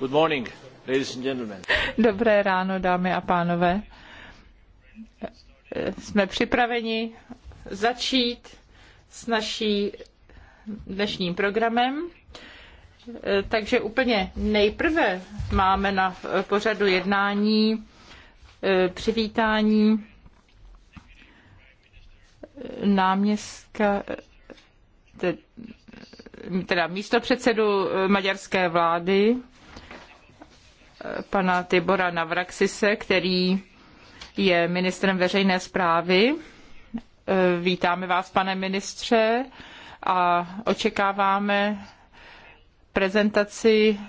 Good morning, ladies and gentlemen. Dobré ráno, dámy a pánové. Jsme připraveni začít s naší dnešním programem. Takže úplně nejprve máme na pořadu jednání eh, přivítání náměstka, teda místopředsedu maďarské vlády pana Tibora Navraxise, který je ministrem veřejné zprávy. Eh, vítáme vás, pane ministře, a očekáváme prezentaci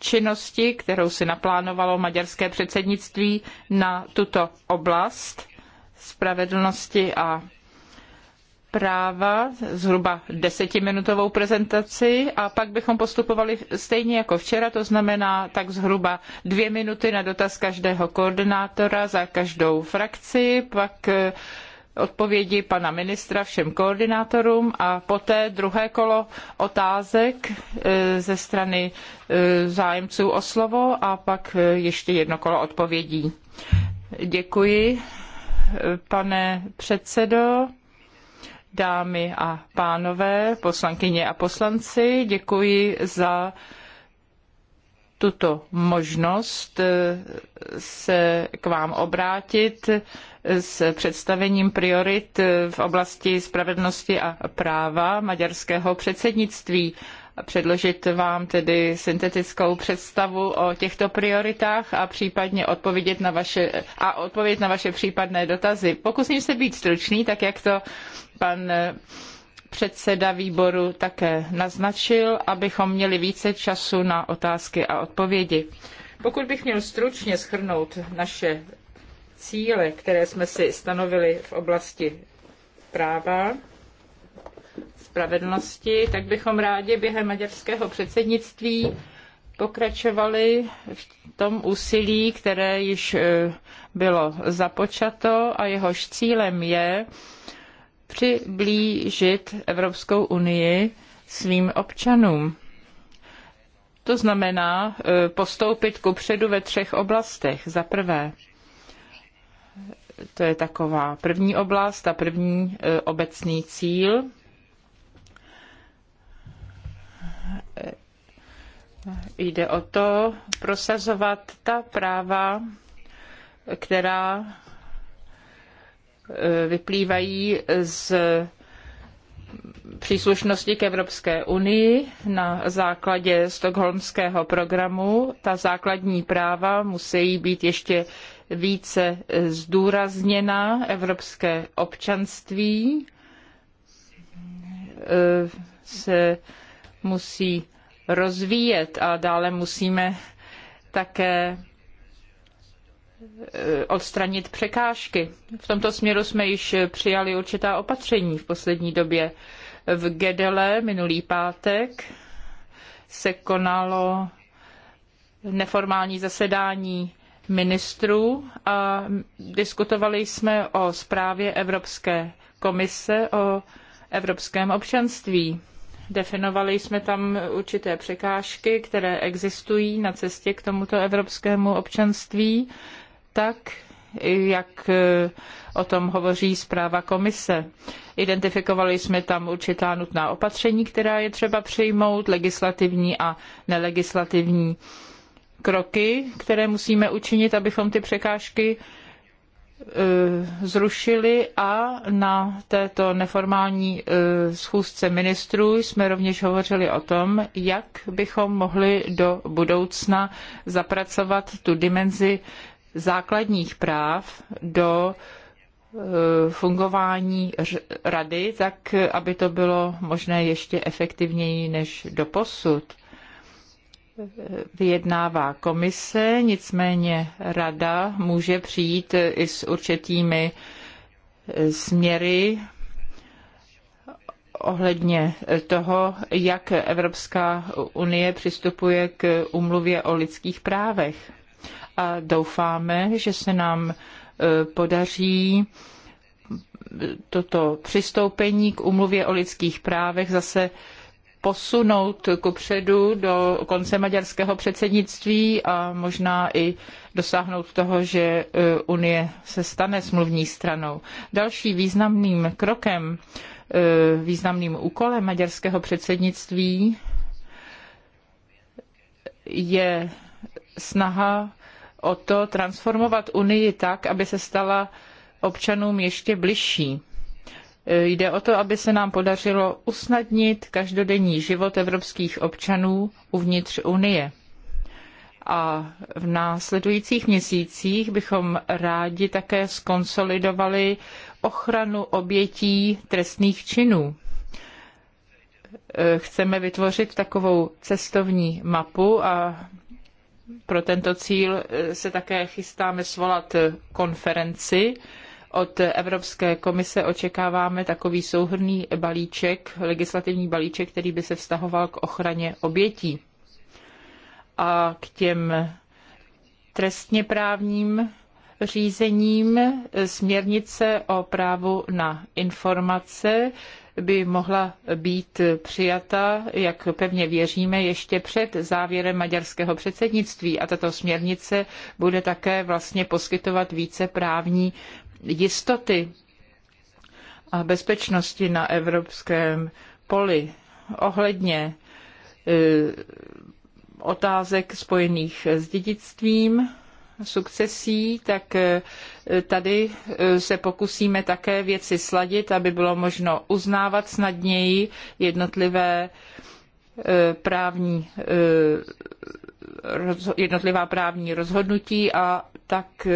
činnosti, kterou si naplánovalo maďarské předsednictví na tuto oblast spravedlnosti a práva, zhruba desetiminutovou prezentaci a pak bychom postupovali stejně jako včera, to znamená tak zhruba dvě minuty na dotaz každého koordinátora za každou frakci, pak eh, odpovědi pana ministra všem koordinátorům a poté druhé kolo otázek eh, ze strany eh, zájemců o slovo a pak ještě jedno kolo odpovědí. Děkuji, pane předsedo dámy a pánové, poslankyně a poslanci, děkuji za tuto možnost eh, se k vám obrátit eh, s představením priorit eh, v oblasti spravedlnosti a práva maďarského předsednictví předložit vám tedy syntetickou představu o těchto prioritách a případně odpovědět na vaše, a odpovědět na vaše případné dotazy. Pokusím se být stručný, tak jak to pan předseda výboru také naznačil, abychom měli více času na otázky a odpovědi. Pokud bych měl stručně schrnout naše cíle, které jsme si stanovili v oblasti práva, spravedlnosti, tak bychom rádi během maďarského předsednictví pokračovali v tom úsilí, které již e, bylo započato a jehož cílem je přiblížit Evropskou unii svým občanům. To znamená e, postoupit ku předu ve třech oblastech. Za prvé, to je taková první oblast a první e, obecný cíl, Jde o to prosazovat ta práva, která e, vyplývají z příslušnosti k Evropské unii na základě stokholmského programu. Ta základní práva musí být ještě více zdůrazněna evropské občanství e, se musí rozvíjet a dále musíme také eh, odstranit překážky. V tomto směru jsme již přijali určitá opatření v poslední době. V Gedele minulý pátek se konalo neformální zasedání ministrů a diskutovali jsme o zprávě Evropské komise o evropském občanství. Definovali jsme tam určité překážky, které existují na cestě k tomuto evropskému občanství, tak jak eh, o tom hovoří zpráva komise. Identifikovali jsme tam určitá nutná opatření, která je třeba přijmout, legislativní a nelegislativní kroky, které musíme učinit, abychom ty překážky Eh, zrušili a na této neformální eh, schůzce ministrů jsme rovněž hovořili o tom, jak bychom mohli do budoucna zapracovat tu dimenzi základních práv do eh, fungování rady, tak aby to bylo možné ještě efektivněji než doposud vyjednává komise, nicméně rada může přijít i s určitými eh, směry ohledně toho, jak Evropská unie přistupuje k umluvě o lidských právech. A doufáme, že se nám eh, podaří eh, toto přistoupení k umluvě o lidských právech zase posunout ku předu do konce maďarského předsednictví a možná i dosáhnout toho, že eh, Unie se stane smluvní stranou. Další významným krokem, eh, významným úkolem maďarského předsednictví je snaha o to transformovat Unii tak, aby se stala občanům ještě bližší Eh, jde o to, aby se nám podařilo usnadnit každodenní život evropských občanů uvnitř Unie. A v následujících měsících bychom rádi také skonsolidovali ochranu obětí trestných činů eh, chceme vytvořit takovou cestovní mapu a pro tento cíl eh, se také chystáme svolat konferenci od Evropské komise očekáváme takový souhrný balíček, legislativní balíček, který by se vztahoval k ochraně obětí a k těm trestně právním řízením směrnice o právu na informace by mohla být přijata, jak pevně věříme, ještě před závěrem maďarského předsednictví. A tato směrnice bude také vlastně poskytovat více právní jistoty a bezpečnosti na evropském poli ohledně e, otázek spojených s dědictvím, sukcesí, tak e, tady e, se pokusíme také věci sladit, aby bylo možno uznávat snadněji jednotlivé právní jednotlivá právní rozhodnutí a tak eh,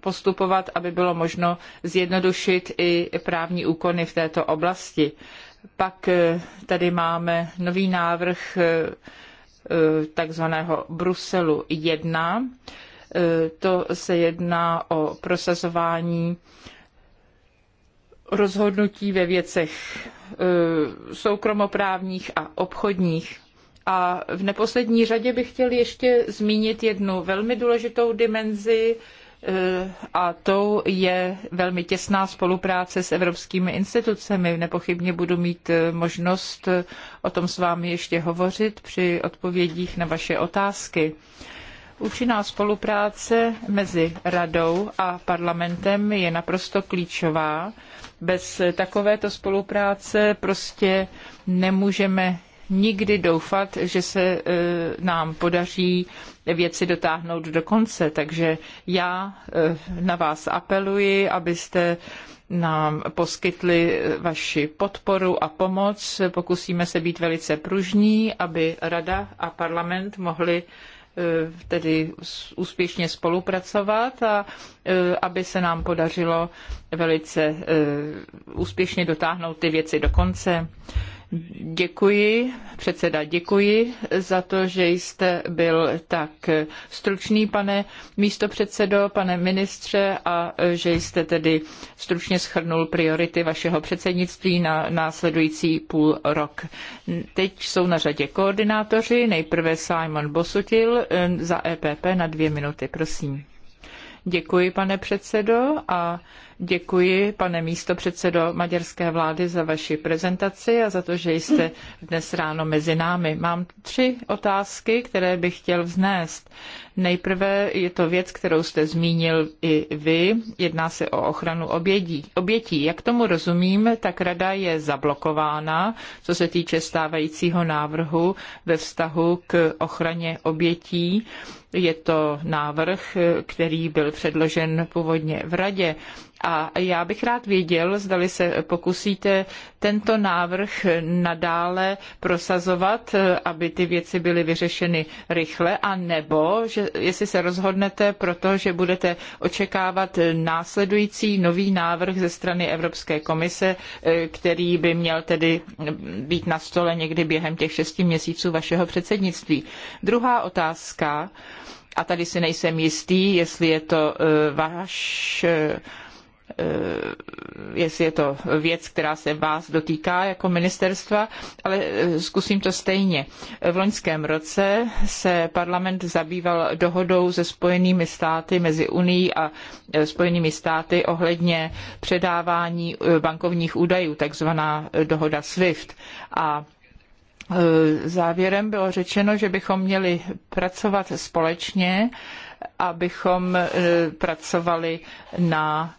postupovat, aby bylo možno zjednodušit i právní úkony v této oblasti. Pak eh, tady máme nový návrh eh, takzvaného Bruselu 1. To se jedná o prosazování rozhodnutí ve věcech soukromoprávních a obchodních a v neposlední řadě bych chtěl ještě zmínit jednu velmi důležitou dimenzi, eh, a to je velmi těsná spolupráce s evropskými institucemi. Nepochybně budu mít eh, možnost eh, o tom s vámi ještě hovořit při odpovědích na vaše otázky. Účinná spolupráce mezi radou a parlamentem je naprosto klíčová. Bez takovéto spolupráce prostě nemůžeme nikdy doufat, že se e, nám podaří věci dotáhnout do konce. Takže já e, na vás apeluji, abyste nám poskytli vaši podporu a pomoc. Pokusíme se být velice pružní, aby Rada a parlament mohli e, tedy úspěšně spolupracovat a aby se nám podařilo velice úspěšně dotáhnout ty věci do konce. Děkuji, předseda, děkuji za to, že jste byl tak stručný, pane místopředsedo, pane ministře, a že jste tedy stručně schrnul priority vašeho předsednictví na následující půl rok. Teď jsou na řadě koordinátoři, nejprve Simon Bosutil eh, za EPP na dvě minuty, prosím. Děkuji, pane předsedo, a Děkuji, pane místopředsedo maďarské vlády, za vaši prezentaci a za to, že jste dnes ráno mezi námi. Mám tři otázky, které bych chtěl vznést. Nejprve je to věc, kterou jste zmínil i vy. Jedná se o ochranu obědí. obětí. Jak tomu rozumím, tak rada je zablokována, co se týče stávajícího návrhu ve vztahu k ochraně obětí. Je to návrh, který byl předložen původně v radě. A já bych rád věděl, zdali se pokusíte tento návrh nadále prosazovat, aby ty věci byly vyřešeny rychle, a nebo, že, jestli se rozhodnete pro to, že budete očekávat následující nový návrh ze strany Evropské komise, eh, který by měl tedy mm, být na stole někdy během těch šesti měsíců vašeho předsednictví. Druhá otázka, a tady si nejsem jistý, jestli je to eh, váš eh, Eh, jestli je to věc, která se vás dotýká jako ministerstva, ale eh, zkusím to stejně. V loňském roce se parlament zabýval dohodou se spojenými státy mezi Unii a eh, spojenými státy ohledně předávání bankovních údajů, takzvaná dohoda SWIFT. A závěrem bylo řečeno, že bychom měli pracovat společně, abychom pracovali na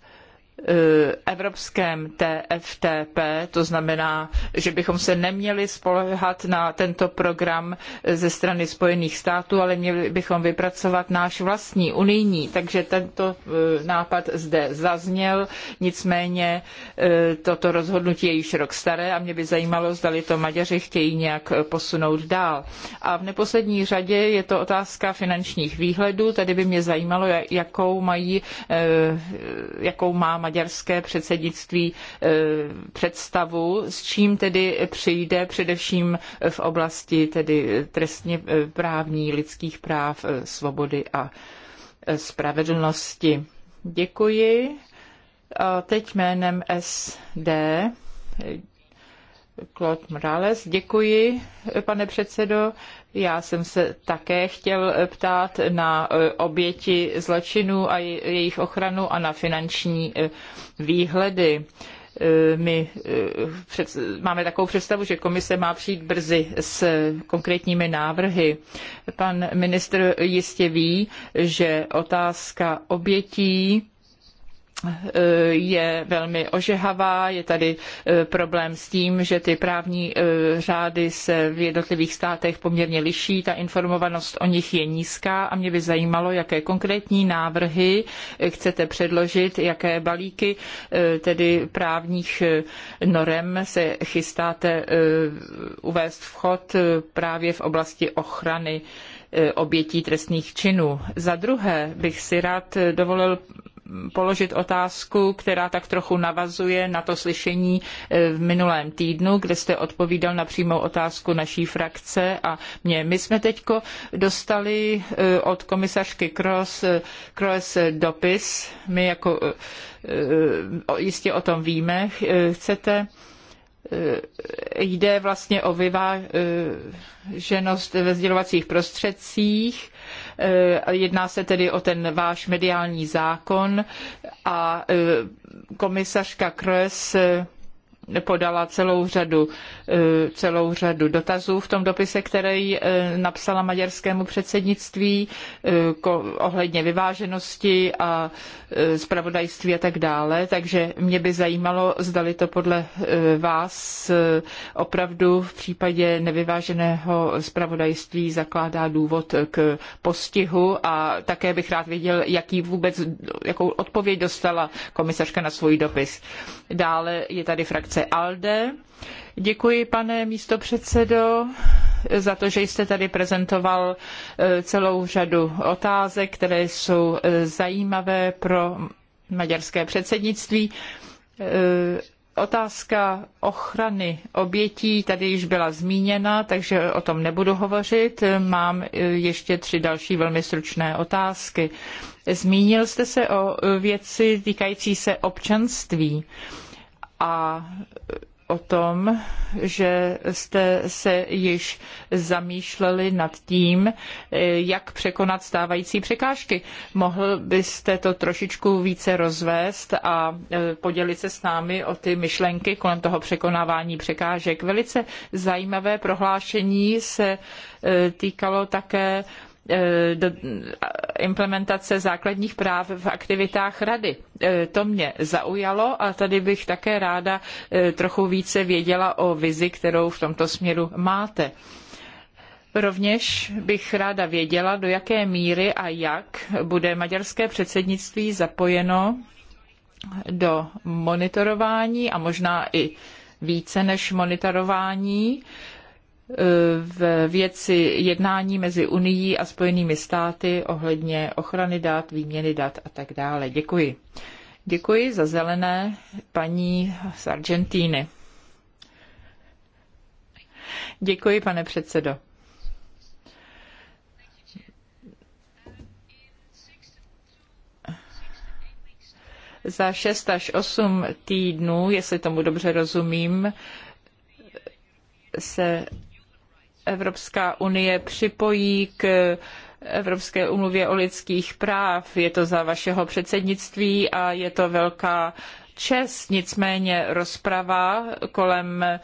Eh, evropském TFTP, to znamená, že bychom se neměli spolehat na tento program ze strany Spojených států, ale měli bychom vypracovat náš vlastní unijní. Takže tento eh, nápad zde zazněl, nicméně eh, toto rozhodnutí je již rok staré a mě by zajímalo, zdali to Maďaři chtějí nějak posunout dál. A v neposlední řadě je to otázka finančních výhledů. Tady by mě zajímalo, jakou, mají, jakou má maďarské předsednictví eh, představu, s čím tedy přijde především v oblasti tedy trestně eh, právní, lidských práv, eh, svobody a spravedlnosti. Děkuji. A teď jménem SD Claude Morales. Děkuji, pane předsedo. Já jsem se také chtěl ptát na e, oběti zločinů a jejich ochranu a na finanční e, výhledy e, my máme takovou představu, že komise má přijít brzy s konkrétními návrhy. Pan ministr jistě ví, že otázka obětí je velmi ožehavá. Je tady eh, problém s tím, že ty právní eh, řády se v jednotlivých státech poměrně liší, ta informovanost o nich je nízká a mě by zajímalo, jaké konkrétní návrhy eh, chcete předložit, jaké balíky tedy právních norem se chystáte uvést v chod právě v oblasti ochrany obětí trestných činů. Za druhé bych si rád dovolil položit otázku, která tak trochu navazuje na to slyšení eh, v minulém týdnu, kde jste odpovídal na přímou otázku naší frakce a mě. My jsme teď dostali eh, od komisařky Kroes, eh, dopis, my jako jistě o tom víme, chcete jde vlastně o vyváženost ve sdělovacích prostředcích Eh, jedná se tedy o ten váš mediální zákon a eh, komisařka Kres. Eh, podala celou řadu, eh, celou řadu dotazů v tom dopise, který eh, napsala maďarskému předsednictví eh, ohledně vyváženosti a zpravodajství a tak dále. Takže mě by zajímalo, zdali to podle vás opravdu v případě nevyváženého zpravodajství zakládá důvod k postihu a také bych rád věděl, jaký vůbec, jakou odpověď dostala komisařka na svůj dopis. Dále je tady frakce frakce ALDE. Děkuji, pane místopředsedo, za to, že jste tady prezentoval eh, celou řadu otázek, které jsou eh, zajímavé pro maďarské předsednictví. Eh, otázka ochrany obětí tady již byla zmíněna, takže o tom nebudu hovořit. Mám ještě tři další velmi stručné otázky. Zmínil jste se o věci týkající se občanství a o tom, že jste se již zamýšleli nad tím, jak překonat stávající překážky. Mohl byste to trošičku více rozvést a e, podělit se s námi o ty myšlenky kolem toho překonávání překážek. Velice zajímavé prohlášení se e, týkalo také Eh, do eh, implementace základních práv v aktivitách rady. Eh, to mě zaujalo a tady bych také ráda trochu více věděla o vizi, kterou v tomto směru máte. Rovněž bych ráda věděla, do jaké míry a jak bude maďarské předsednictví zapojeno do monitorování a možná i více než monitorování v věci jednání mezi Unií a Spojenými státy ohledně ochrany dat, výměny dat a tak dále. Děkuji. Děkuji za zelené paní z Argentíny. Děkuji, pane předsedo. Za 6 až 8 týdnů, jestli tomu dobře rozumím, se Evropská unie připojí k Evropské umluvě o lidských práv. Je to za vašeho předsednictví a je to velká čest, nicméně rozprava kolem eh,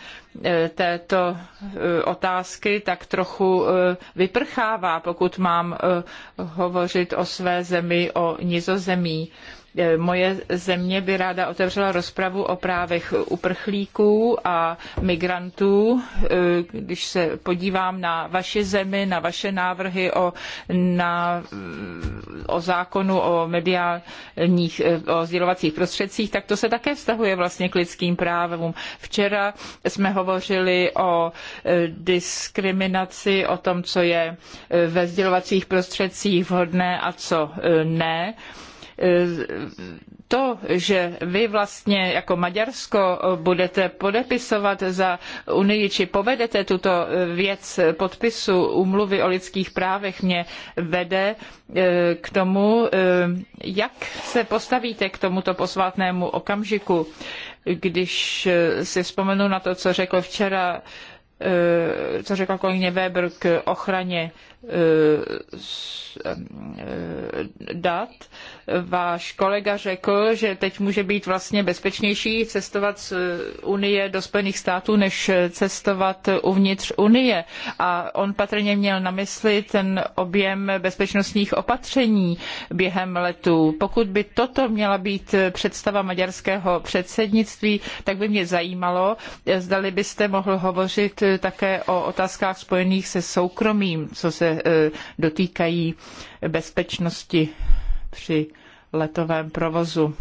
této eh, otázky tak trochu eh, vyprchává, pokud mám hovořit o své zemi, o nizozemí. Eh, moje země by ráda otevřela rozpravu o právech uprchlíků a migrantů. Eh, když se podívám na vaši zemi, na vaše návrhy o, na, eh, o zákonu o mediálních, o sdělovacích prostředcích, tak to se také vztahuje vlastně k lidským právům. Včera jsme hovořili o diskriminaci, o tom, co je ve sdělovacích prostředcích vhodné a co ne to, že vy vlastně jako Maďarsko budete podepisovat za Unii, či povedete tuto věc podpisu umluvy o lidských právech, mě vede eh, k tomu, eh, jak se postavíte k tomuto posvátnému okamžiku, když eh, si vzpomenu na to, co řekl včera co řekla kolegyně Weber k ochraně Eh, eh, dat. Váš kolega řekl, že teď může být vlastně bezpečnější cestovat z Unie do Spojených států, než cestovat uvnitř Unie. A on patrně měl na mysli ten objem bezpečnostních opatření během letu. Pokud by toto měla být představa maďarského předsednictví, tak by mě zajímalo, zdali byste mohl hovořit také o otázkách spojených se soukromím, co se Eh, dotýkají bezpečnosti při letovém provozu.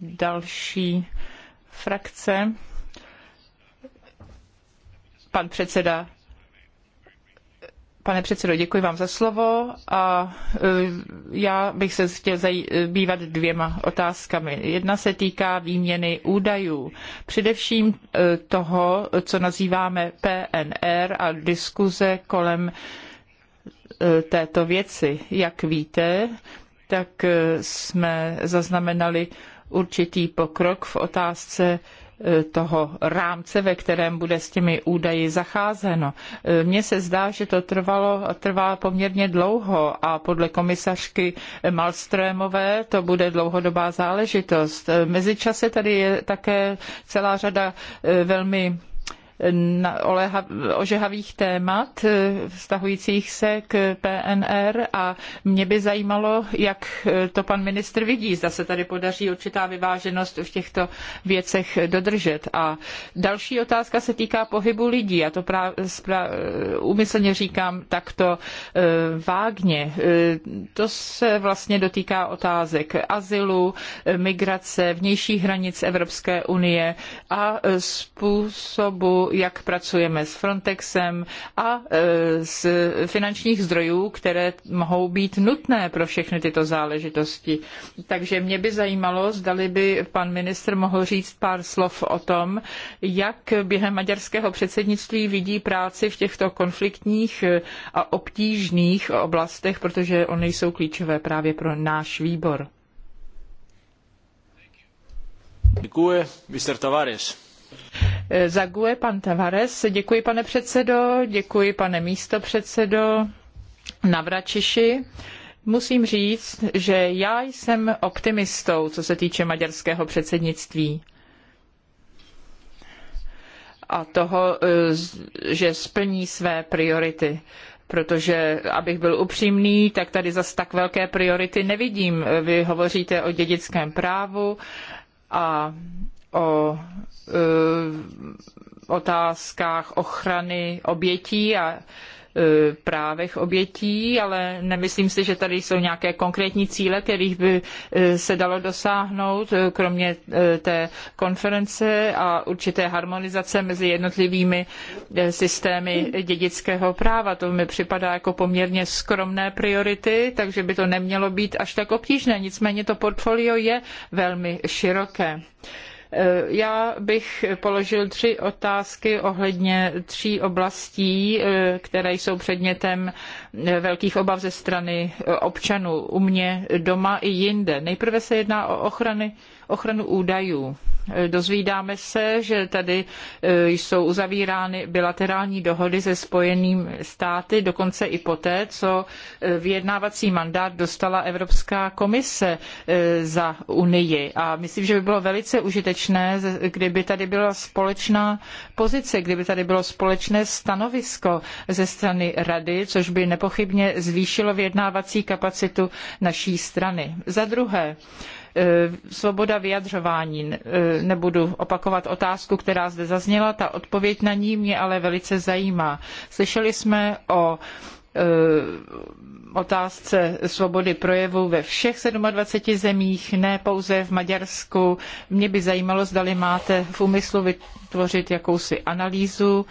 Další frakce. Pan předseda Pane předsedo, děkuji vám za slovo a e, já bych se chtěl zabývat dvěma otázkami. Jedna se týká výměny údajů, především e, toho, co nazýváme PNR a diskuze kolem e, této věci. Jak víte, tak jsme zaznamenali určitý pokrok v otázce E, toho rámce, ve kterém bude s těmi údaji zacházeno. E, mně se zdá, že to trvalo trvá poměrně dlouho a podle komisařky Malstrémové to bude dlouhodobá záležitost. E, mezičase tady je také celá řada velmi na oleha, ožehavých témat eh, vztahujících se k PNR a mě by zajímalo, jak eh, to pan ministr vidí. Zda se tady podaří určitá vyváženost v těchto věcech dodržet. A další otázka se týká pohybu lidí. Já to eh, úmyslně říkám takto e, vágně. E, to se vlastně dotýká otázek azylu, migrace, vnějších hranic Evropské unie a způsobu jak pracujeme s Frontexem a z e, finančních zdrojů, které mohou být nutné pro všechny tyto záležitosti. Takže mě by zajímalo, zdali by pan ministr mohl říct pár slov o tom, jak během maďarského předsednictví vidí práci v těchto konfliktních e, a obtížných oblastech, protože ony jsou klíčové právě pro náš výbor. Děkuji, Mr. Tavares. Eh, za pan Tavares. Děkuji, pane předsedo, děkuji, pane místopředsedo Navračiši. Musím říct, že já jsem optimistou, co se týče maďarského předsednictví a toho, eh, že splní své priority protože abych byl upřímný, tak tady zas tak velké priority nevidím. Vy hovoříte o dědickém právu a o e, otázkách ochrany obětí a e, právech obětí, ale nemyslím si, že tady jsou nějaké konkrétní cíle, kterých by e, se dalo dosáhnout, kromě té konference a určité harmonizace mezi jednotlivými systémy dědického práva. To mi připadá jako poměrně skromné priority, takže by to nemělo být až tak obtížné. Nicméně to portfolio je velmi široké. Eh, já bych položil tři otázky ohledně tří oblastí, eh, které jsou předmětem eh, velkých obav ze strany občanů u mě doma i jinde. Nejprve se jedná o ochrany, ochranu údajů. Dozvídáme se, že tady e, jsou uzavírány bilaterální dohody se spojenými státy, dokonce i poté, co e, vyjednávací mandát dostala Evropská komise e, za Unii. A myslím, že by bylo velice užitečné, kdyby tady byla společná pozice, kdyby tady bylo společné stanovisko ze strany Rady, což by nepochybně zvýšilo vyjednávací kapacitu naší strany. Za druhé, Eh, svoboda vyjadřování. Eh, nebudu opakovat otázku, která zde zazněla, ta odpověď na ní mě ale velice zajímá. Slyšeli jsme o eh, otázce svobody projevu ve všech 27 zemích, ne pouze v Maďarsku. Mě by zajímalo, zdali máte v úmyslu vytvořit jakousi analýzu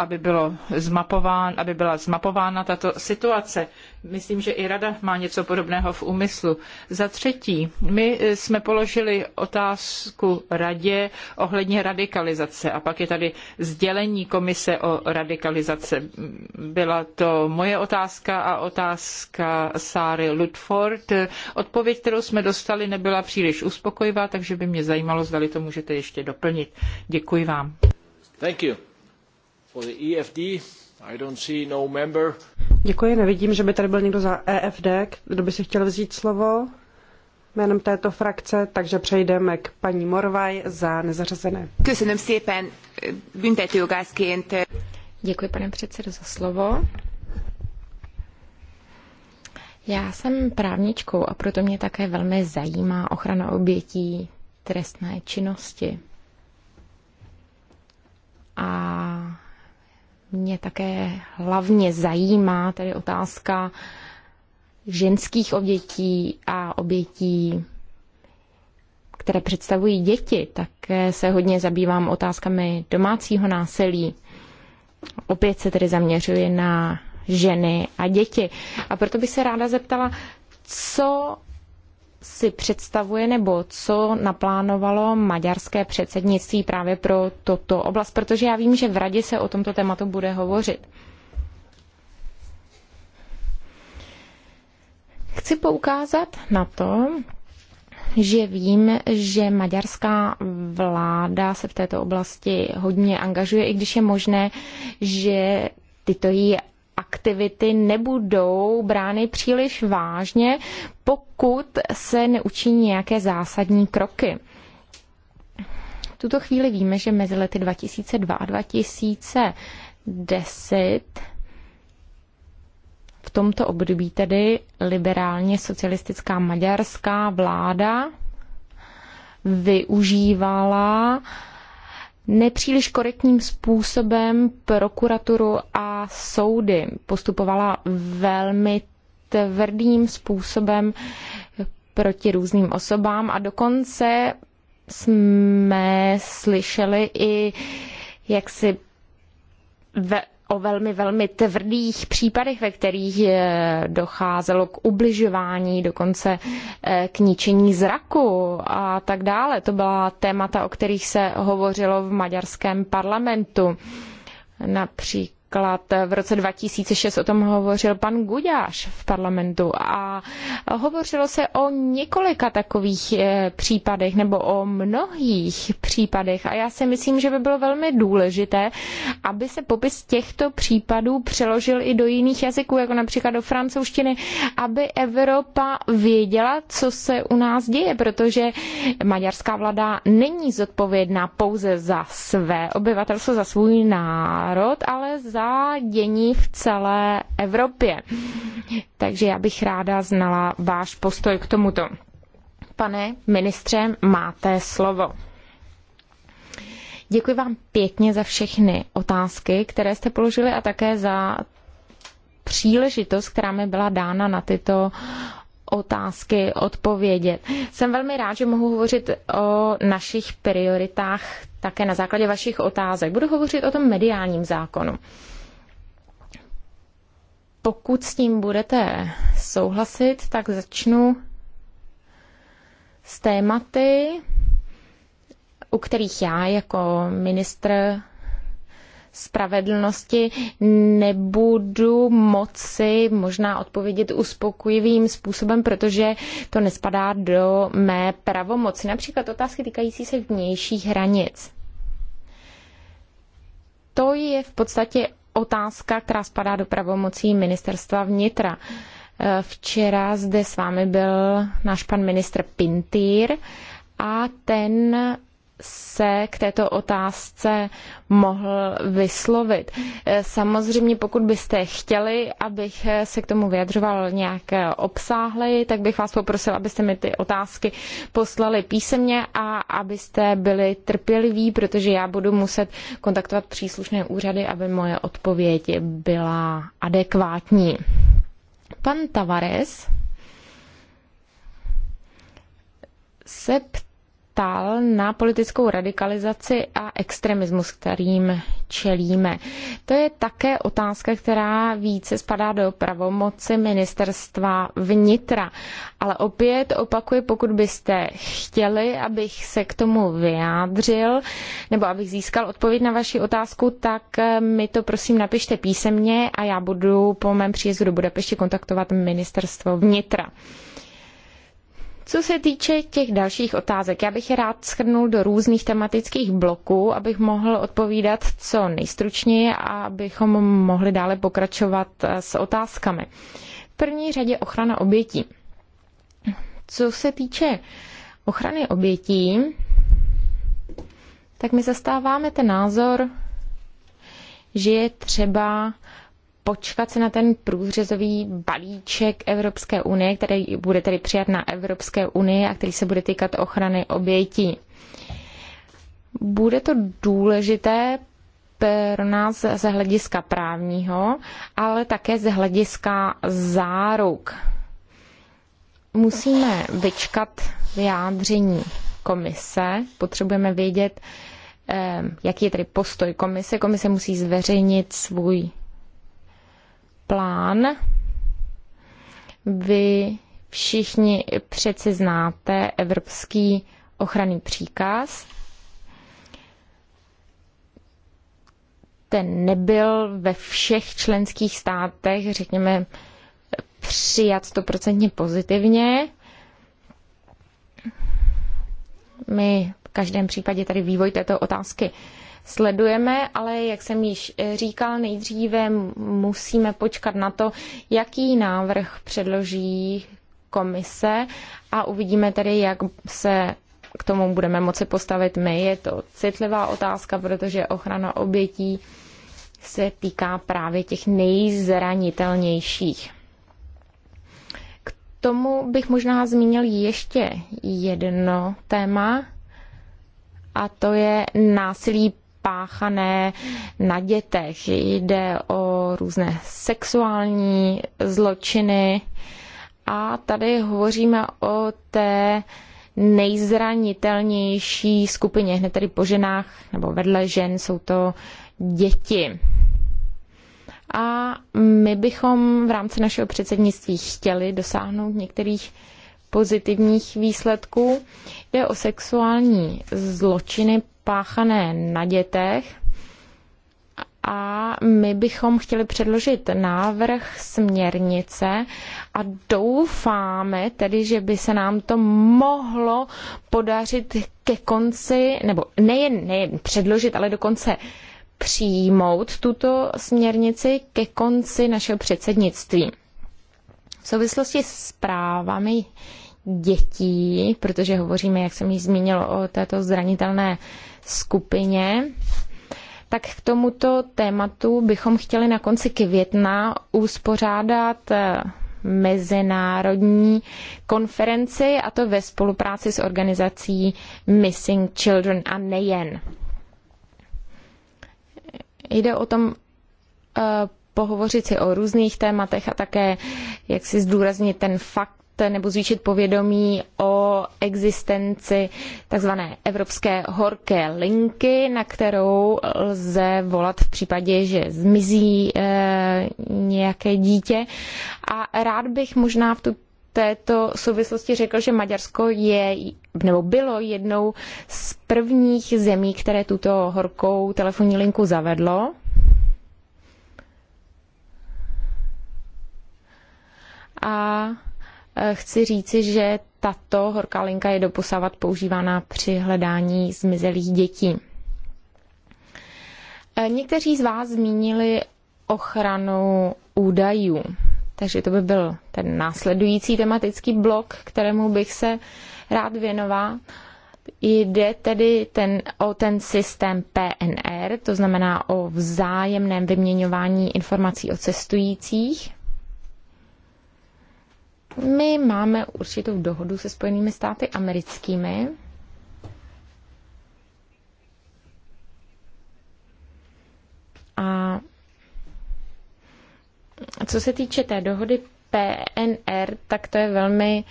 aby, bylo zmapován, aby byla zmapována tato situace. Myslím, že i Rada má něco podobného v úmyslu. Za třetí, my eh, jsme položili otázku Radě ohledně radikalizace a pak je tady sdělení komise o radikalizaci. Byla to moje otázka a otázka Sáry Ludford. Odpověď, kterou jsme dostali, nebyla příliš uspokojivá, takže by mě zajímalo, zdali to můžete ještě doplnit. Děkuji vám. Thank you. E no Děkuji, nevidím, že by tady byl někdo za EFD, kdo by si chtěl vzít slovo jménem této frakce, takže přejdeme k paní Morvaj za nezařazené. Děkuji, pane předsedo, za slovo. Já jsem právničkou a proto mě také velmi zajímá ochrana obětí trestné činnosti. A mě také hlavně zajímá tedy otázka ženských obětí a obětí, které představují děti. Také se hodně zabývám otázkami domácího násilí. Opět se tedy zaměřuji na ženy a děti. A proto bych se ráda zeptala, co si představuje nebo co naplánovalo maďarské předsednictví právě pro toto oblast, protože já vím, že v radě se o tomto tématu bude hovořit. Chci poukázat na to, že vím, že maďarská vláda se v této oblasti hodně angažuje, i když je možné, že tyto její aktivity nebudou brány příliš vážně, pokud se neučiní nějaké zásadní kroky. V tuto chvíli víme, že mezi lety 2002 a 2010 v tomto období tedy liberálně socialistická maďarská vláda využívala nepříliš korektním způsobem prokuraturu a soudy. Postupovala velmi tvrdým způsobem proti různým osobám a dokonce jsme slyšeli i jaksi ve, o velmi, velmi tvrdých případech, ve kterých eh, docházelo k ubližování, dokonce eh, k ničení zraku a tak dále. To byla témata, o kterých se hovořilo v maďarském parlamentu. Například Například v roce 2006 o tom hovořil pan Guďáš v parlamentu a hovořilo se o několika takových eh, případech nebo o mnohých případech a já si myslím, že by bylo velmi důležité, aby se popis těchto případů přeložil i do jiných jazyků, jako například do francouzštiny, aby Evropa věděla, co se u nás děje, protože maďarská vláda není zodpovědná pouze za své obyvatelstvo, za svůj národ, ale za za dění v celé Evropě. Takže já bych ráda znala váš postoj k tomuto. Pane ministře, máte slovo. Děkuji vám pěkně za všechny otázky, které jste položili a také za příležitost, která mi byla dána na tyto otázky odpovědět. Jsem velmi rád, že mohu hovořit o našich prioritách také na základě vašich otázek. Budu hovořit o tom mediálním zákonu pokud s tím budete souhlasit, tak začnu s tématy, u kterých já jako ministr spravedlnosti nebudu moci možná odpovědět uspokojivým způsobem, protože to nespadá do mé pravomoci. Například otázky týkající se vnějších hranic. To je v podstatě otázka, která spadá do pravomocí ministerstva vnitra. Včera zde s vámi byl náš pan ministr Pintýr a ten se k této otázce mohl vyslovit. Eh, samozřejmě, pokud byste chtěli, abych eh, se k tomu vyjadřoval nějak eh, obsáhleji, tak bych vás poprosil, abyste mi ty otázky poslali písemně a abyste byli trpěliví, protože já budu muset kontaktovat příslušné úřady, aby moje odpověď byla adekvátní. Pan Tavares se ptá, ptal na politickou radikalizaci a extremismus, kterým čelíme. To je také otázka, která více spadá do pravomoci ministerstva vnitra. Ale opět opakuji, pokud byste chtěli, abych se k tomu vyjádřil, nebo abych získal odpověď na vaši otázku, tak eh, mi to prosím napište písemně a já budu po mém příjezdu do Budapešti kontaktovat ministerstvo vnitra. Co se týče těch dalších otázek, já bych je rád schrnul do různých tematických bloků, abych mohl odpovídat co nejstručněji a abychom mohli dále pokračovat eh, s otázkami. V první řadě ochrana obětí. Co se týče ochrany obětí, tak my zastáváme ten názor, že je třeba počkat se na ten průřezový balíček Evropské unie, který bude tedy přijat na Evropské unii a který se bude týkat ochrany obětí. Bude to důležité pro nás ze hlediska právního, ale také ze hlediska záruk. Musíme vyčkat vyjádření komise, potřebujeme vědět, eh, jaký je tedy postoj komise. Komise musí zveřejnit svůj plán. Vy všichni přeci znáte Evropský ochranný příkaz. Ten nebyl ve všech členských státech, řekněme, přijat stoprocentně pozitivně. My v každém případě tady vývoj této otázky sledujeme, ale jak jsem již eh, říkal, nejdříve musíme počkat na to, jaký návrh předloží komise a uvidíme tedy, jak se k tomu budeme moci postavit my. Je to citlivá otázka, protože ochrana obětí se týká právě těch nejzranitelnějších. K tomu bych možná zmínil ještě jedno téma, a to je násilí páchané na dětech. Jde o různé sexuální zločiny a tady hovoříme o té nejzranitelnější skupině, hned tedy po ženách nebo vedle žen jsou to děti. A my bychom v rámci našeho předsednictví chtěli dosáhnout některých pozitivních výsledků. Jde o sexuální zločiny páchané na dětech. A my bychom chtěli předložit návrh směrnice a doufáme tedy, že by se nám to mohlo podařit ke konci, nebo nejen, nejen předložit, ale dokonce přijmout tuto směrnici ke konci našeho předsednictví. V souvislosti s právami dětí, protože hovoříme, jak jsem již zmínil, o této zranitelné skupině. Tak k tomuto tématu bychom chtěli na konci května uspořádat eh, mezinárodní konferenci, a to ve spolupráci s organizací Missing Children a nejen. Jde o tom eh, pohovořit si o různých tématech a také jak si zdůraznit ten fakt, nebo zvýšit povědomí o existenci takzvané evropské horké linky, na kterou lze volat v případě, že zmizí eh, nějaké dítě. A rád bych možná v tu této souvislosti řekl, že Maďarsko je nebo bylo jednou z prvních zemí, které tuto horkou telefonní linku zavedlo. A Eh, chci říci, že tato horká linka je doposavat používána při hledání zmizelých dětí. Eh, někteří z vás zmínili ochranu údajů. Takže to by byl ten následující tematický blok, kterému bych se rád věnoval. Jde tedy ten, o ten systém PNR, to znamená o vzájemném vyměňování informací o cestujících. My máme určitou dohodu se Spojenými státy americkými. A co se týče té dohody PNR, tak to je velmi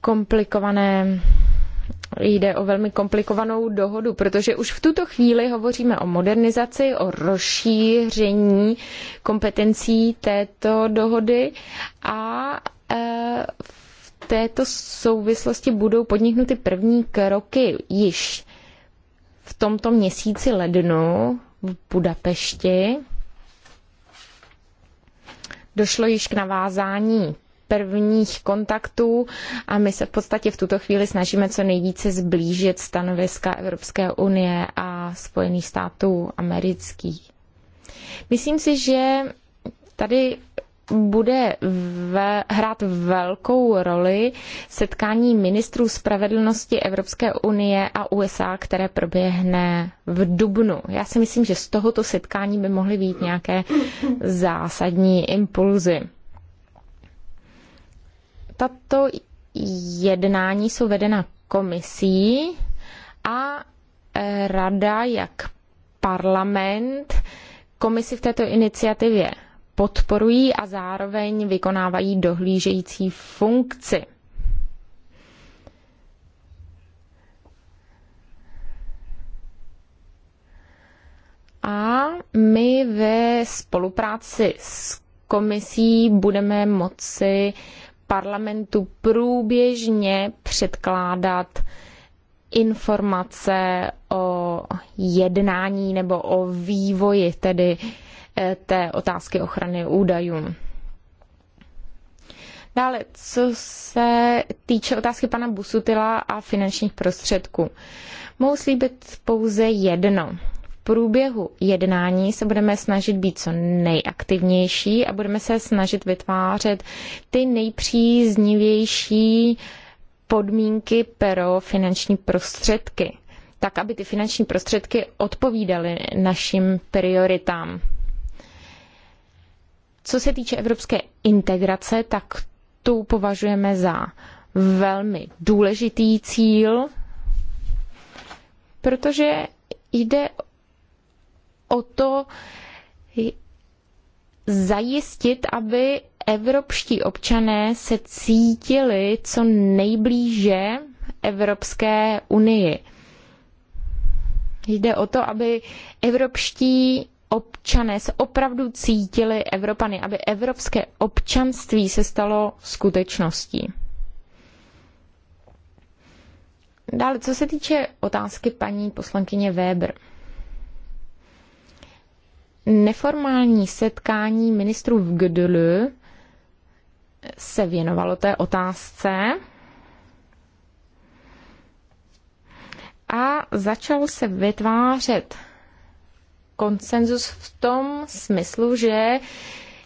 komplikované jde o velmi komplikovanou dohodu, protože už v tuto chvíli hovoříme o modernizaci, o rozšíření kompetencí této dohody a e, v této souvislosti budou podniknuty první kroky již v tomto měsíci lednu v Budapešti. Došlo již k navázání prvních kontaktů a my se v podstatě v tuto chvíli snažíme co nejvíce zblížit stanoviska Evropské unie a Spojených států amerických. Myslím si, že tady bude ve, hrát velkou roli setkání ministrů spravedlnosti Evropské unie a USA, které proběhne v Dubnu. Já si myslím, že z tohoto setkání by mohly být nějaké zásadní impulzy tato jednání jsou vedena komisí a e, rada, jak parlament, komisi v této iniciativě podporují a zároveň vykonávají dohlížející funkci. A my ve spolupráci s komisí budeme moci parlamentu průběžně předkládat informace o jednání nebo o vývoji tedy eh, té otázky ochrany údajů. Dále, co se týče otázky pana Busutila a finančních prostředků. Mohu slíbit pouze jedno průběhu jednání se budeme snažit být co nejaktivnější a budeme se snažit vytvářet ty nejpříznivější podmínky pro finanční prostředky, tak aby ty finanční prostředky odpovídaly našim prioritám. Co se týče evropské integrace, tak tu považujeme za velmi důležitý cíl, protože jde o to zajistit, aby evropští občané se cítili co nejblíže Evropské unii. Jde o to, aby evropští občané se opravdu cítili Evropany, aby evropské občanství se stalo skutečností. Dále, co se týče otázky paní poslankyně Weber neformální setkání ministrů v Gdl se věnovalo té otázce a začal se vytvářet konsenzus v tom smyslu, že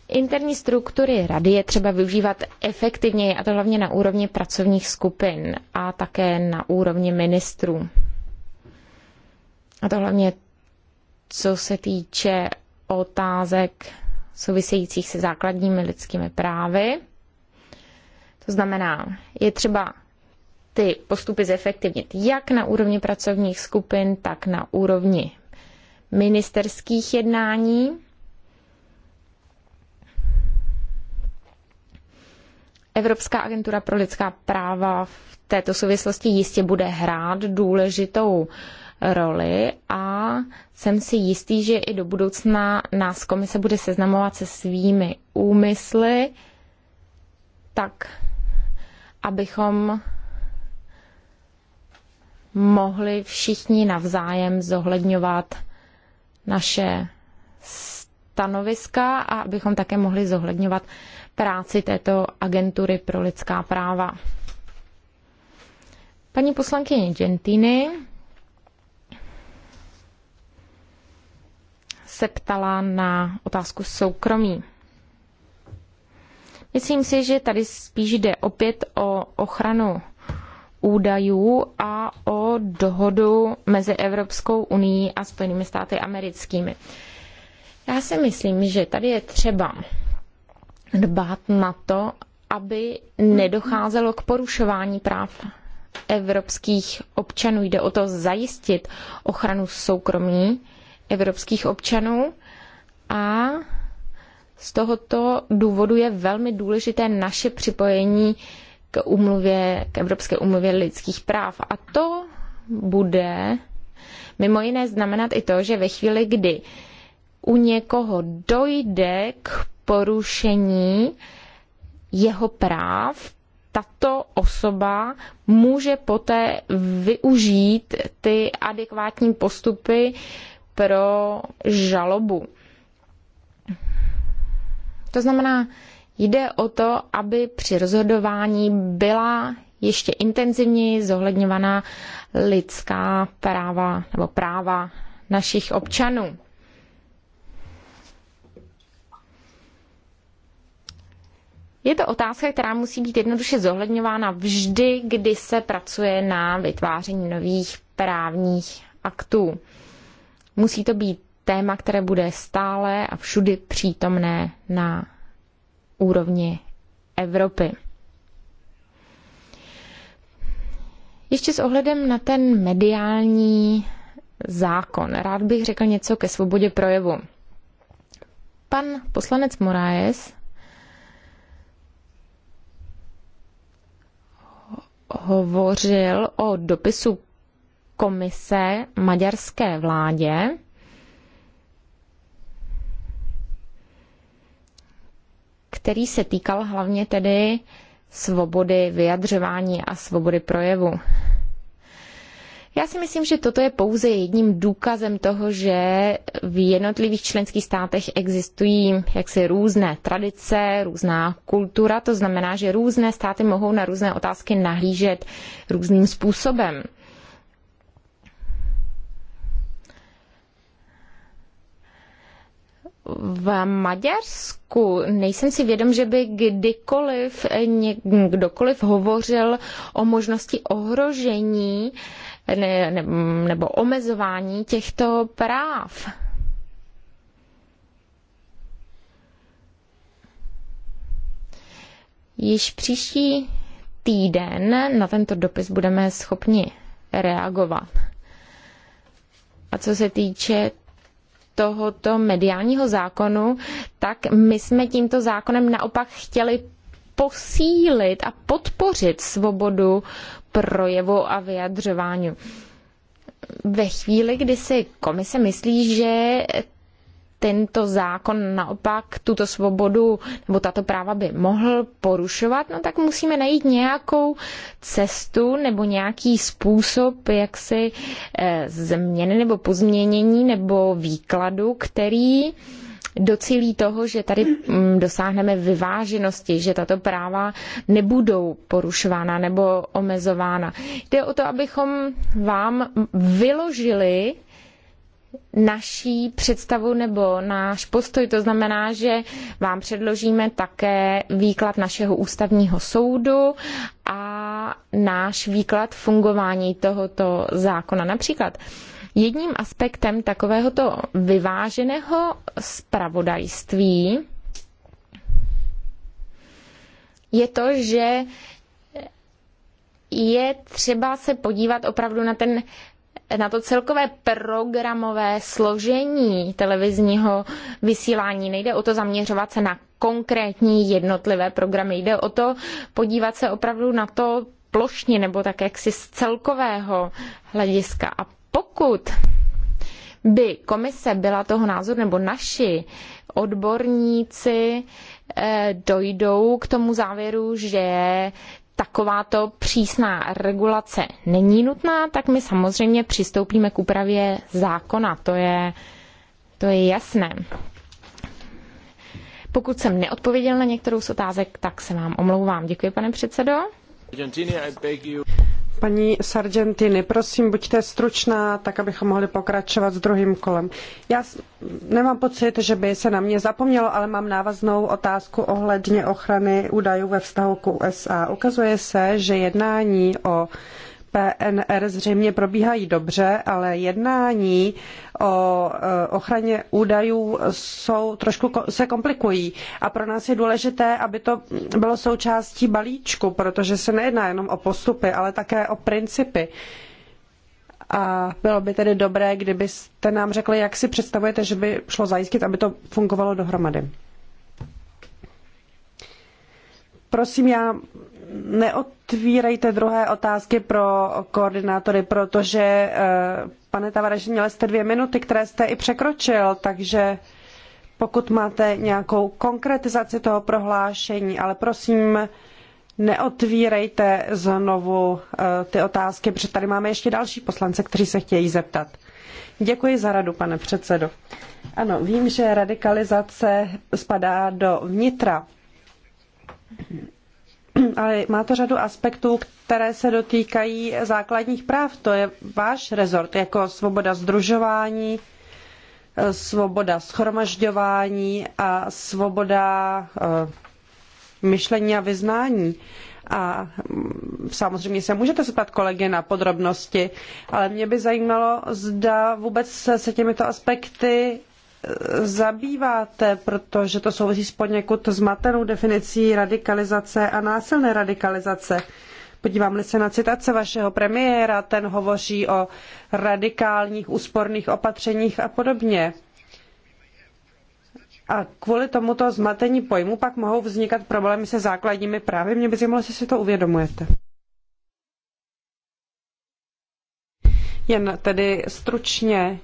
interní struktury rady je třeba využívat efektivněji, a to hlavně na úrovni pracovních skupin a také na úrovni ministrů. A to hlavně co se týče otázek souvisejících se základními lidskými právy. To znamená, je třeba ty postupy zefektivnit jak na úrovni pracovních skupin, tak na úrovni ministerských jednání. Evropská agentura pro lidská práva v této souvislosti jistě bude hrát důležitou roli a jsem si jistý, že i do budoucna nás komise bude seznamovat se svými úmysly, tak abychom mohli všichni navzájem zohledňovat naše stanoviska a abychom také mohli zohledňovat práci této agentury pro lidská práva. Paní poslankyně Gentiny se ptala na otázku soukromí. Myslím si, že tady spíš jde opět o ochranu údajů a o dohodu mezi Evropskou unii a Spojenými státy americkými. Já si myslím, že tady je třeba dbát na to, aby nedocházelo k porušování práv evropských občanů. Jde o to zajistit ochranu soukromí evropských občanů a z tohoto důvodu je velmi důležité naše připojení k, umluvě, k Evropské umluvě lidských práv. A to bude mimo jiné znamenat i to, že ve chvíli, kdy u někoho dojde k porušení jeho práv, tato osoba může poté využít ty adekvátní postupy pro žalobu. To znamená, jde o to, aby při rozhodování byla ještě intenzivněji zohledňovaná lidská práva nebo práva našich občanů. Je to otázka, která musí být jednoduše zohledňována vždy, kdy se pracuje na vytváření nových právních aktů. Musí to být téma, které bude stále a všudy přítomné na úrovni Evropy. Ještě s ohledem na ten mediální zákon, rád bych řekl něco ke svobodě projevu. Pan poslanec Moraes hovořil o dopisu komise maďarské vládě, který se týkal hlavně tedy svobody vyjadřování a svobody projevu. Já si myslím, že toto je pouze jedním důkazem toho, že v jednotlivých členských státech existují jaksi různé tradice, různá kultura, to znamená, že různé státy mohou na různé otázky nahlížet různým způsobem. v Maďarsku nejsem si vědom, že by kdykoliv kdokoliv hovořil o možnosti ohrožení ne, ne, nebo omezování těchto práv. Již příští týden na tento dopis budeme schopni reagovat. A co se týče tohoto mediálního zákonu, tak my jsme tímto zákonem naopak chtěli posílit a podpořit svobodu projevu a vyjadřování. Ve chvíli, kdy si komise myslí, že tento zákon naopak tuto svobodu nebo tato práva by mohl porušovat, no tak musíme najít nějakou cestu nebo nějaký způsob jaksi eh, změny nebo pozměnění nebo výkladu, který docílí toho, že tady mm, dosáhneme vyváženosti, že tato práva nebudou porušována nebo omezována. Jde o to, abychom vám vyložili naší představu nebo náš postoj. To znamená, že vám předložíme také výklad našeho ústavního soudu a náš výklad fungování tohoto zákona. Například jedním aspektem takovéhoto vyváženého spravodajství je to, že je třeba se podívat opravdu na ten na to celkové programové složení televizního vysílání. Nejde o to zaměřovat se na konkrétní jednotlivé programy. Jde o to podívat se opravdu na to plošně nebo tak jaksi z celkového hlediska. A pokud by komise byla toho názoru, nebo naši odborníci eh, dojdou k tomu závěru, že takováto přísná regulace není nutná, tak my samozřejmě přistoupíme k úpravě zákona. To je, to je jasné. Pokud jsem neodpověděl na některou z otázek, tak se vám omlouvám. Děkuji, pane předsedo. Paní Sargentini, prosím, buďte stručná, tak abychom mohli pokračovat s druhým kolem. Já nemám pocit, že by se na mě zapomnělo, ale mám návaznou otázku ohledně ochrany údajů ve vztahu k USA. Ukazuje se, že jednání o PNR zřejmě probíhají dobře, ale jednání o eh, ochraně údajů jsou trošku se komplikují. A pro nás je důležité, aby to bylo součástí balíčku, protože se nejedná jenom o postupy, ale také o principy. A bylo by tedy dobré, kdybyste nám řekli, jak si představujete, že by šlo zajistit, aby to fungovalo dohromady. Prosím, já neotvírejte druhé otázky pro koordinátory, protože, eh, pane Tavareši, měli jste dvě minuty, které jste i překročil, takže pokud máte nějakou konkretizaci toho prohlášení, ale prosím, neotvírejte znovu eh, ty otázky, protože tady máme ještě další poslance, kteří se chtějí zeptat. Děkuji za radu, pane předsedo. Ano, vím, že radikalizace spadá do vnitra ale má to řadu aspektů, které se dotýkají základních práv. To je váš rezort, jako svoboda združování, svoboda schromažďování a svoboda eh, myšlení a vyznání. A mm, samozřejmě se můžete zeptat kolegy na podrobnosti, ale mě by zajímalo, zda vůbec se těmito aspekty zabýváte, protože to souvisí s poněkud zmatenou definicí radikalizace a násilné radikalizace. Podívám-li se na citace vašeho premiéra, ten hovoří o radikálních úsporných opatřeních a podobně. A kvůli tomuto zmatení pojmu pak mohou vznikat problémy se základními právy. Mě by zajímalo, jestli si to uvědomujete. Jen tedy stručně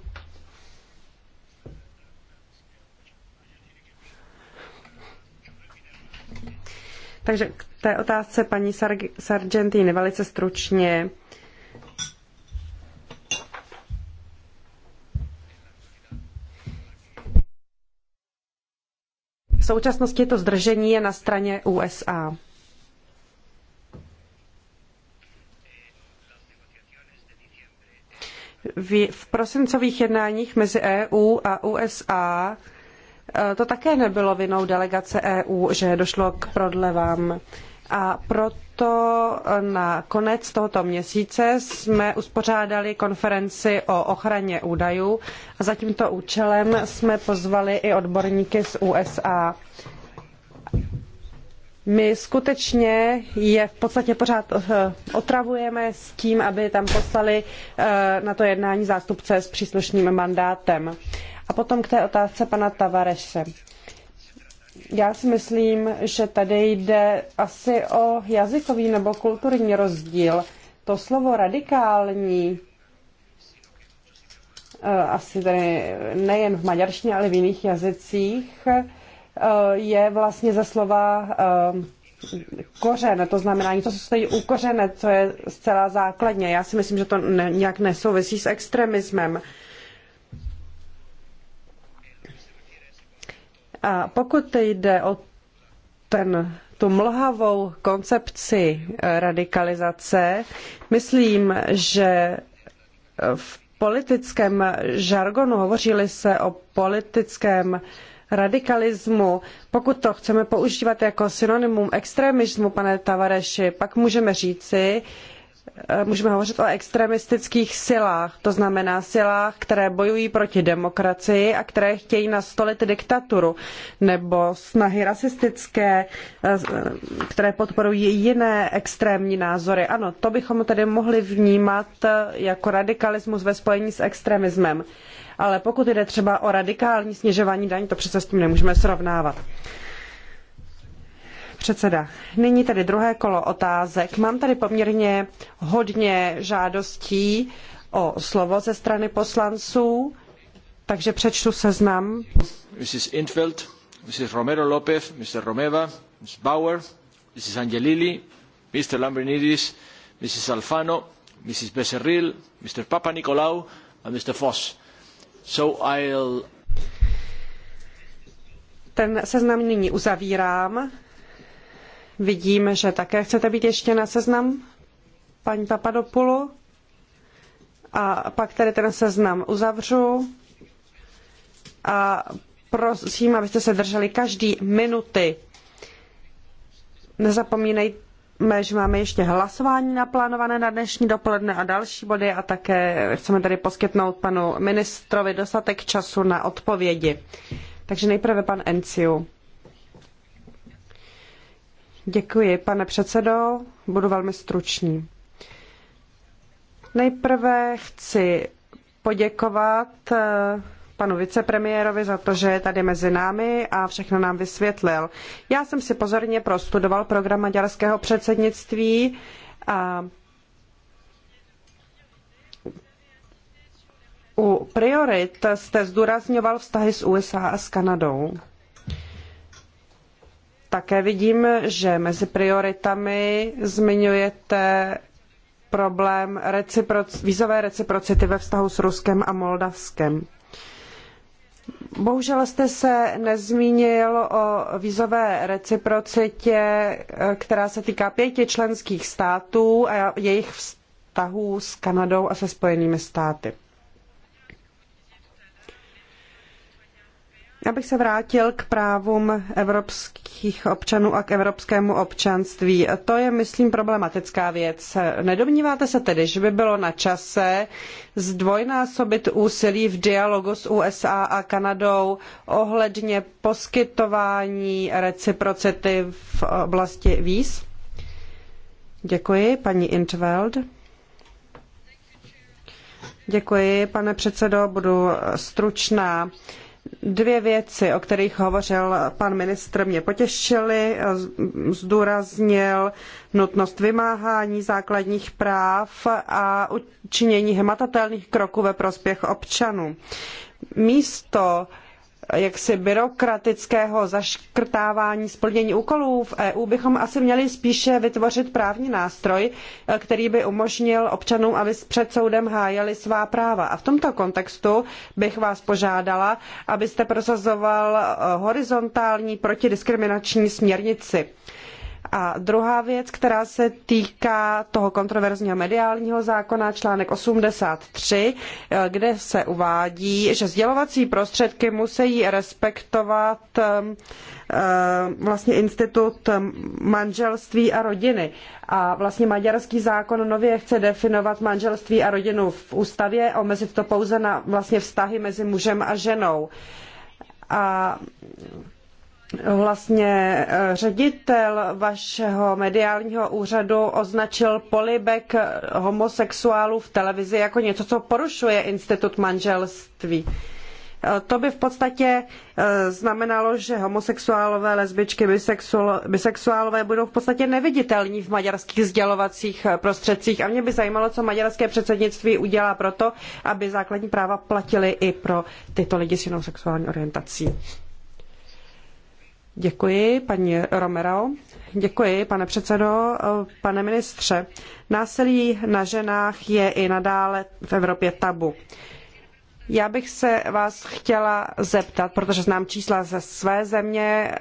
Takže k té otázce paní Sargentini velice stručně. V současnosti to zdržení je na straně USA. V prosincových jednáních mezi EU a USA Eh, to také nebylo vinou delegace EU, že došlo k prodlevám. A proto eh, na konec tohoto měsíce jsme uspořádali konferenci o ochraně údajů a za tímto účelem jsme pozvali i odborníky z USA my skutečně je v podstatě pořád eh, otravujeme s tím, aby tam poslali eh, na to jednání zástupce s příslušným mandátem. A potom k té otázce pana Tavarese. Já si myslím, že tady jde asi o jazykový nebo kulturní rozdíl. To slovo radikální eh, asi tady nejen v maďarštině, ale v jiných jazycích Eh, je vlastně ze slova eh, kořen, to znamená něco, co stojí u kořene, co je zcela základně. Já si myslím, že to ne, nějak nesouvisí s extremismem. A pokud jde o ten, tu mlhavou koncepci eh, radikalizace, myslím, že v politickém žargonu hovořili se o politickém uh, radikalismu, pokud to chceme používat jako synonymum extremismu, pane Tavareši, pak můžeme říci, eh, můžeme hovořit o extremistických silách, to znamená silách, které bojují proti demokracii a které chtějí nastolit diktaturu, nebo snahy rasistické, eh, které podporují jiné extrémní názory. Ano, to bychom tedy mohli vnímat eh, jako radikalismus ve spojení s extremismem ale pokud jde třeba o radikální snižování daní, to přece s tím nemůžeme srovnávat. Předseda, nyní tedy druhé kolo otázek. Mám tady poměrně hodně žádostí o slovo ze strany poslanců, takže přečtu seznam. Mrs. Intveld, Mrs. Romero López, Mr. Romeva, Mrs. Bauer, Mrs. Angelilli, Mr. Lambrinidis, Mrs. Alfano, Mrs. Becerril, Mr. Papa Nicolau and Mr. Foss. Ten seznam nyní uzavírám. Vidím, že také chcete být ještě na seznam, paní Papadopoulou. A pak tedy ten seznam uzavřu. A prosím, abyste se drželi každý minuty. Nezapomínejte, že máme ještě hlasování naplánované na dnešní dopoledne a další body a také chceme tady poskytnout panu ministrovi dostatek času na odpovědi. Takže nejprve pan Enciu. Děkuji, pane předsedo, budu velmi stručný. Nejprve chci poděkovat eh, panu vicepremiérovi za to, že je tady mezi námi a všechno nám vysvětlil. Já jsem si pozorně prostudoval program maďarského předsednictví a u priorit jste zdůrazňoval vztahy s USA a s Kanadou. Také vidím, že mezi prioritami zmiňujete problém recipro- vízové reciprocity ve vztahu s Ruskem a Moldavskem. Bohužel jste se nezmínil o vízové reciprocitě, která se týká pěti členských států a jejich vztahů s Kanadou a se Spojenými státy. Já bych se vrátil k právům evropských občanů a k evropskému občanství. To je, myslím, problematická věc. Nedomníváte se tedy, že by bylo na čase zdvojnásobit úsilí v dialogu s USA a Kanadou ohledně poskytování reciprocity v oblasti víz? Děkuji, paní Intveld. Děkuji, pane předsedo, budu stručná. Dvě věci, o kterých hovořil pan ministr, mě potěšily. Zdůraznil nutnost vymáhání základních práv a učinění hmatatelných kroků ve prospěch občanů. Místo jaksi byrokratického zaškrtávání splnění úkolů v EU bychom asi měli spíše vytvořit právní nástroj, eh, který by umožnil občanům, aby před soudem hájili svá práva. A v tomto kontextu bych vás požádala, abyste prosazoval eh, horizontální protidiskriminační směrnici. A druhá věc, která se týká toho kontroverzního mediálního zákona, článek 83, eh, kde se uvádí, že sdělovací prostředky musí respektovat ehm, eh, vlastně institut ehm, manželství a rodiny. A vlastně maďarský zákon nově chce definovat manželství a rodinu v ústavě, omezit to pouze na vlastně vztahy mezi mužem a ženou. A Vlastně eh, ředitel vašeho mediálního úřadu označil polibek eh, homosexuálů v televizi jako něco, co porušuje institut manželství. Eh, to by v podstatě znamenalo, že homosexuálové, lesbičky, bisexuálové budou v podstatě neviditelní v maďarských sdělovacích prostředcích. A mě by zajímalo, co maďarské předsednictví udělá proto, aby základní práva platily i pro tyto lidi s jinou sexuální orientací. Děkuji, paní Romero. Děkuji, pane předsedo. Pane ministře, násilí na ženách je i nadále v Evropě tabu. Já bych se vás chtěla zeptat, protože znám čísla ze své země,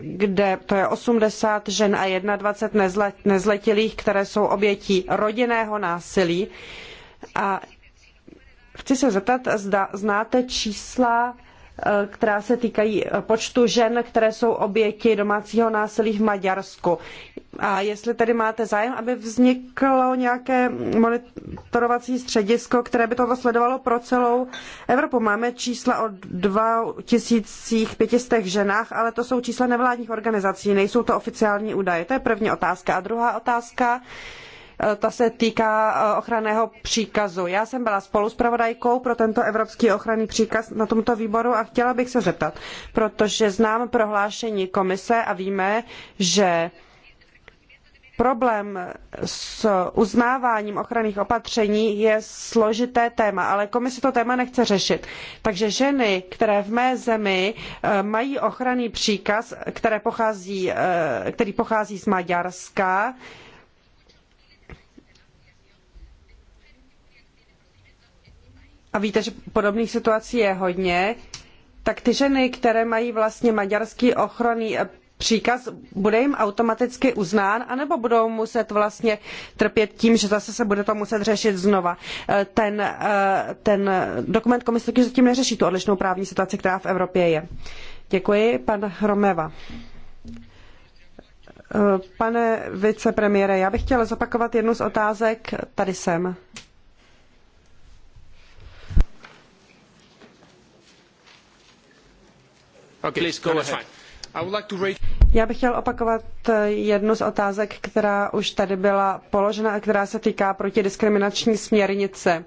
kde to je 80 žen a 21 nezletilých, které jsou obětí rodinného násilí. A chci se zeptat, zda znáte čísla Eh, která se týkají eh, počtu žen, které jsou oběti domácího násilí v Maďarsku. A jestli tedy máte zájem, aby vzniklo nějaké monitorovací středisko, které by to sledovalo pro celou Evropu. Máme čísla o 2500 ženách, ale to jsou čísla nevládních organizací, nejsou to oficiální údaje. To je první otázka. A druhá otázka, Eh, ta se týká eh, ochranného příkazu. Já jsem byla spoluspravodajkou pro tento evropský ochranný příkaz na tomto výboru a chtěla bych se zeptat, protože znám prohlášení komise a víme, že problém s uznáváním ochranných opatření je složité téma, ale komise to téma nechce řešit. Takže ženy, které v mé zemi eh, mají ochranný příkaz, pochází, který pochází z Maďarska, a víte, že podobných situací je hodně, tak ty ženy, které mají vlastně maďarský ochranný příkaz, bude jim automaticky uznán, anebo budou muset vlastně trpět tím, že zase se bude to muset řešit znova. Eh, ten, eh, ten dokument komise totiž zatím neřeší tu odlišnou právní situaci, která v Evropě je. Děkuji, pan Romeva. Eh, pane vicepremiére, já bych chtěla zopakovat jednu z otázek. Tady jsem. No, Já bych chtěl opakovat eh, jednu z otázek, která už tady byla položena a která se týká protidiskriminační směrnice.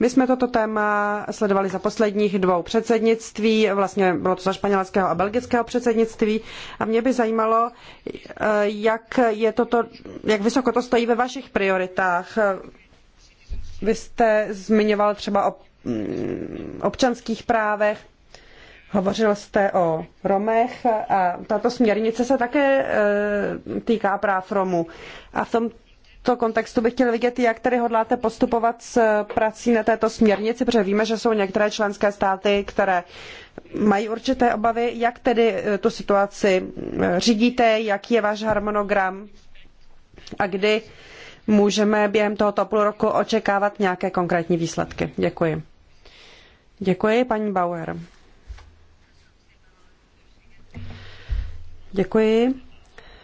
My jsme toto téma sledovali za posledních dvou předsednictví, vlastně bylo to za španělského a belgického předsednictví a mě by zajímalo, eh, jak, je toto, jak vysoko to stojí ve vašich prioritách. Vy jste zmiňoval třeba o mm, občanských právech, Hovořil jste o Romech a tato směrnice se také e, týká práv Romů. A v tomto kontextu bych chtěl vidět, jak tedy hodláte postupovat s prací na této směrnici, protože víme, že jsou některé členské státy, které mají určité obavy. Jak tedy e, tu situaci e, řídíte, jaký je váš harmonogram a kdy můžeme během tohoto půl roku očekávat nějaké konkrétní výsledky? Děkuji. Děkuji, paní Bauer. Děkuji,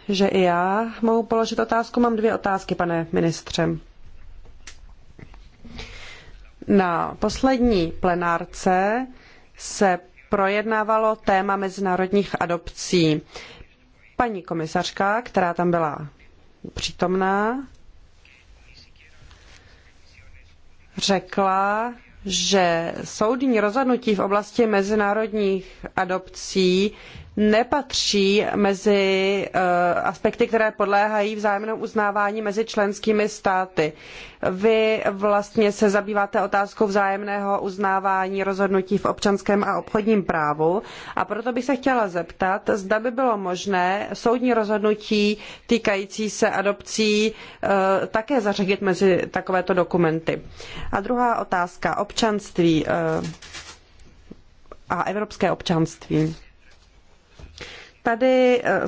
že i já mohu položit otázku. Mám dvě otázky, pane ministře. Na poslední plenárce se projednávalo téma mezinárodních adopcí. Paní komisařka, která tam byla přítomná, řekla, že soudní rozhodnutí v oblasti mezinárodních adopcí nepatří mezi eh, aspekty, které podléhají vzájemnému uznávání mezi členskými státy. Vy vlastně se zabýváte otázkou vzájemného uznávání rozhodnutí v občanském a obchodním právu a proto bych se chtěla zeptat, zda by bylo možné soudní rozhodnutí týkající se adopcí eh, také zařadit mezi takovéto dokumenty. A druhá otázka, občanství eh, a evropské občanství tady eh,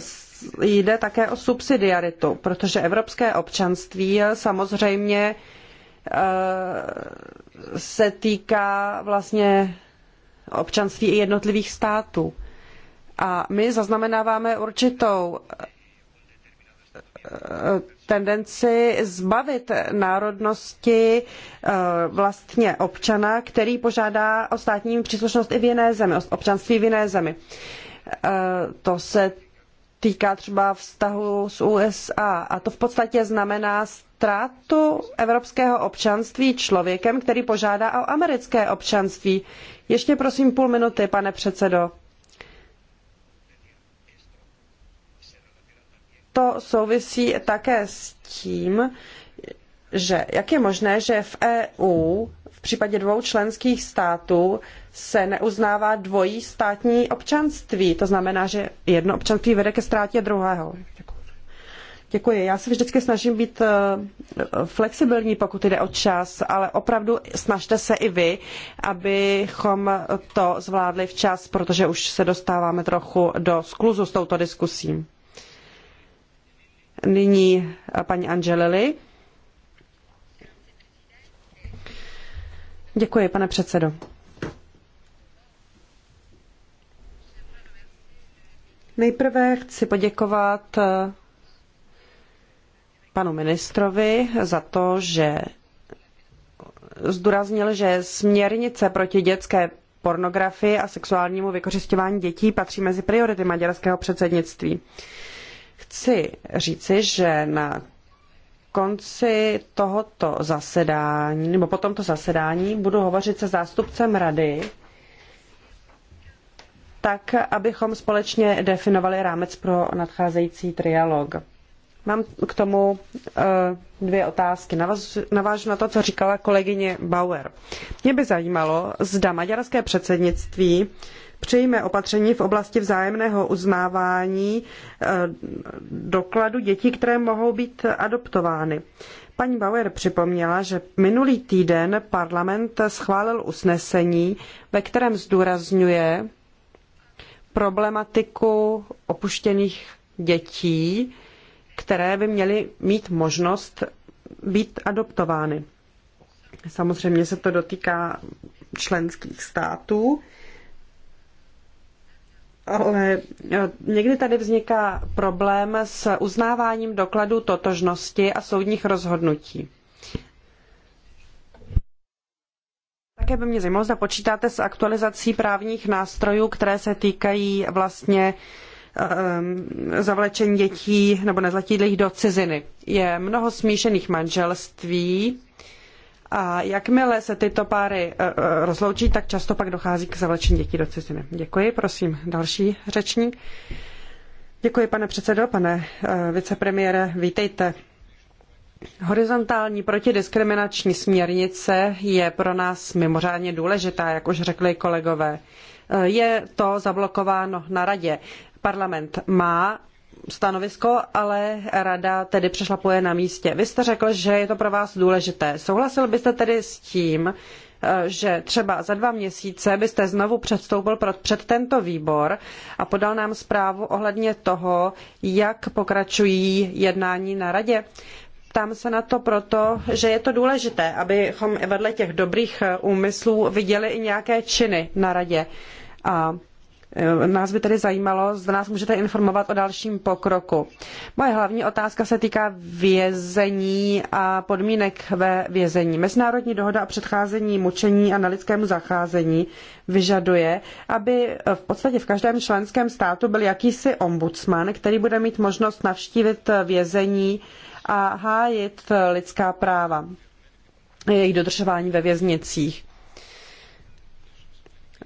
jde také o subsidiaritu, protože evropské občanství eh, samozřejmě eh, se týká vlastně občanství i jednotlivých států. A my zaznamenáváme určitou tendenci zbavit národnosti vlastně občana, který požádá o státní příslušnost i v jiné zemi, občanství v jiné zemi. Eh, to se týká třeba vztahu s USA. A to v podstatě znamená ztrátu evropského občanství člověkem, který požádá o americké občanství. Ještě prosím půl minuty, pane předsedo. To souvisí také s tím, že jak je možné, že v EU v případě dvou členských států se neuznává dvojí státní občanství. To znamená, že jedno občanství vede ke ztrátě druhého. Děkuji. Já se vždycky snažím být eh, flexibilní, pokud jde o čas, ale opravdu snažte se i vy, abychom to zvládli včas, protože už se dostáváme trochu do skluzu s touto diskusí. Nyní eh, paní Angelili. Děkuji, pane předsedo. Nejprve chci poděkovat eh, panu ministrovi za to, že zdůraznil, že směrnice proti dětské pornografii a sexuálnímu vykořisťování dětí patří mezi priority maďarského předsednictví. Chci říci, že na konci tohoto zasedání, nebo po tomto zasedání, budu hovořit se zástupcem rady, tak, abychom společně definovali rámec pro nadcházející trialog. Mám k tomu eh, dvě otázky. Navážu na to, co říkala kolegyně Bauer. Mě by zajímalo, zda maďarské předsednictví přijme opatření v oblasti vzájemného uznávání eh, dokladu dětí, které mohou být adoptovány. Paní Bauer připomněla, že minulý týden parlament schválil usnesení, ve kterém zdůrazňuje problematiku opuštěných dětí, které by měly mít možnost být adoptovány. Samozřejmě se to dotýká členských států ale e, někdy tady vzniká problém s uznáváním dokladů totožnosti a soudních rozhodnutí. Také by mě zajímalo, zda počítáte s aktualizací právních nástrojů, které se týkají vlastně e, e, zavlečení dětí nebo nezletilých do ciziny. Je mnoho smíšených manželství, a jakmile se tyto páry eh, eh, rozloučí, tak často pak dochází k zavlečení dětí do ciziny. Děkuji, prosím, další řečník. Děkuji, pane předsedo, pane eh, vicepremiére, vítejte. Horizontální protidiskriminační směrnice je pro nás mimořádně důležitá, jak už řekli kolegové. Je to zablokováno na radě. Parlament má stanovisko, ale rada tedy přešlapuje na místě. Vy jste řekl, že je to pro vás důležité. Souhlasil byste tedy s tím, eh, že třeba za dva měsíce byste znovu předstoupil před tento výbor a podal nám zprávu ohledně toho, jak pokračují jednání na radě. Ptám se na to proto, že je to důležité, abychom vedle těch dobrých eh, úmyslů viděli i nějaké činy na radě. A Eh, nás by tedy zajímalo, zda nás můžete informovat o dalším pokroku. Moje hlavní otázka se týká vězení a podmínek ve vězení. Mezinárodní dohoda o předcházení mučení a nelidskému zacházení vyžaduje, aby v podstatě v každém členském státu byl jakýsi ombudsman, který bude mít možnost navštívit vězení a hájit lidská práva jejich dodržování ve věznicích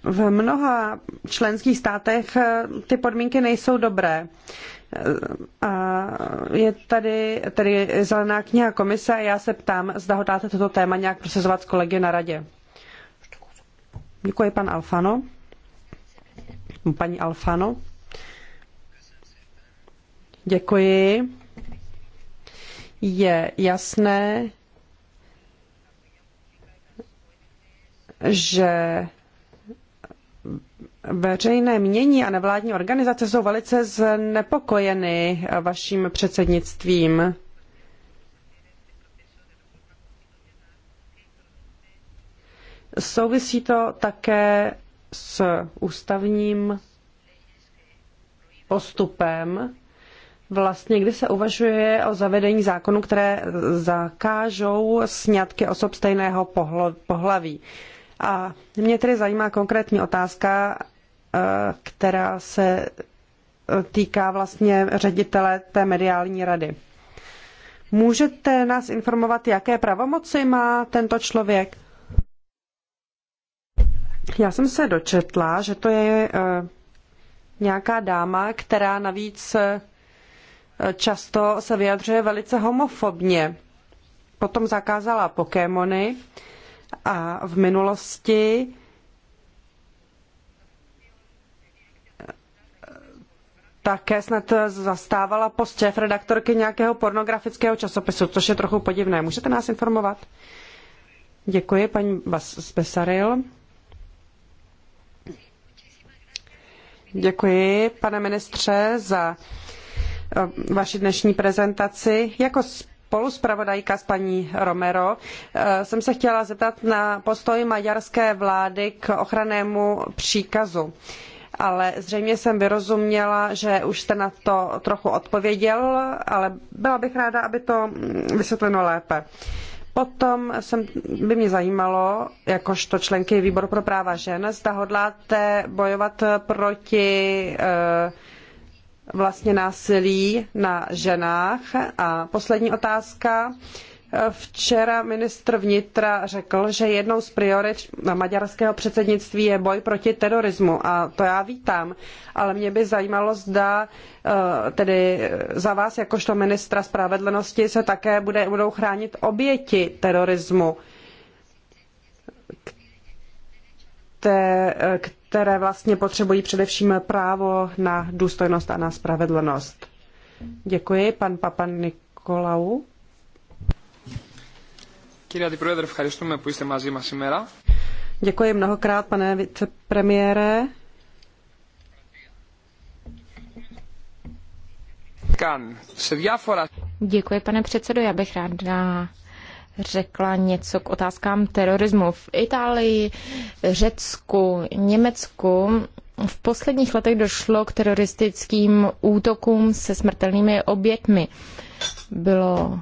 v mnoha členských státech eh, ty podmínky nejsou dobré. Eh, a je tady, tady zelená kniha komise a já se ptám, zda ho dáte toto téma nějak prosazovat s kolegy na radě. Děkuji, pan Alfano. Paní Alfano. Děkuji. Je jasné, že veřejné mění a nevládní organizace jsou velice znepokojeny vaším předsednictvím. Souvisí to také s ústavním postupem, vlastně kdy se uvažuje o zavedení zákonů, které zakážou sňatky osob stejného pohlaví. A mě tedy zajímá konkrétní otázka, eh, která se eh, týká vlastně ředitele té mediální rady. Můžete nás informovat, jaké pravomoci má tento člověk? Já jsem se dočetla, že to je eh, nějaká dáma, která navíc často se vyjadřuje velice homofobně. Potom zakázala Pokémony a v minulosti eh, také snad zastávala post šéf redaktorky nějakého pornografického časopisu, což je trochu podivné. Můžete nás informovat? Děkuji, paní Besaril. Děkuji, pane ministře, za eh, vaši dnešní prezentaci. Jako spoluspravodajka s paní Romero eh, jsem se chtěla zeptat na postoj maďarské vlády k ochrannému příkazu ale zřejmě jsem vyrozuměla, že už jste na to trochu odpověděl, ale byla bych ráda, aby to vysvětleno lépe. Potom jsem, by mě zajímalo, jakožto členky výboru pro práva žen, zda hodláte bojovat proti eh, vlastně násilí na ženách. A poslední otázka. Včera ministr vnitra řekl, že jednou z priorit maďarského předsednictví je boj proti terorismu a to já vítám, ale mě by zajímalo, zda eh, tedy za vás jakožto ministra spravedlnosti se také bude, budou chránit oběti terorismu které, vlastně potřebují především právo na důstojnost a na spravedlnost. Děkuji, pan Papa Nikolau. Děkuji mnohokrát, pane vicepremiére. Děkuji, pane předsedo. Já bych ráda řekla něco k otázkám terorismu. V Itálii, Řecku, Německu v posledních letech došlo k teroristickým útokům se smrtelnými obětmi. Bylo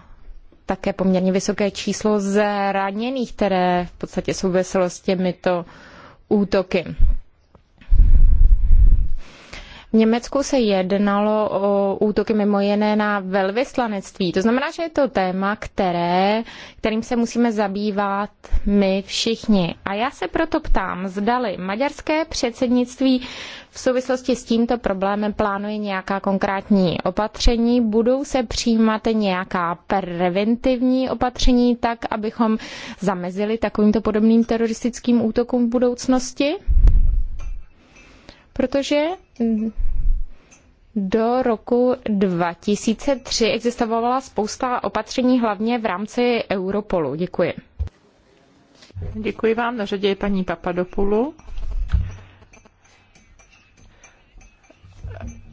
také poměrně vysoké číslo zraněných, které v podstatě souviselo s těmito útoky. V Německu se jednalo o útoky mimo jiné na velvyslanectví. To znamená, že je to téma, které, kterým se musíme zabývat my všichni. A já se proto ptám, zdali maďarské předsednictví v souvislosti s tímto problémem plánuje nějaká konkrétní opatření? Budou se přijímat nějaká preventivní opatření tak, abychom zamezili takovýmto podobným teroristickým útokům v budoucnosti? protože do roku 2003 existovala spousta opatření, hlavně v rámci Europolu. Děkuji. Děkuji vám. Na řadě je paní Papadopoulou.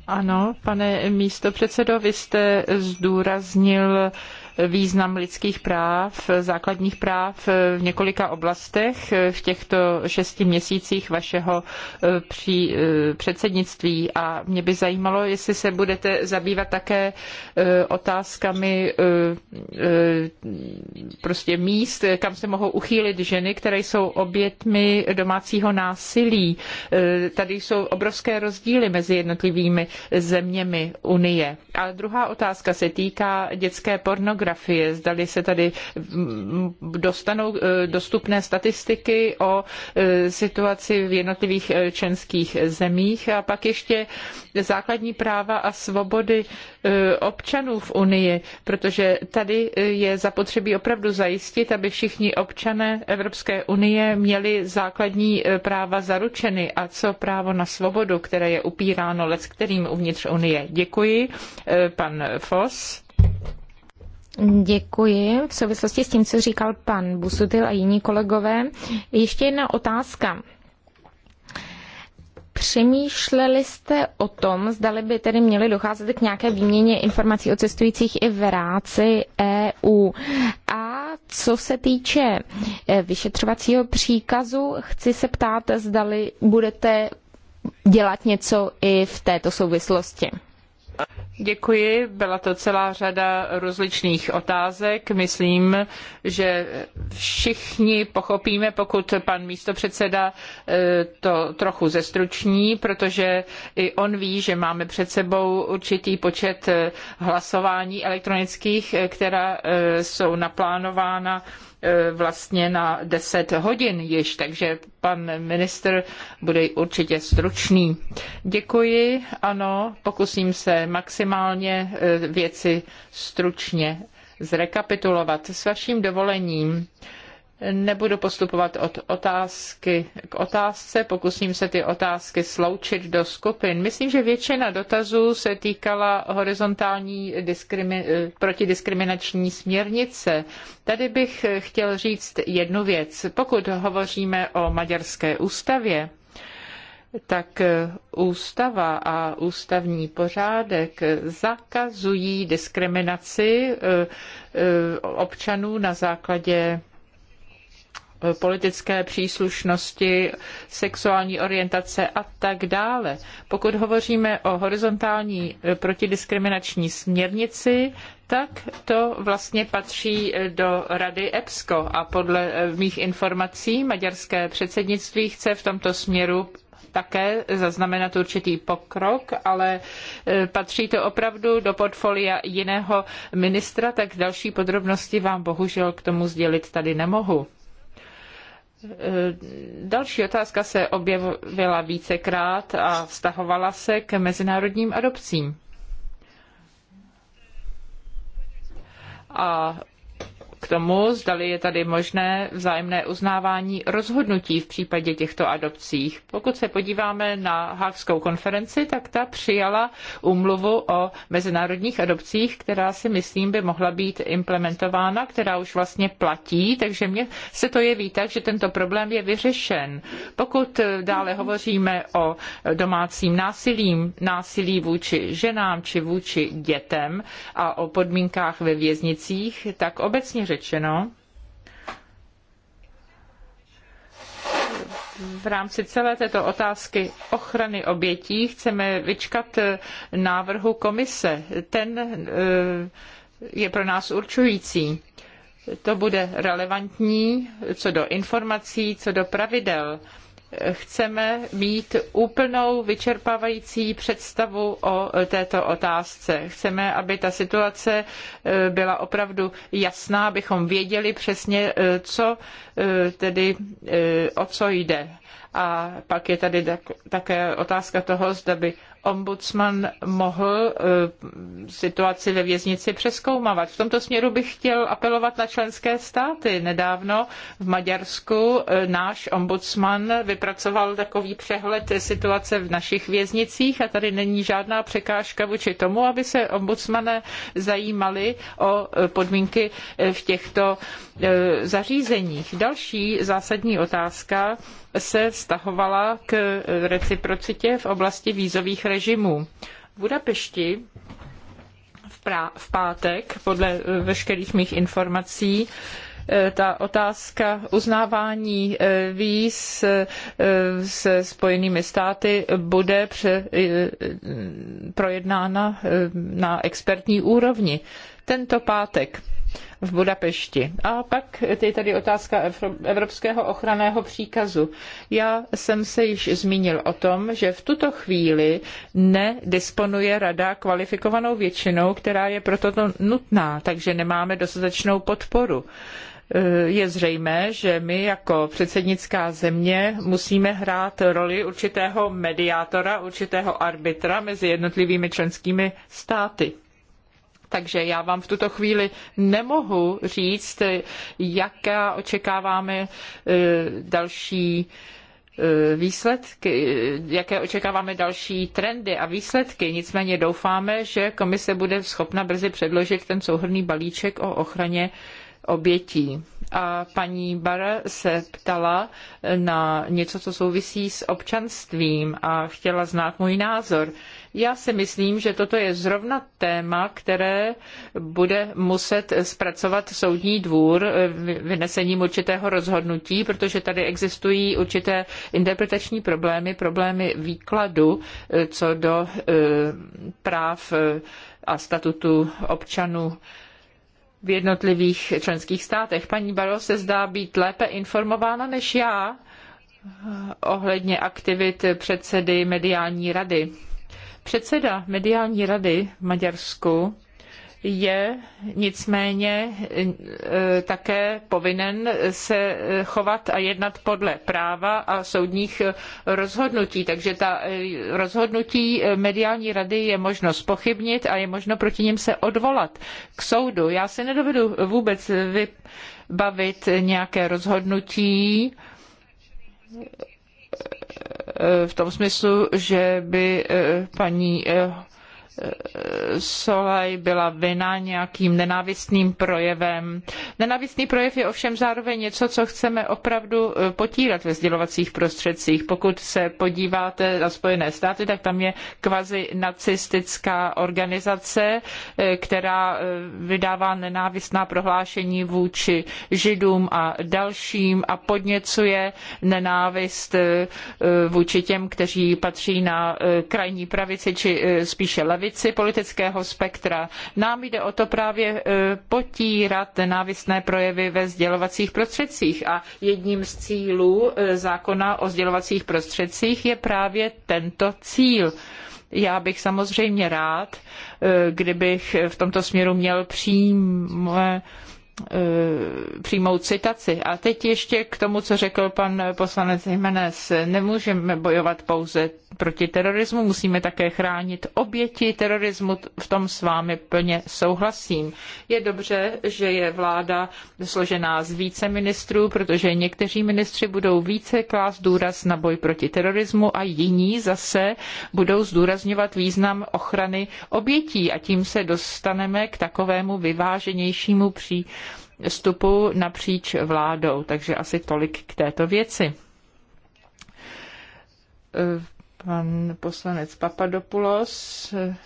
Ano, pane místo předsedo, vy jste zdůraznil význam lidských práv, základních práv v několika oblastech v těchto šesti měsících vašeho eh, při, eh, předsednictví. A mě by zajímalo, jestli se budete zabývat také eh, otázkami prostě míst, kam se mohou uchýlit ženy, které jsou obětmi domácího násilí. Tady jsou obrovské rozdíly mezi jednotlivými zeměmi Unie. A druhá otázka se týká dětské pornografie demografie, zdali se tady mm, dostanou eh, dostupné statistiky o eh, situaci v jednotlivých eh, členských zemích a pak ještě základní práva a svobody občanů v Unii, protože tady je zapotřebí opravdu zajistit, aby všichni občané Evropské unie měli základní práva zaručeny a co právo na svobodu, které je upíráno lec kterým uvnitř Unie. Děkuji, pan Foss. Děkuji. V souvislosti s tím, co říkal pan Busutil a jiní kolegové, ještě jedna otázka. Přemýšleli jste o tom, zdali by tedy měly docházet k nějaké výměně informací o cestujících i v rámci EU. A co se týče eh, vyšetřovacího příkazu, chci se ptát, zdali budete dělat něco i v této souvislosti. Děkuji, byla to celá řada rozličných otázek. Myslím, že všichni pochopíme, pokud pan místopředseda eh, to trochu zestruční, protože i on ví, že máme před sebou určitý počet eh, hlasování elektronických, eh, která jsou naplánována E, vlastně na 10 hodin již, takže pan minister bude určitě stručný. Děkuji, ano, pokusím se maximálně e, věci stručně zrekapitulovat. S vaším dovolením Nebudu postupovat od otázky k otázce, pokusím se ty otázky sloučit do skupin. Myslím, že většina dotazů se týkala horizontální diskrimi- protidiskriminační směrnice. Tady bych chtěl říct jednu věc. Pokud hovoříme o maďarské ústavě, tak ústava a ústavní pořádek zakazují diskriminaci eh, eh, občanů na základě politické příslušnosti, sexuální orientace a tak dále. Pokud hovoříme o horizontální eh, protidiskriminační směrnici, tak to vlastně patří eh, do Rady EPSCO a podle eh, mých informací maďarské předsednictví chce v tomto směru také zaznamenat určitý pokrok, ale patří to opravdu do portfolia jiného ministra, tak další podrobnosti vám bohužel k tomu sdělit tady nemohu. Eh, další otázka se objevila vícekrát a vztahovala se k mezinárodním adopcím. A k tomu, zdali je tady možné vzájemné uznávání rozhodnutí v případě těchto adopcích. Pokud se podíváme na Hákskou konferenci, tak ta přijala úmluvu o mezinárodních adopcích, která si myslím by mohla být implementována, která už vlastně platí, takže mně se to jeví tak, že tento problém je vyřešen. Pokud dále hovoříme o domácím násilím, násilí vůči ženám či vůči dětem a o podmínkách ve věznicích, tak obecně řečeno, v rámci celé této otázky ochrany obětí chceme vyčkat eh, návrhu komise. Ten eh, je pro nás určující. To bude relevantní co do informací, co do pravidel chceme mít úplnou vyčerpávající představu o této otázce. Chceme, aby ta situace eh, byla opravdu jasná, abychom věděli přesně, eh, co eh, tedy, o co jde. A pak je tady také otázka toho, zda by ombudsman mohl eh, situaci ve věznici přeskoumávat. V tomto směru bych chtěl apelovat na členské státy. Nedávno v Maďarsku eh, náš ombudsman vypracoval takový přehled situace v našich věznicích a tady není žádná překážka vůči tomu, aby se ombudsmané zajímali o eh, podmínky v těchto zařízeních. Další zásadní otázka se vztahovala k reciprocitě v oblasti vízových režimů. V Budapešti v, prá- v pátek, podle eh, veškerých mých informací, eh, ta otázka uznávání eh, víz se Spojenými státy bude pře, projednána na expertní úrovni tento pátek v Budapešti. A pak je tady otázka Evropského ochranného příkazu. Já jsem se již zmínil o tom, že v tuto chvíli nedisponuje rada kvalifikovanou většinou, která je proto nutná, takže nemáme dostatečnou podporu eh, je zřejmé, že my jako předsednická země musíme hrát roli určitého mediátora, určitého arbitra mezi jednotlivými členskými státy. Takže já vám v tuto chvíli nemohu říct, jaká očekáváme e, další e, výsledky, jaké očekáváme další trendy a výsledky. Nicméně doufáme, že komise bude schopna brzy předložit ten souhrný balíček o ochraně obětí a paní Bar se ptala na něco, co souvisí s občanstvím a chtěla znát můj názor. Já si myslím, že toto je zrovna téma, které bude muset zpracovat soudní dvůr vynesením určitého rozhodnutí, protože tady existují určité interpretační problémy, problémy výkladu eh, co do eh, práv eh, a statutu občanů v jednotlivých členských státech. Paní Baro se zdá být lépe informována než já eh, ohledně aktivit předsedy mediální rady. Předseda mediální rady v Maďarsku je nicméně eh, také povinen se chovat a jednat podle práva a soudních rozhodnutí. Takže ta eh, rozhodnutí eh, mediální rady je možno spochybnit a je možno proti nim se odvolat k soudu. Já si nedovedu vůbec vybavit nějaké rozhodnutí, v tom smyslu, že by paní Solaj byla vina nějakým nenávistným projevem. Nenávistný projev je ovšem zároveň něco, co chceme opravdu eh, potírat ve sdělovacích prostředcích. Pokud se podíváte na Spojené státy, tak tam je kvazi nacistická organizace, eh, která eh, vydává nenávistná prohlášení vůči židům a dalším a podněcuje nenávist vůči těm, kteří patří na krajní pravici či spíše levici levici politického spektra. Nám jde o to právě e, potírat nenávistné projevy ve sdělovacích prostředcích a jedním z cílů e, zákona o sdělovacích prostředcích je právě tento cíl. Já bych samozřejmě rád, e, kdybych v tomto směru měl přímé Eh, přímou citaci. A teď ještě k tomu, co řekl pan poslanec Jiménez. Nemůžeme bojovat pouze proti terorismu, musíme také chránit oběti terorismu. V tom s vámi plně souhlasím. Je dobře, že je vláda složená z více ministrů, protože někteří ministři budou více klást důraz na boj proti terorismu a jiní zase budou zdůrazňovat význam ochrany obětí a tím se dostaneme k takovému vyváženějšímu přístupu vstupu napříč vládou. Takže asi tolik k této věci. E, pan poslanec Papadopoulos e,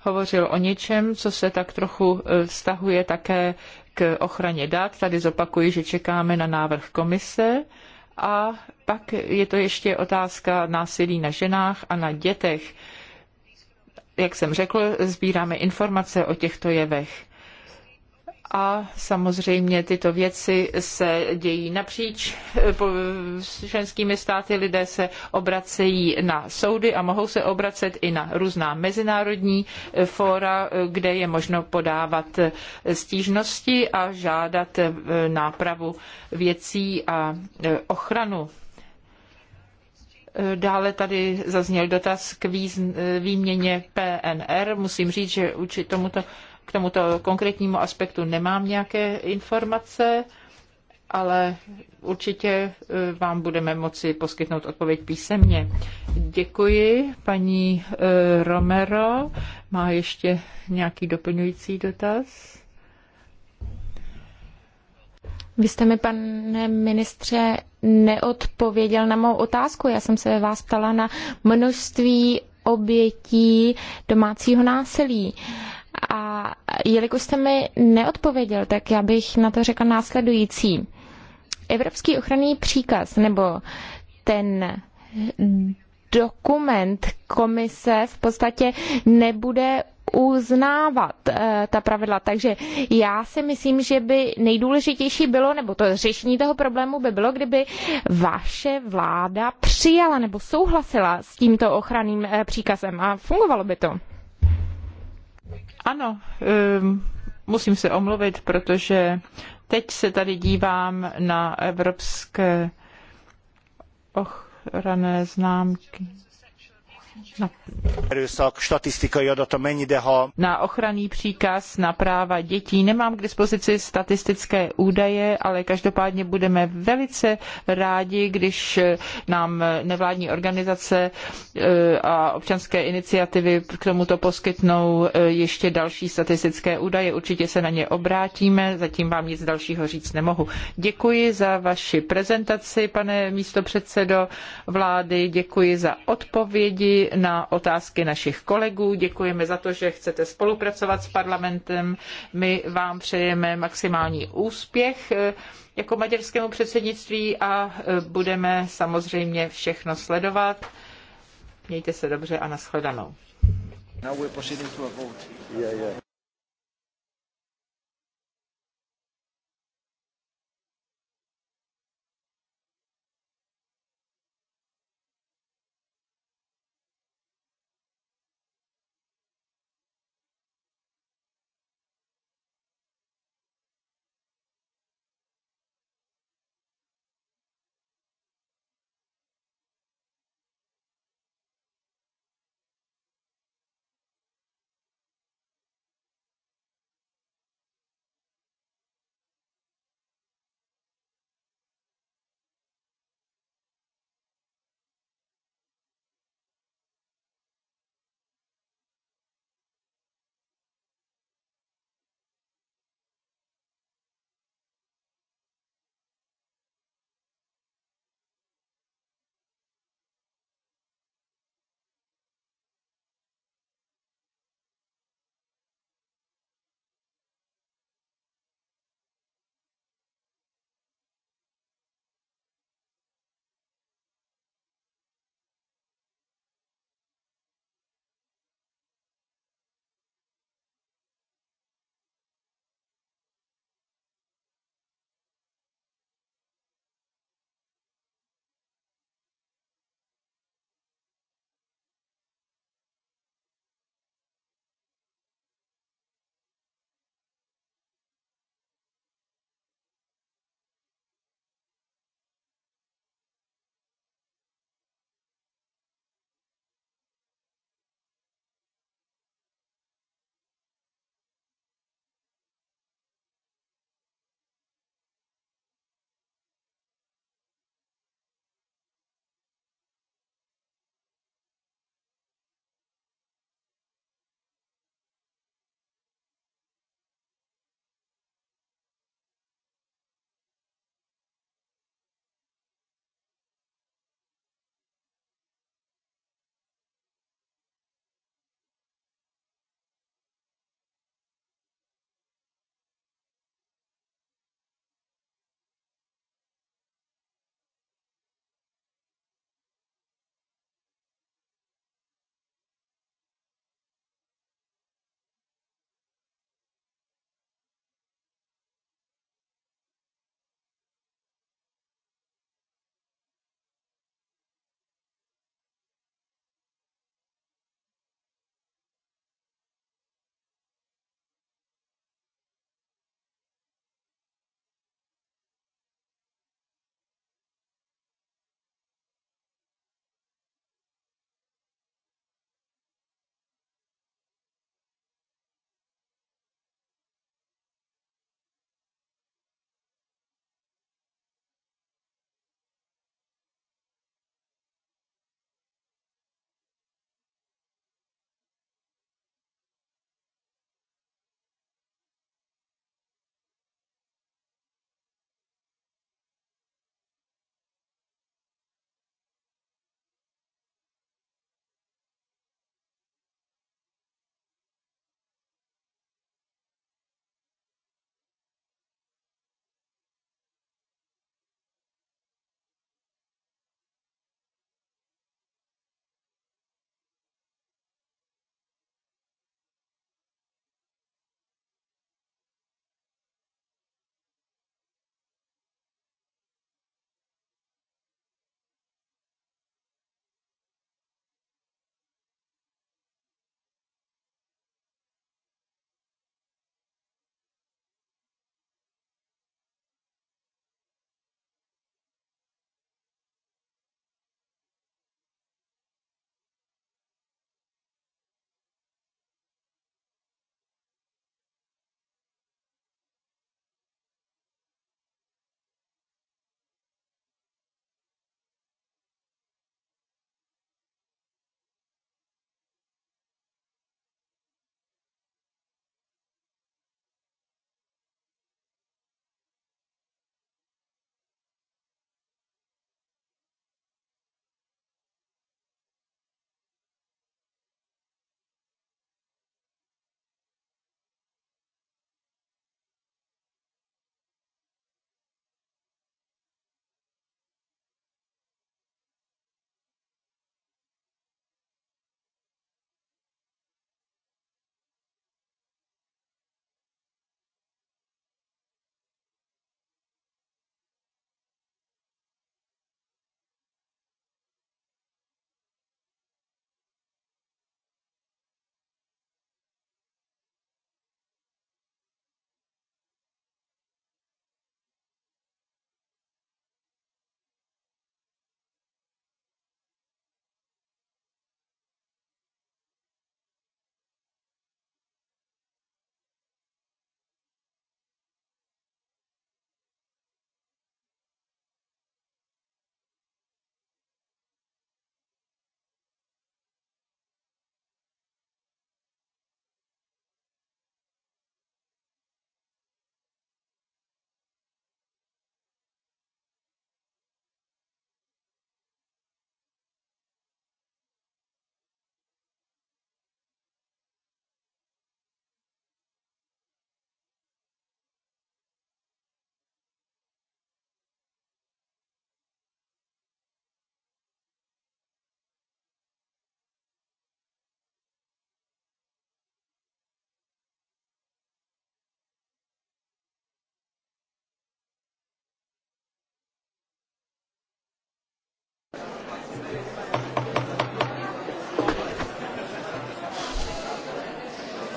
hovořil o něčem, co se tak trochu e, vztahuje také k ochraně dat. Tady zopakuji, že čekáme na návrh komise. A pak je to ještě otázka násilí na ženách a na dětech. Jak jsem řekl, sbíráme informace o těchto jevech a samozřejmě tyto věci se dějí napříč členskými státy. Lidé se obracejí na soudy a mohou se obracet i na různá mezinárodní fóra, kde je možno podávat stížnosti a žádat eh, nápravu věcí a eh, ochranu. Eh, dále tady zazněl dotaz k výměně PNR. Musím říct, že uči tomuto k tomuto konkrétnímu aspektu nemám nějaké informace, ale určitě e, vám budeme moci poskytnout odpověď písemně. Děkuji, paní e, Romero. Má ještě nějaký doplňující dotaz? Vy jste mi, pane ministře, neodpověděl na mou otázku. Já jsem se vás ptala na množství obětí domácího násilí. Uh, a jelikož jste mi neodpověděl, tak já bych na to řekla následující. Evropský ochranný příkaz nebo ten dokument komise v podstatě nebude uznávat e, ta pravidla. Takže já si myslím, že by nejdůležitější bylo, nebo to řešení toho problému by bylo, kdyby vaše vláda přijala nebo souhlasila s tímto ochranným e, příkazem a fungovalo by to. Ano, ehm, musím se omluvit, protože teď se tady dívám na evropské ochranné známky na, ochranný příkaz na práva dětí. Nemám k dispozici statistické údaje, ale každopádně budeme velice rádi, když eh, nám nevládní organizace eh, a občanské iniciativy k tomuto poskytnou eh, ještě další statistické údaje. Určitě se na ně obrátíme, zatím vám nic dalšího říct nemohu. Děkuji za vaši prezentaci, pane místopředsedo vlády, děkuji za odpovědi na otázky našich kolegů. Děkujeme za to, že chcete spolupracovat s parlamentem. My vám přejeme maximální úspěch eh, jako maďarskému předsednictví a eh, budeme samozřejmě všechno sledovat. Mějte se dobře a nashledanou.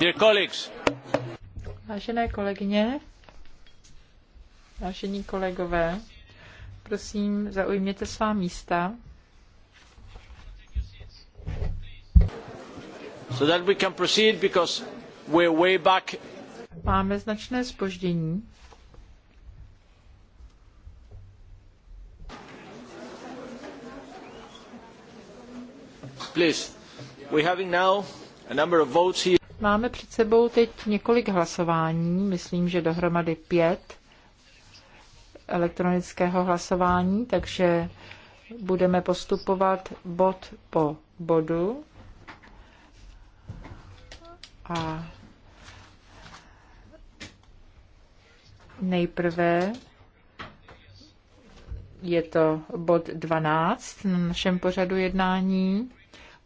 Dear colleagues. Vážené kolegyně, vážení kolegové, prosím, zaujměte svá místa. So that we can proceed because we're way back. Máme značné spoždění. Please, we're having now a number of votes here. Máme před sebou teď několik hlasování, myslím, že dohromady pět elektronického hlasování, takže budeme postupovat bod po bodu. A nejprve je to bod 12 na našem pořadu jednání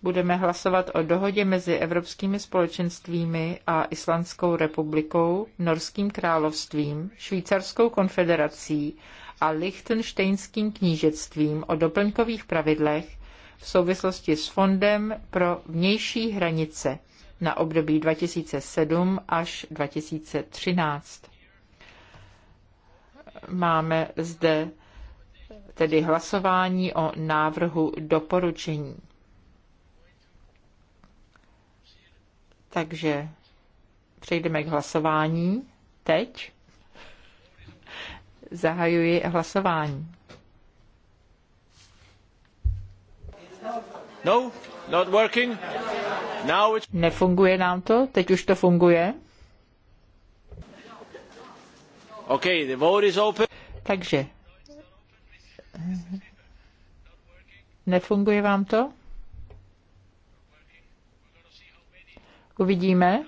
budeme hlasovat o dohodě mezi evropskými společenstvími a Islandskou republikou, Norským královstvím, Švýcarskou konfederací a Lichtenštejnským knížectvím o doplňkových pravidlech v souvislosti s Fondem pro vnější hranice na období 2007 až 2013. Máme zde tedy hlasování o návrhu doporučení. Takže přejdeme k hlasování. Teď zahajuji hlasování. No, not working. Now it's... Nefunguje nám to? Teď už to funguje? Okay, the vote is open. Takže. Nefunguje vám to? Uvidíme.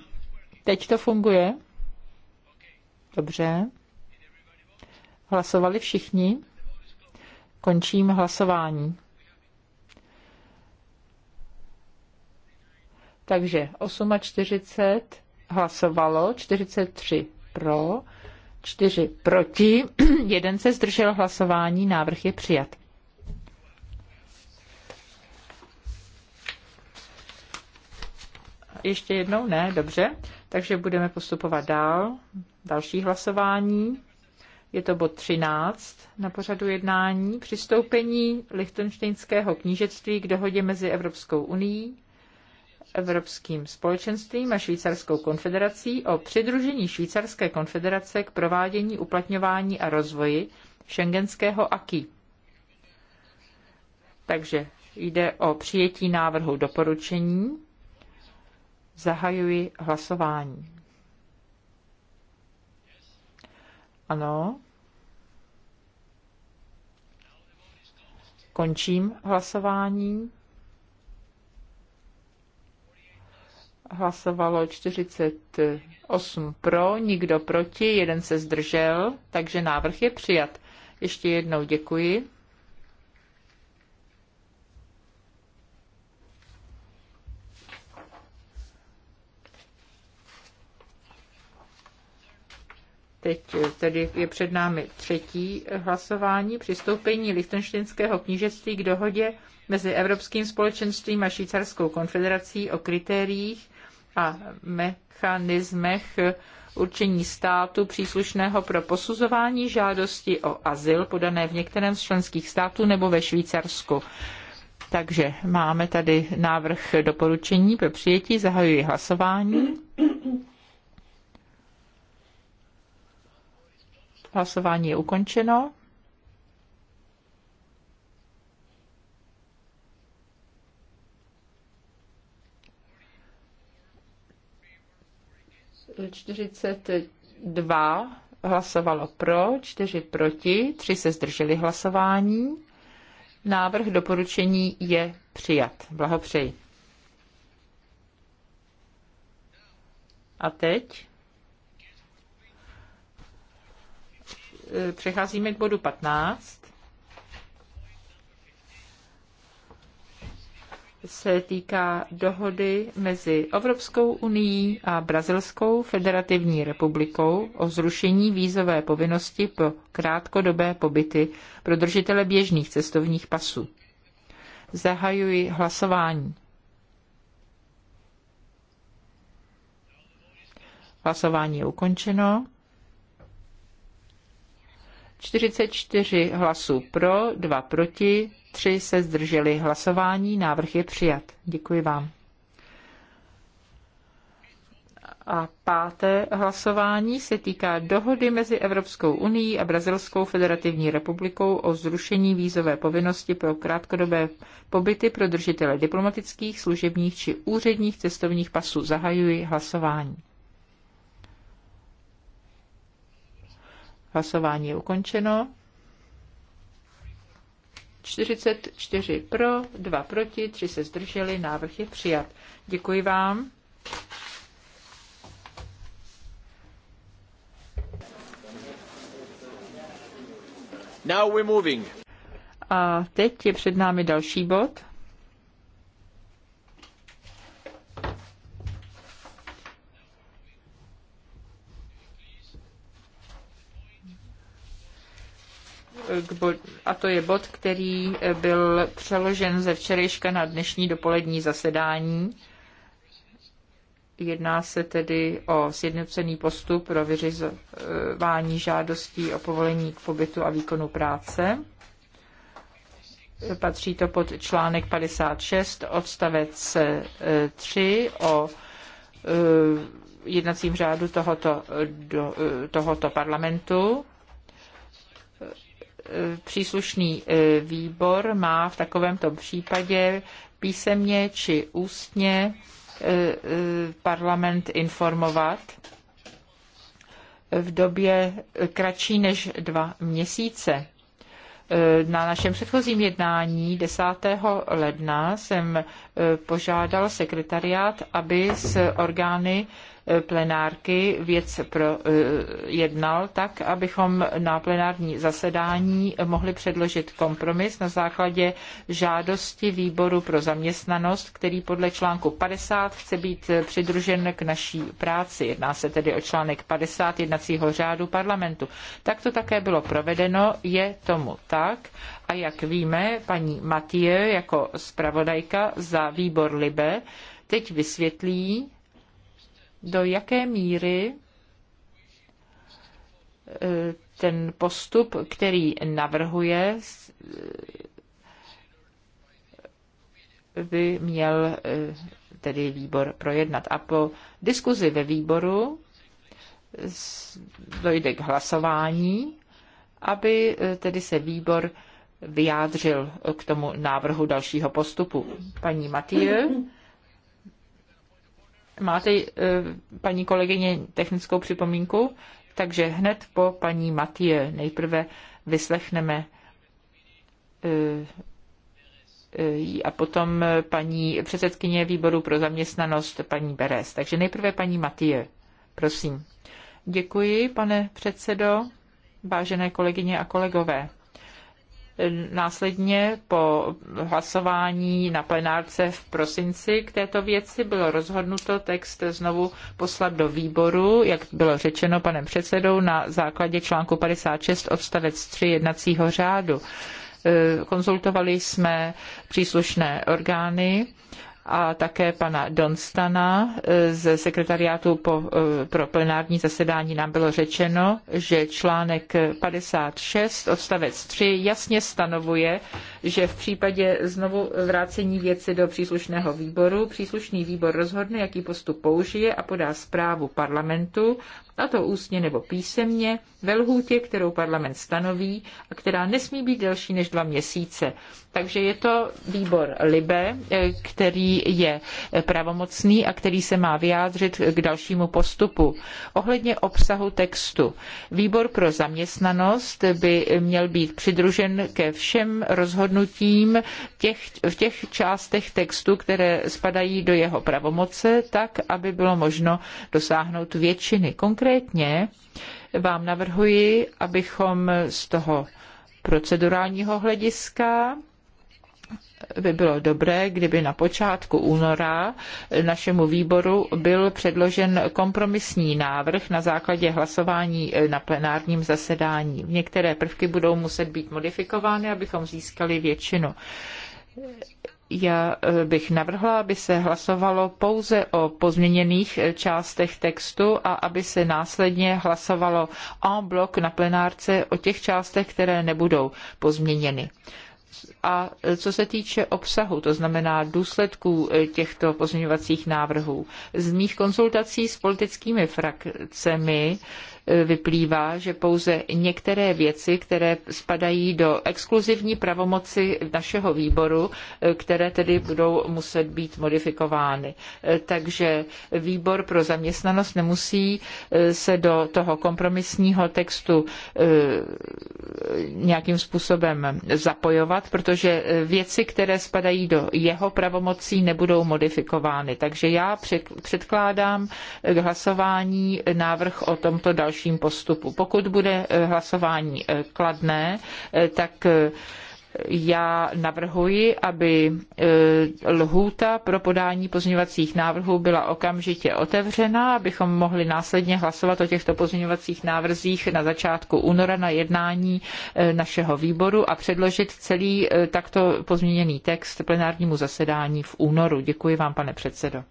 Teď to funguje. Dobře. Hlasovali všichni. Končím hlasování. Takže 48 hlasovalo, 43 pro, 4 proti, jeden se zdržel hlasování, návrh je přijat. Ještě jednou? Ne, dobře. Takže budeme postupovat dál. Další hlasování. Je to bod 13 na pořadu jednání. Přistoupení Lichtenštejnského knížectví k dohodě mezi Evropskou unii, Evropským společenstvím a Švýcarskou konfederací o přidružení Švýcarské konfederace k provádění, uplatňování a rozvoji šengenského AKI. Takže jde o přijetí návrhu doporučení Zahajuji hlasování. Ano. Končím hlasování. Hlasovalo 48 pro, nikdo proti, jeden se zdržel, takže návrh je přijat. Ještě jednou děkuji. Teď eh, tedy je před námi třetí eh, hlasování přistoupení Lichtenštinského knížectví k dohodě mezi Evropským společenstvím a Švýcarskou konfederací o kritériích a mechanismech eh, určení státu příslušného pro posuzování žádosti o azyl podané v některém z členských států nebo ve Švýcarsku. Takže máme tady návrh doporučení pro přijetí. Zahajuji hlasování. Hlasování je ukončeno. Čtyřicet dva hlasovalo pro, čtyři proti, tři se zdrželi hlasování. Návrh doporučení je přijat. Blahopřeji. A teď? Eh, přecházíme k bodu 15. se týká dohody mezi Evropskou unii a Brazilskou federativní republikou o zrušení vízové povinnosti pro krátkodobé pobyty pro držitele běžných cestovních pasů. Zahajuji hlasování. Hlasování je ukončeno. 44 hlasů pro, 2 proti, 3 se zdrželi hlasování, návrh je přijat. Děkuji vám. A páté hlasování se týká dohody mezi Evropskou unii a Brazilskou federativní republikou o zrušení vízové povinnosti pro krátkodobé pobyty pro držitele diplomatických, služebních či úředních cestovních pasů. Zahajuji hlasování. Hlasování je ukončeno. 44 pro, 2 proti, 3 se zdrželi, návrh je přijat. Děkuji vám. Now we're moving. A teď je před námi další bod. k bod, a to je bod, který eh, byl přeložen ze včerejška na dnešní dopolední zasedání. Jedná se tedy o sjednocený postup pro vyřizování žádostí o povolení k pobytu a výkonu práce. Patří to pod článek 56 odstavec 3 eh, o eh, jednacím řádu tohoto, do, tohoto parlamentu. E, příslušný e, výbor má v takovémto případě písemně či ústně e, parlament informovat v době kratší než dva měsíce. Na našem předchozím jednání 10. ledna jsem požádal sekretariát, aby s orgány plenárky věc projednal eh, tak, abychom na plenární zasedání mohli předložit kompromis na základě žádosti výboru pro zaměstnanost, který podle článku 50 chce být přidružen k naší práci. Jedná se tedy o článek 50 jednacího řádu parlamentu. Tak to také bylo provedeno, je tomu tak. A jak víme, paní Matie jako zpravodajka za výbor Libe teď vysvětlí, do jaké míry e, ten postup, který navrhuje, e, by měl e, tedy výbor projednat. A po diskuzi ve výboru dojde k hlasování, aby tedy se výbor vyjádřil k tomu návrhu dalšího postupu. Paní Matýl. Máte, eh, paní kolegyně, technickou připomínku? Takže hned po paní Matie nejprve vyslechneme eh, eh, a potom paní předsedkyně výboru pro zaměstnanost, paní Beres. Takže nejprve paní Matie, prosím. Děkuji, pane předsedo, vážené kolegyně a kolegové. Následně po hlasování na plenárce v prosinci k této věci bylo rozhodnuto text znovu poslat do výboru, jak bylo řečeno panem předsedou, na základě článku 56 odstavec 3 jednacího řádu e, konzultovali jsme příslušné orgány a také pana Donstana e, ze sekretariátu po, e, pro plenární zasedání nám bylo řečeno, že článek 56 odstavec 3 jasně stanovuje, že v případě znovu vrácení věci do příslušného výboru, příslušný výbor rozhodne, jaký postup použije a podá zprávu parlamentu a to ústně nebo písemně, ve lhůtě, kterou parlament stanoví a která nesmí být delší než dva měsíce. Takže je to výbor LIBE, eh, který je pravomocný a který se má vyjádřit k dalšímu postupu. Ohledně obsahu textu. Výbor pro zaměstnanost by měl být přidružen ke všem rozhodnutím těch, v těch částech textu, které spadají do jeho pravomoce, tak, aby bylo možno dosáhnout většiny. Konkrétně konkrétně vám navrhuji, abychom z toho procedurálního hlediska by bylo dobré, kdyby na počátku února našemu výboru byl předložen kompromisní návrh na základě hlasování na plenárním zasedání. Některé prvky budou muset být modifikovány, abychom získali většinu. Já eh, bych navrhla, aby se hlasovalo pouze o pozměněných eh, částech textu a aby se následně hlasovalo en bloc na plenárce o těch částech, které nebudou pozměněny. A eh, co se týče obsahu, to znamená důsledků těchto pozměňovacích návrhů, z mých konzultací s politickými frakcemi vyplývá, že pouze některé věci, které spadají do exkluzivní pravomoci našeho výboru, eh, které tedy budou muset být modifikovány. Eh, takže výbor pro zaměstnanost nemusí eh, se do toho kompromisního textu nějakým způsobem zapojovat, protože věci, které spadají do jeho pravomocí, nebudou modifikovány. Takže já předkládám k hlasování návrh o tomto dalším dalším postupu. Pokud bude eh, hlasování eh, kladné, eh, tak já navrhuji, aby lhůta pro podání pozměňovacích návrhů byla okamžitě otevřena, abychom mohli následně hlasovat o těchto pozměňovacích návrzích na začátku února na jednání našeho výboru a předložit celý takto pozměněný text plenárnímu zasedání v únoru. Děkuji vám, pane předsedo.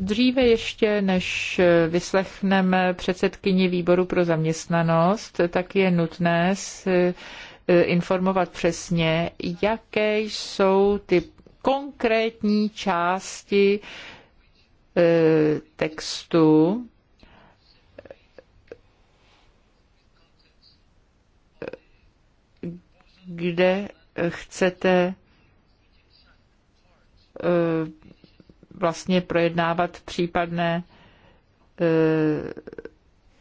Dříve ještě, než vyslechneme předsedkyni výboru pro zaměstnanost, tak je nutné e, informovat přesně, jaké jsou ty konkrétní části e, textu, kde chcete Eh, vlastně projednávat případné eh,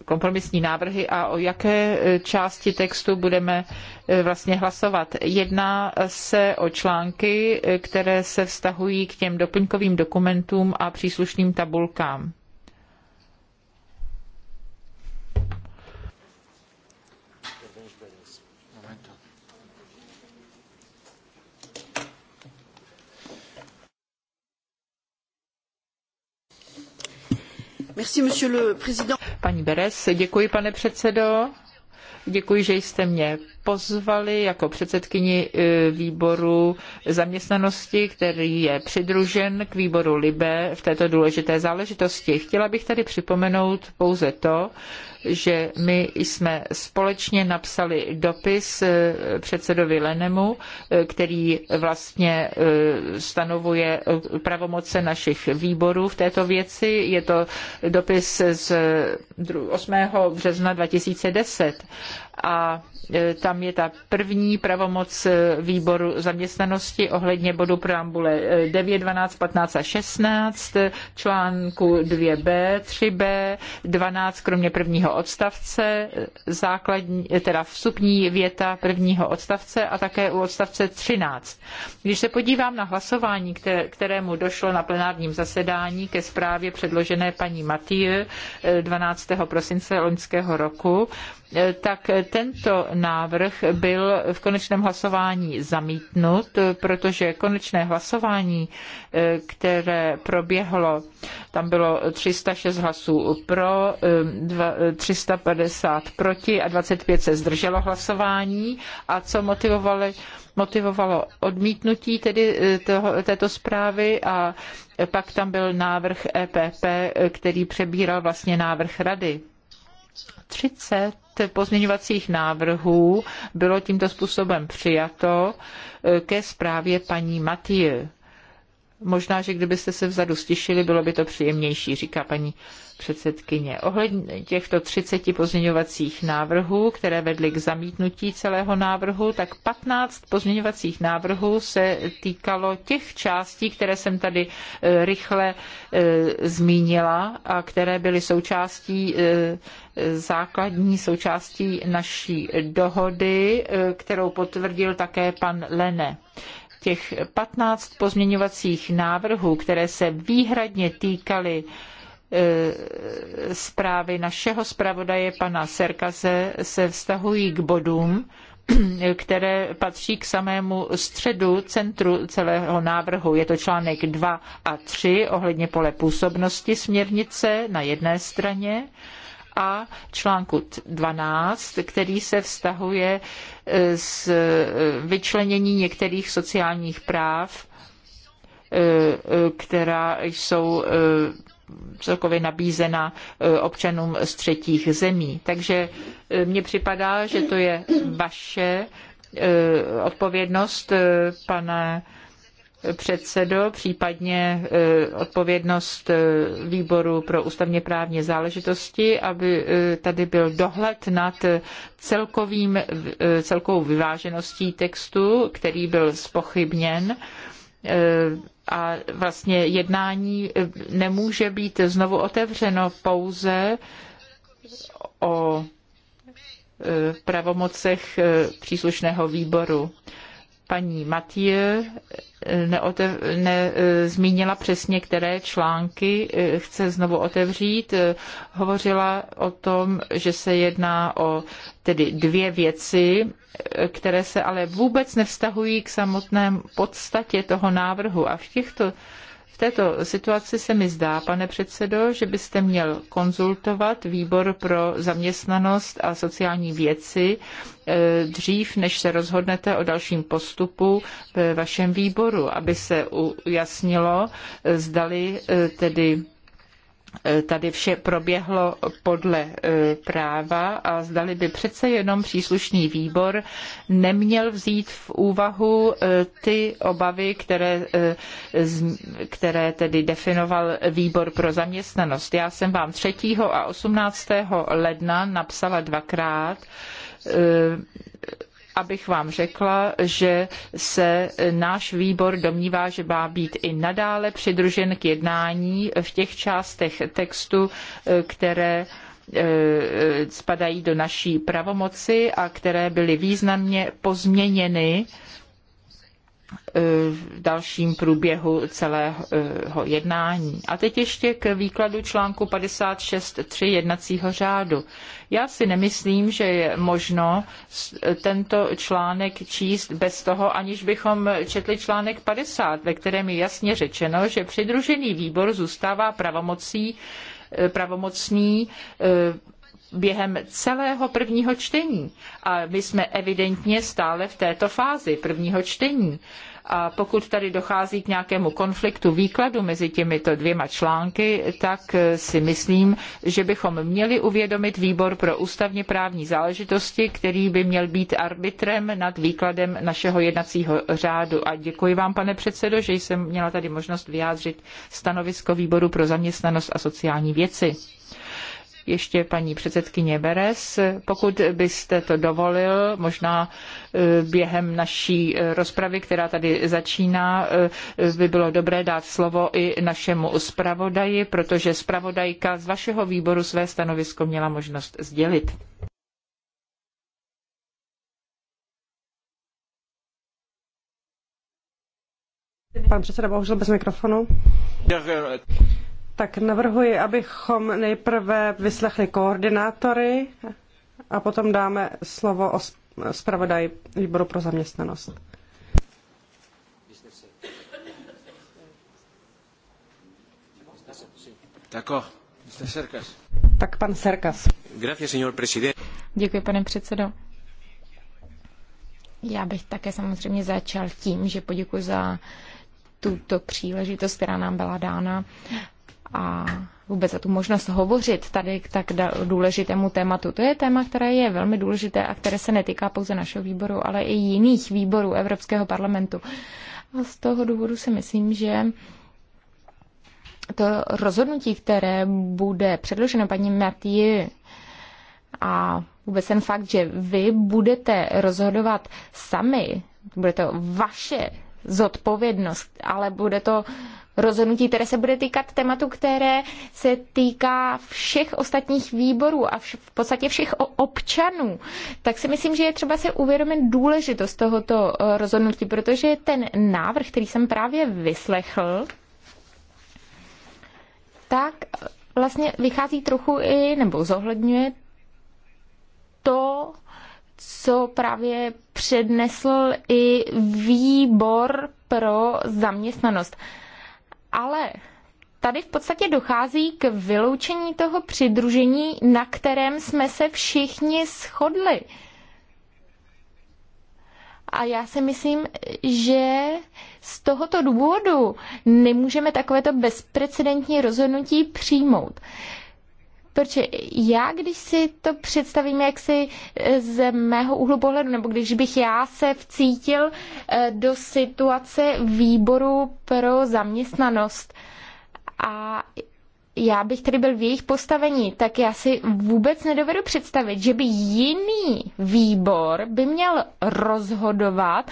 kompromisní návrhy a o jaké eh, části textu budeme vlastně hlasovat. Jedná se o články, které se vztahují k těm doplňkovým dokumentům a příslušným tabulkám. Paní Beres, děkuji, pane předsedo. Děkuji, že jste mě pozvali jako předsedkyni e, výboru zaměstnanosti, který je přidružen k výboru Libe v této důležité záležitosti. Chtěla bych tady připomenout pouze to, že my jsme společně napsali dopis e, předsedovi Lenemu, e, který vlastně stanovuje pravomoce našich výborů v této věci. Je to dopis z 8. března 2010 a e, tam je ta první pravomoc e, výboru zaměstnanosti ohledně bodu preambule 9, 12, 15 a 16, e, článku 2b, 3b, 12 kromě prvního odstavce, základní, teda vstupní věta prvního odstavce a také u odstavce 13. Když se podívám na hlasování, kterému došlo na plenárním zasedání ke zprávě předložené paní Matie 12. prosince loňského roku, tak tento návrh byl v konečném hlasování zamítnut, protože konečné hlasování, eh, které proběhlo, tam bylo 306 hlasů pro, 350 eh, eh, proti a 25 se zdrželo hlasování. A co motivovali motivovalo odmítnutí tedy toho, této zprávy a pak tam byl návrh EPP, který přebíral vlastně návrh rady. 30 pozměňovacích návrhů bylo tímto způsobem přijato eh, ke zprávě paní Matie. Možná, že kdybyste se vzadu stišili, bylo by to příjemnější, říká paní předsedkyně. Ohledně těchto 30 pozměňovacích návrhů, které vedly k zamítnutí celého návrhu, tak 15 pozměňovacích návrhů se týkalo těch částí, které jsem tady e, rychle e, zmínila a které byly součástí e, základní součástí naší dohody, kterou potvrdil také pan Lene těch 15 pozměňovacích návrhů, které se výhradně týkaly e, zprávy našeho zpravodaje pana Serkaze, se vztahují k bodům, které patří k samému středu, centru celého návrhu. Je to článek 2 a 3 ohledně pole působnosti směrnice na jedné straně a článku 12, který se vztahuje e, s e, vyčlenění některých sociálních práv, e, která jsou celkově nabízena občanům z třetích zemí. Takže mně připadá, že to je vaše odpovědnost, pane předsedo, případně e, odpovědnost e, výboru pro ústavně právní záležitosti, aby e, tady byl dohled nad celkovým, celkovou vyvážeností textu, který byl spochybněn a vlastně jednání nemůže být znovu otevřeno pouze o pravomocech příslušného výboru paní Matěj eh, neotev, ne, eh, přesně, které články eh, chce znovu otevřít. Hovořila o tom, že se jedná o tedy dvě věci, které se ale vůbec nevztahují k samotné podstatě toho návrhu. A v těchto této situaci se mi zdá, pane předsedo, že byste měl konzultovat výbor pro zaměstnanost a sociální věci eh, dřív, než se rozhodnete o dalším postupu ve vašem výboru, aby se ujasnilo, eh, zdali eh, tedy tady vše proběhlo podle e, práva a zdali by přece jenom příslušný výbor neměl vzít v úvahu e, ty obavy, které, e, které tedy definoval výbor pro zaměstnanost. Já jsem vám 3. a 18. ledna napsala dvakrát, abych vám řekla, že se náš výbor domnívá, že má být i nadále přidružen k jednání v těch částech textu, které eh, spadají do naší pravomoci a které byly významně pozměněny E, v dalším průběhu celého e, jednání. A teď ještě k výkladu článku 56.3 jednacího řádu. Já si nemyslím, že je možno e, tento článek číst bez toho, aniž bychom četli článek 50, ve kterém je jasně řečeno, že přidružený výbor zůstává pravomocí pravomocný během celého prvního čtení. A my jsme evidentně stále v této fázi prvního čtení. A pokud tady dochází k nějakému konfliktu výkladu mezi těmito dvěma články, tak eh, si myslím, že bychom měli uvědomit výbor pro ústavně právní záležitosti, který by měl být arbitrem nad výkladem našeho jednacího řádu. A děkuji vám, pane předsedo, že jsem měla tady možnost vyjádřit stanovisko výboru pro zaměstnanost a sociální věci ještě paní předsedkyně Beres. Pokud byste to dovolil, možná eh, během naší eh, rozpravy, která tady začíná, eh, by bylo dobré dát slovo i našemu zpravodaji, protože zpravodajka z vašeho výboru své stanovisko měla možnost sdělit. Pan předseda, bohužel bez mikrofonu. Tak navrhuji, abychom nejprve vyslechli koordinátory a potom dáme slovo o zpravodaji výboru pro zaměstnanost. Tak pan Serkas. Děkuji, pane předsedo. Já bych také samozřejmě začal tím, že poděkuji za tuto příležitost, která nám byla dána a vůbec za tu možnost hovořit tady k tak důležitému tématu. To je téma, které je velmi důležité a které se netýká pouze našeho výboru, ale i jiných výborů Evropského parlamentu. A z toho důvodu si myslím, že to rozhodnutí, které bude předloženo paní Mathieu a vůbec ten fakt, že vy budete rozhodovat sami, bude to vaše zodpovědnost, ale bude to rozhodnutí, které se bude týkat tématu, které se týká všech ostatních výborů a v podstatě všech občanů, tak si myslím, že je třeba se uvědomit důležitost tohoto eh, rozhodnutí, protože ten návrh, který jsem právě vyslechl, tak eh, vlastně vychází trochu i, nebo zohledňuje to, co právě přednesl i výbor pro zaměstnanost. Uh, ale tady v podstatě dochází k vyloučení toho přidružení, na kterém jsme se všichni shodli. A já si myslím, že z tohoto důvodu nemůžeme takovéto bezprecedentní rozhodnutí přijmout. Protože já, když si to představím jak si eh, z mého úhlu pohledu, nebo když bych já se vcítil eh, do situace výboru pro zaměstnanost a já bych tedy byl v jejich postavení, tak já si vůbec nedovedu představit, že by jiný výbor by měl rozhodovat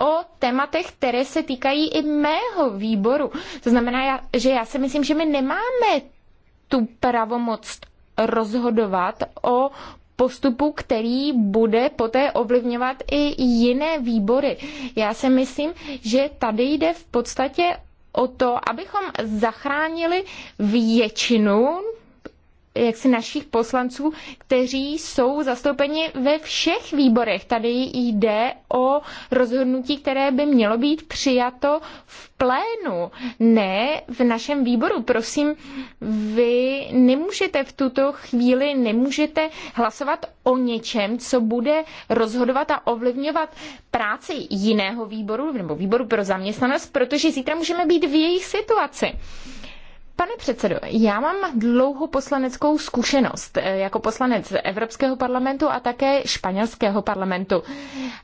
o tématech, které se týkají i mého výboru. To znamená, že já si myslím, že my nemáme tu pravomoc rozhodovat o postupu, který bude poté ovlivňovat i jiné výbory. Já si myslím, že tady jde v podstatě o to, abychom zachránili většinu jaksi našich poslanců, kteří jsou zastoupeni ve všech výborech. Tady jde o rozhodnutí, které by mělo být přijato v plénu, ne v našem výboru. Prosím, vy nemůžete v tuto chvíli, nemůžete hlasovat o něčem, co bude rozhodovat a ovlivňovat práci jiného výboru nebo výboru pro zaměstnanost, protože zítra můžeme být v jejich situaci. Pane předsedo, já mám dlouhou poslaneckou zkušenost eh, jako poslanec Evropského parlamentu a také španělského parlamentu.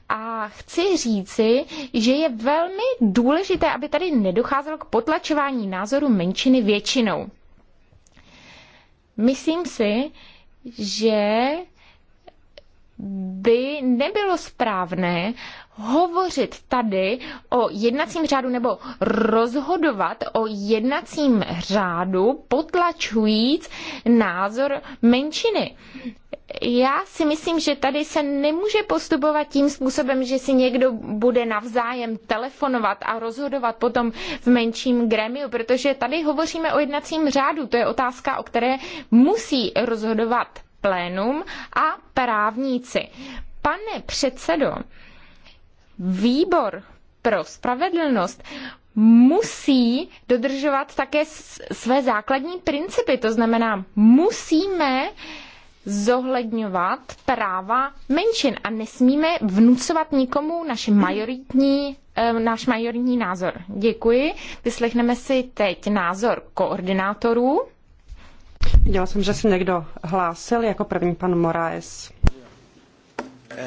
A chci říci, že je velmi důležité, aby tady nedocházelo k potlačování názoru menšiny většinou. Myslím si, že by nebylo správné, hovořit tady o jednacím řádu nebo rozhodovat o jednacím řádu potlačujíc názor menšiny. Já si myslím, že tady se nemůže postupovat tím způsobem, že si někdo bude navzájem telefonovat a rozhodovat potom v menším gremiu, protože tady hovoříme o jednacím řádu. To je otázka, o které musí rozhodovat plénum a právníci. Pane předsedo, výbor pro spravedlnost musí dodržovat také své základní principy. To znamená, musíme zohledňovat práva menšin a nesmíme vnucovat nikomu naši majoritní, eh, náš majoritní názor. Děkuji. Vyslechneme si teď názor koordinátorů. Viděla jsem, že se někdo hlásil jako první pan Moraes.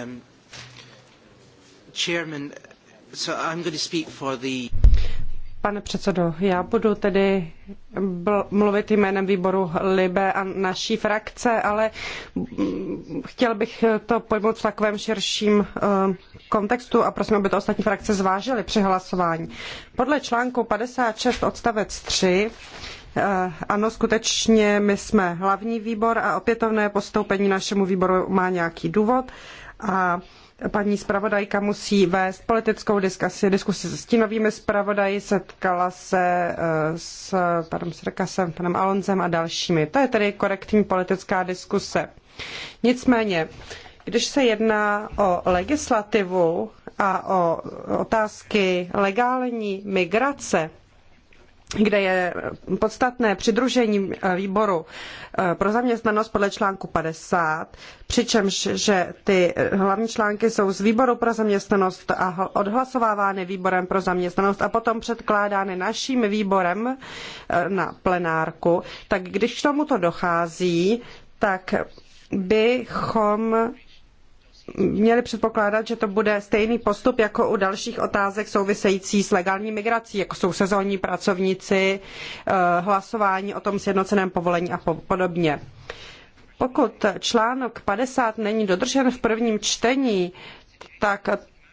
Um, Pane předsedo, já budu tedy mluvit jménem výboru Libe a naší frakce, ale chtěl bych to pojmout v takovém širším eh, kontextu a prosím, aby to ostatní frakce zvážily při hlasování. Podle článku 56 odstavec 3 eh, ano, skutečně my jsme hlavní výbor a opětovné postoupení našemu výboru má nějaký důvod. A paní zpravodajka musí vést politickou diskusi, diskusi se stínovými zpravodaji, setkala se eh, s panem Srkasem, panem Alonzem a dalšími. To je tedy korektní politická diskuse. Nicméně, když se jedná o legislativu a o otázky legální migrace, kde je podstatné přidružení výboru eh, pro zaměstnanost podle článku 50, přičemž že ty hlavní články jsou z výboru pro zaměstnanost a odhlasovávány výborem pro zaměstnanost a potom předkládány naším výborem eh, na plenárku, tak když k tomuto dochází, tak bychom měli předpokládat, že to bude stejný postup jako u dalších otázek související s legální migrací, jako jsou sezónní pracovníci, eh, hlasování o tom sjednoceném povolení a podobně. Pokud článek 50 není dodržen v prvním čtení, tak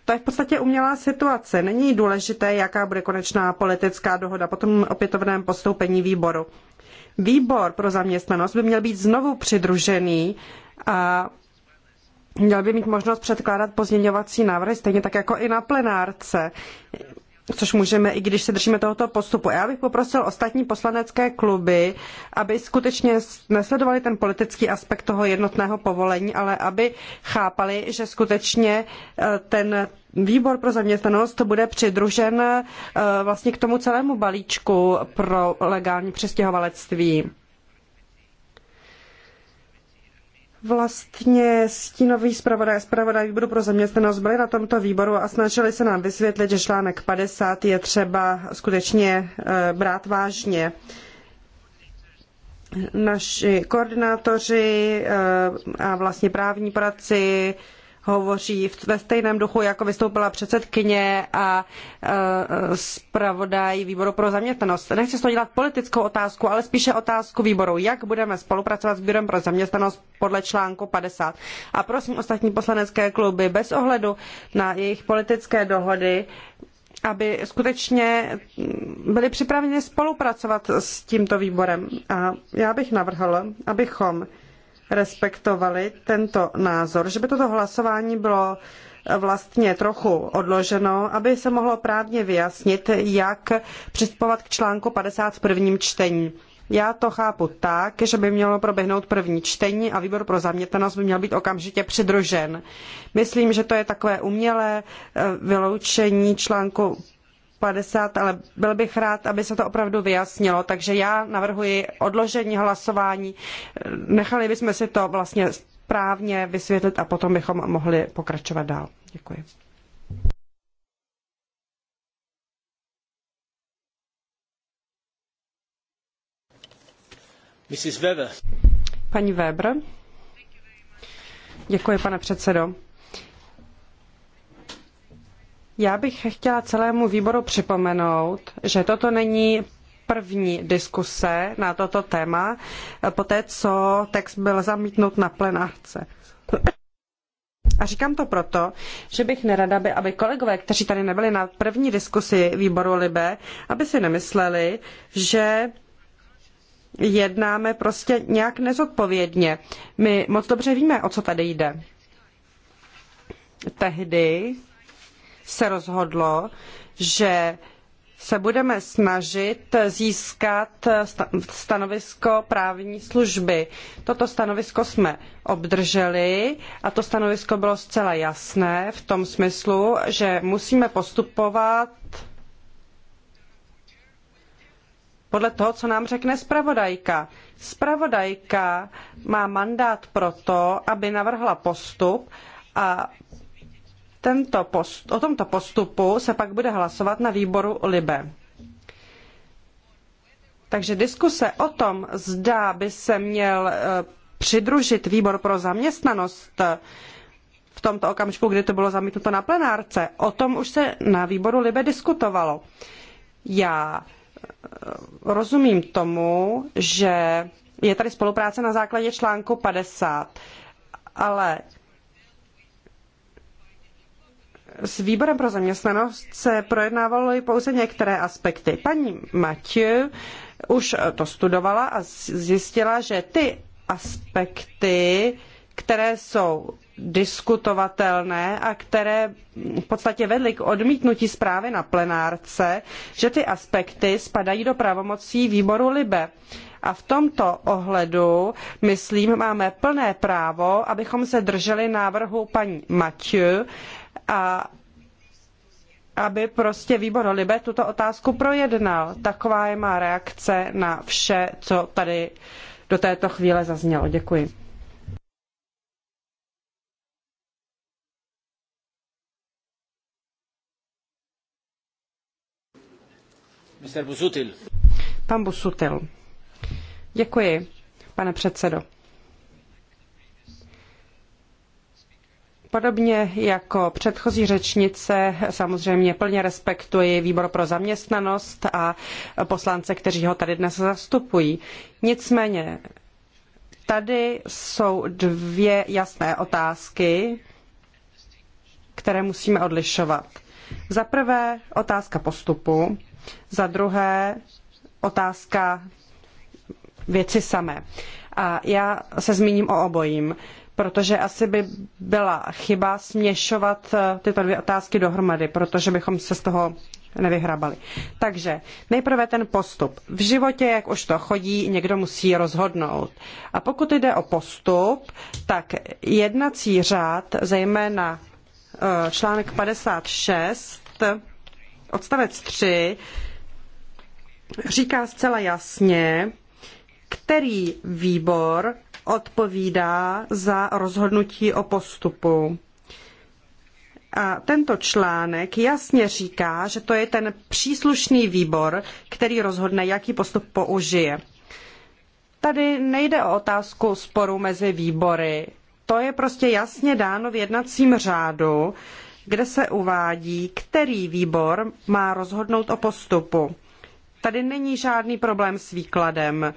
to je v podstatě umělá situace. Není důležité, jaká bude konečná politická dohoda po tom opětovném postoupení výboru. Výbor pro zaměstnanost by měl být znovu přidružený a měl by mít možnost předkládat pozměňovací návrhy, stejně tak jako i na plenárce což můžeme, i když se držíme tohoto postupu. Já bych poprosil ostatní poslanecké kluby, aby skutečně nesledovali ten politický aspekt toho jednotného povolení, ale aby chápali, že skutečně eh, ten výbor pro zaměstnanost bude přidružen eh, vlastně k tomu celému balíčku pro legální přistěhovalectví. vlastně stínový zpravodaj, zpravodaj výboru pro zaměstnanost byli na tomto výboru a snažili se nám vysvětlit, že článek 50 je třeba skutečně e, brát vážně. Naši koordinátoři e, a vlastně právní poradci hovoří ve stejném duchu, jako vystoupila předsedkyně a e, zpravodaj výboru pro zaměstnanost. Nechci z toho dělat politickou otázku, ale spíše otázku výboru, jak budeme spolupracovat s výborem pro zaměstnanost podle článku 50. A prosím ostatní poslanecké kluby, bez ohledu na jejich politické dohody, aby skutečně byli připraveni spolupracovat s tímto výborem. A já bych navrhl, abychom respektovali tento názor, že by toto hlasování bylo vlastně trochu odloženo, aby se mohlo právně vyjasnit, jak přistupovat k článku 50 v prvním čtení. Já to chápu tak, že by mělo proběhnout první čtení a výbor pro zaměstnanost by měl být okamžitě přidružen. Myslím, že to je takové umělé eh, vyloučení článku 50, ale byl bych rád, aby se to opravdu vyjasnilo. Takže já navrhuji odložení hlasování. Nechali bychom si to vlastně správně vysvětlit a potom bychom mohli pokračovat dál. Děkuji. Mrs. Weber. Paní Weber. Děkuji, pane předsedo. Já bych chtěla celému výboru připomenout, že toto není první diskuse na toto téma, poté co text byl zamítnut na plenárce. A říkám to proto, že bych nerada, by, aby kolegové, kteří tady nebyli na první diskusi výboru Libe, aby si nemysleli, že jednáme prostě nějak nezodpovědně. My moc dobře víme, o co tady jde. Tehdy se rozhodlo, že se budeme snažit získat stanovisko právní služby. Toto stanovisko jsme obdrželi a to stanovisko bylo zcela jasné v tom smyslu, že musíme postupovat podle toho, co nám řekne zpravodajka. Zpravodajka má mandát pro to, aby navrhla postup a tento post, o tomto postupu se pak bude hlasovat na výboru LIBE. Takže diskuse o tom, zda by se měl e, přidružit výbor pro zaměstnanost e, v tomto okamžiku, kdy to bylo zamítnuto na plenárce, o tom už se na výboru Libe diskutovalo. Já e, rozumím tomu, že je tady spolupráce na základě článku 50, ale s výborem pro zaměstnanost se projednávaly pouze některé aspekty. Paní Matěj už to studovala a zjistila, že ty aspekty, které jsou diskutovatelné a které v podstatě vedly k odmítnutí zprávy na plenárce, že ty aspekty spadají do pravomocí výboru Libe. A v tomto ohledu, myslím, máme plné právo, abychom se drželi návrhu paní Mathieu, a aby prostě výbor Libe tuto otázku projednal. Taková je má reakce na vše, co tady do této chvíle zaznělo. Děkuji. Pan Busutil. Děkuji, pane předsedo. Podobně jako předchozí řečnice samozřejmě plně respektuji výbor pro zaměstnanost a poslance, kteří ho tady dnes zastupují. Nicméně tady jsou dvě jasné otázky, které musíme odlišovat. Za prvé otázka postupu, za druhé otázka věci samé. A já se zmíním o obojím protože asi by byla chyba směšovat eh, tyto dvě otázky dohromady, protože bychom se z toho nevyhrabali. Takže nejprve ten postup. V životě, jak už to chodí, někdo musí rozhodnout. A pokud jde o postup, tak jednací řád, zejména eh, článek 56, odstavec 3, říká zcela jasně, který výbor odpovídá za rozhodnutí o postupu. A tento článek jasně říká, že to je ten příslušný výbor, který rozhodne, jaký postup použije. Tady nejde o otázku sporu mezi výbory. To je prostě jasně dáno v jednacím řádu, kde se uvádí, který výbor má rozhodnout o postupu. Tady není žádný problém s výkladem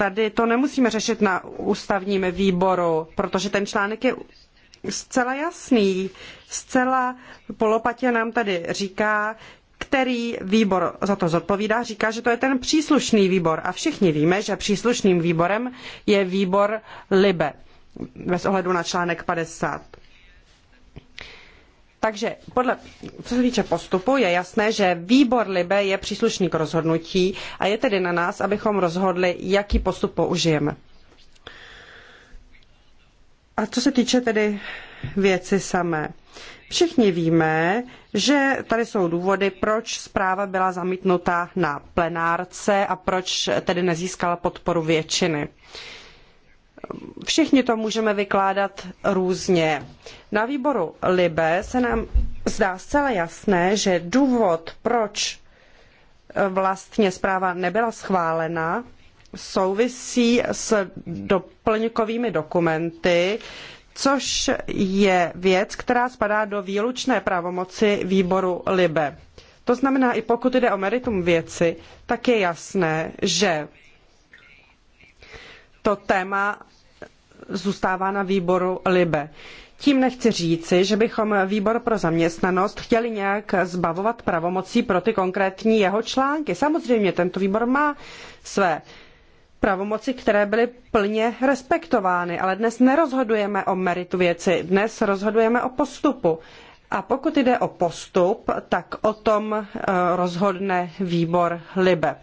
tady to nemusíme řešit na ústavním výboru, protože ten článek je zcela jasný. Zcela polopatě nám tady říká, který výbor za to zodpovídá, říká, že to je ten příslušný výbor. A všichni víme, že příslušným výborem je výbor LIBE bez ohledu na článek 50. Takže podle, co se týče postupu, je jasné, že výbor Libe je příslušný k rozhodnutí a je tedy na nás, abychom rozhodli, jaký postup použijeme. A co se týče tedy věci samé. Všichni víme, že tady jsou důvody, proč zpráva byla zamítnuta na plenárce a proč tedy nezískala podporu většiny. Uh, Všichni to můžeme vykládat různě. Na výboru Libe se nám zdá zcela jasné, že důvod, proč vlastně zpráva nebyla schválena, souvisí s doplňkovými dokumenty, což je věc, která spadá do výlučné pravomoci výboru LIBE. To znamená, i pokud jde o meritum věci, tak je jasné, že to téma zůstává na výboru LIBE. Tím nechci říci, že bychom výbor pro zaměstnanost chtěli nějak zbavovat pravomocí pro ty konkrétní jeho články. Samozřejmě tento výbor má své pravomoci, které byly plně respektovány, ale dnes nerozhodujeme o meritu věci, dnes rozhodujeme o postupu. A pokud jde o postup, tak o tom e, rozhodne výbor LIBE.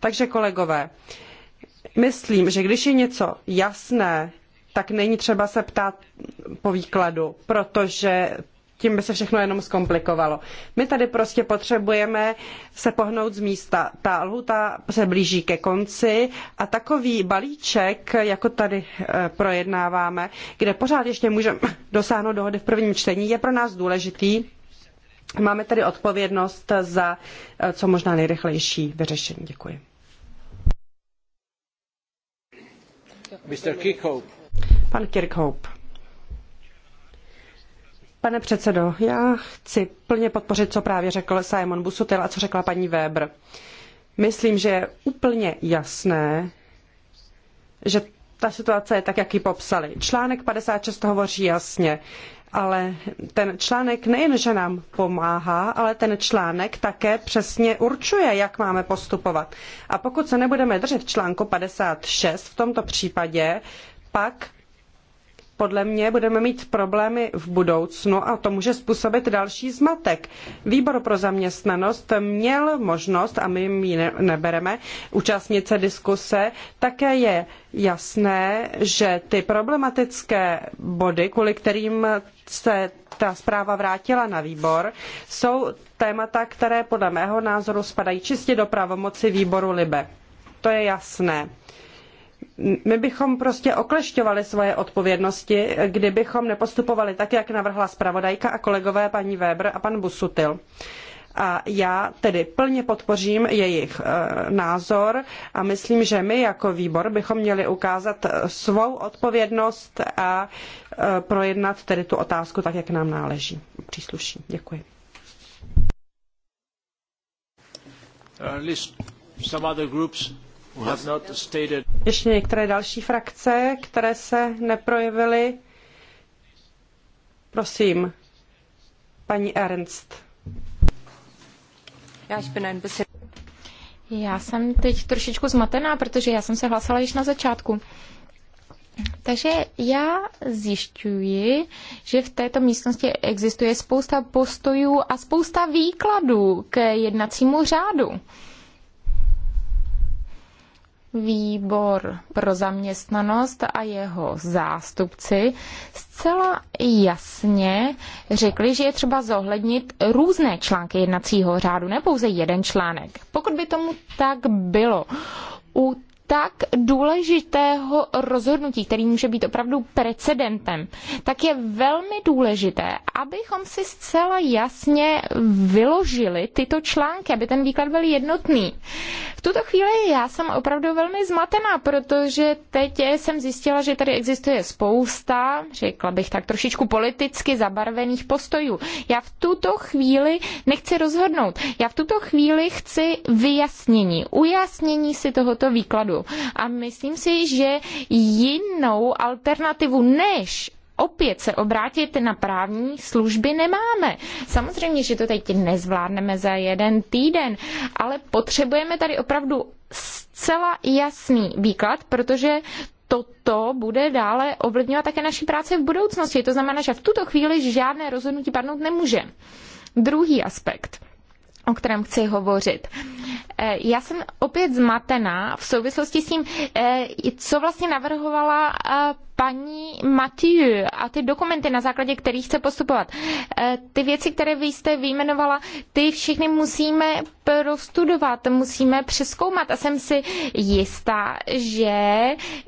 Takže kolegové, myslím, že když je něco jasné, tak není třeba se ptát po výkladu, protože tím by se všechno jenom zkomplikovalo. My tady prostě potřebujeme se pohnout z místa. Ta lhuta se blíží ke konci a takový balíček, jako tady eh, projednáváme, kde pořád ještě můžeme dosáhnout dohody v prvním čtení, je pro nás důležitý. Máme tady odpovědnost za eh, co možná nejrychlejší vyřešení. Děkuji. Mr. Pan Kirkhope. Pane předsedo, já chci plně podpořit, co právě řekl Simon Busutil a co řekla paní Weber. Myslím, že je úplně jasné, že ta situace je tak, jak ji popsali. Článek 56 hovoří jasně, ale ten článek nejen, že nám pomáhá, ale ten článek také přesně určuje, jak máme postupovat. A pokud se nebudeme držet článku 56 v tomto případě, pak podle mě budeme mít problémy v budoucnu a to může způsobit další zmatek. Výbor pro zaměstnanost měl možnost, a my ji nebereme, účastnit se diskuse, také je jasné, že ty problematické body, kvůli kterým se ta zpráva vrátila na výbor, jsou témata, které podle mého názoru spadají čistě do pravomoci výboru LIBE. To je jasné my bychom prostě oklešťovali svoje odpovědnosti, kdybychom nepostupovali tak, jak navrhla zpravodajka a kolegové paní Weber a pan Busutil a já tedy plně podpořím jejich eh, názor a myslím, že my jako výbor bychom měli ukázat eh, svou odpovědnost a eh, projednat tedy tu otázku tak, jak nám náleží. Přísluší. Děkuji. list some other groups ještě některé další frakce, které se neprojevily. Prosím, paní Ernst. Já jsem teď trošičku zmatená, protože já jsem se hlásila již na začátku. Takže já zjišťuji, že v této místnosti existuje spousta postojů a spousta výkladů k jednacímu řádu výbor pro zaměstnanost a jeho zástupci zcela jasně řekli, že je třeba zohlednit různé články jednacího řádu, ne pouze jeden článek. Pokud by tomu tak bylo, u tak důležitého rozhodnutí, který může být opravdu precedentem, tak je velmi důležité, abychom si zcela jasně vyložili tyto články, aby ten výklad byl jednotný. V tuto chvíli já jsem opravdu velmi zmatená, protože teď jsem zjistila, že tady existuje spousta, řekla bych tak trošičku politicky zabarvených postojů. Já v tuto chvíli nechci rozhodnout. Já v tuto chvíli chci vyjasnění, ujasnění si tohoto výkladu důvodů. A myslím si, že jinou alternativu než opět se obrátit na právní služby nemáme. Samozřejmě, že to teď nezvládneme za jeden týden, ale potřebujeme tady opravdu zcela jasný výklad, protože toto bude dále ovlivňovat také naši práci v budoucnosti. To znamená, že v tuto chvíli žádné rozhodnutí padnout nemůže. Druhý aspekt o kterém chci hovořit. E, já jsem opět zmatená v souvislosti s tím, e, co vlastně navrhovala e, paní Matiu a ty dokumenty, na základě kterých chce postupovat. Ty věci, které vy jste vyjmenovala, ty všechny musíme prostudovat, musíme přeskoumat a jsem si jistá, že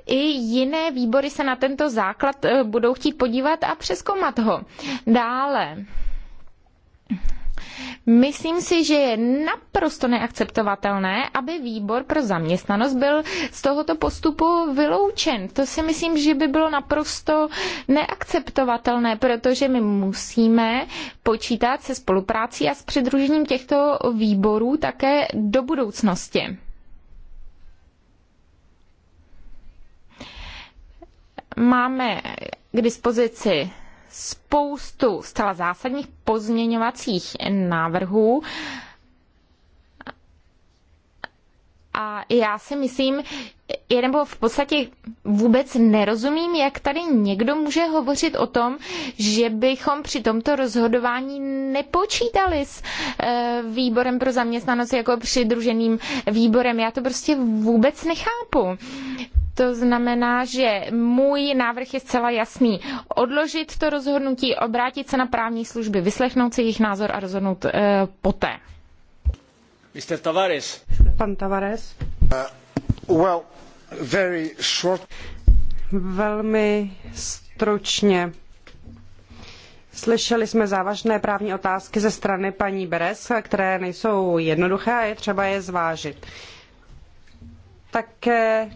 i jiné výbory se na tento základ budou chtít podívat a přeskoumat ho. Dále. Myslím si, že je naprosto neakceptovatelné, aby výbor pro zaměstnanost byl z tohoto postupu vyloučen. To si myslím, že by bylo naprosto neakceptovatelné, protože my musíme počítat se spoluprácí a s přidružením těchto výborů také do budoucnosti. Máme k dispozici spoustu zcela zásadních pozměňovacích návrhů, a já si myslím, nebo v podstatě vůbec nerozumím, jak tady někdo může hovořit o tom, že bychom při tomto rozhodování nepočítali s eh, výborem pro zaměstnanost jako přidruženým výborem. Já to prostě vůbec nechápu. To znamená, že můj návrh je zcela jasný. Odložit to rozhodnutí, obrátit se na právní služby, vyslechnout si jejich názor a rozhodnout eh, poté. Mr. Tavares. Pan Tavares. Uh, well, very short. Velmi stručně. Slyšeli jsme závažné právní otázky ze strany paní Beres, které nejsou jednoduché a je třeba je zvážit. Také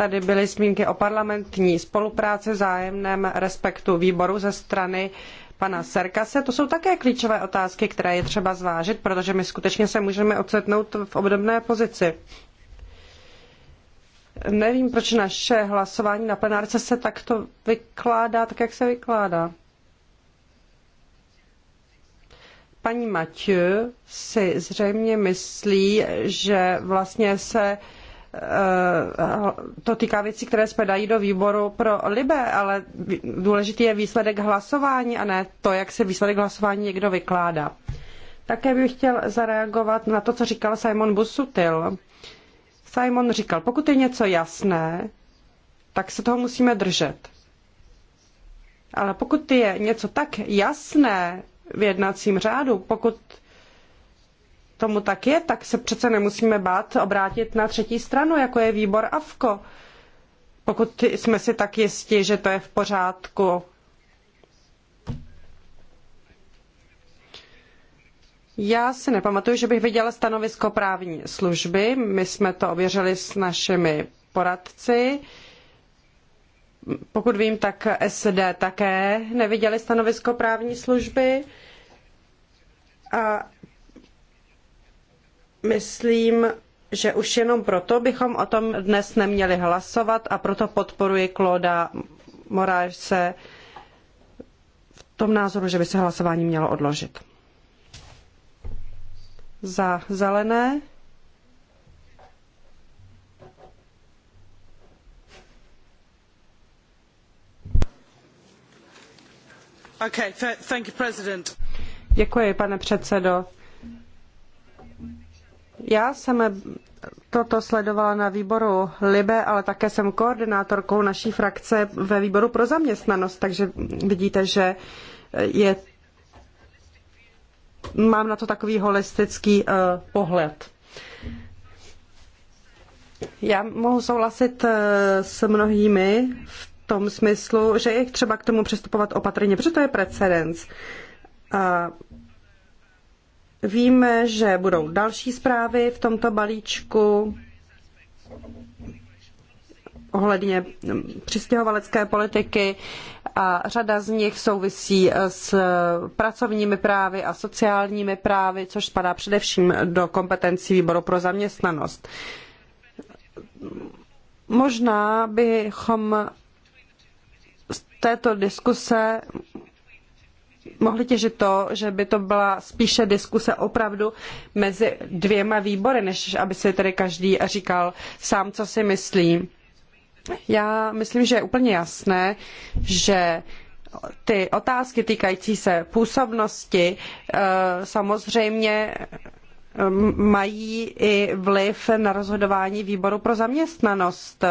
tady byly zmínky o parlamentní spolupráci, zájemném respektu výboru ze strany pana Serkase. To jsou také klíčové otázky, které je třeba zvážit, protože my skutečně se můžeme ocitnout v obdobné pozici. Nevím, proč naše hlasování na plenárce se takto vykládá, tak jak se vykládá. Paní Mathieu si zřejmě myslí, že vlastně se uh, Eh, to týká věcí, které spadají do výboru pro Libe, ale důležitý je výsledek hlasování a ne to, jak se výsledek hlasování někdo vykládá. Také bych chtěl zareagovat na to, co říkal Simon Busutil. Simon říkal, pokud je něco jasné, tak se toho musíme držet. Ale pokud je něco tak jasné v jednacím řádu, pokud tomu tak je, tak se přece nemusíme bát obrátit na třetí stranu, jako je výbor AFKO, pokud jsme si tak jistí, že to je v pořádku. Já si nepamatuju, že bych viděla stanovisko právní služby. My jsme to ověřili s našimi poradci. Pokud vím, tak SD také neviděli stanovisko právní služby. A myslím, že už jenom proto bychom o tom dnes neměli hlasovat a proto podporuji Kloda Moráše v tom názoru, že by se hlasování mělo odložit. Za zelené Okay, thank you, President. Děkuji, pane předsedo. Já jsem toto sledovala na výboru Libe, ale také jsem koordinátorkou naší frakce ve výboru pro zaměstnanost, takže vidíte, že je, mám na to takový holistický uh, pohled. Já mohu souhlasit eh, s mnohými v tom smyslu, že je třeba k tomu přistupovat opatrně, protože to je precedens. A uh, Víme, že budou další zprávy v tomto balíčku ohledně přistěhovalecké politiky a řada z nich souvisí s pracovními právy a sociálními právy, což spadá především do kompetencí výboru pro zaměstnanost. Možná bychom z této diskuse mohli těžit to, že by to byla spíše diskuse opravdu mezi dvěma výbory, než aby si tedy každý říkal sám, co si myslí. Já myslím, že je úplně jasné, že ty otázky týkající se působnosti eh, samozřejmě eh, mají i vliv na rozhodování výboru pro zaměstnanost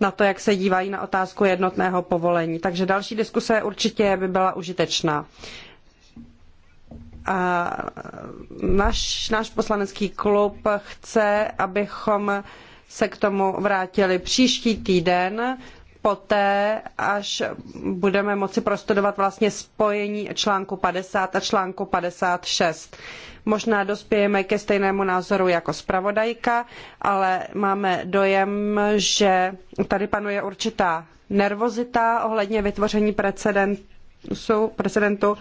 na to, jak se dívají na otázku jednotného povolení. Takže další diskuse určitě by byla užitečná. A náš, náš poslanecký klub chce, abychom se k tomu vrátili příští týden poté, až budeme moci prostudovat vlastně spojení článku 50 a článku 56. Možná dospějeme ke stejnému názoru jako zpravodajka, ale máme dojem, že tady panuje určitá nervozita ohledně vytvoření precedentu, precedentu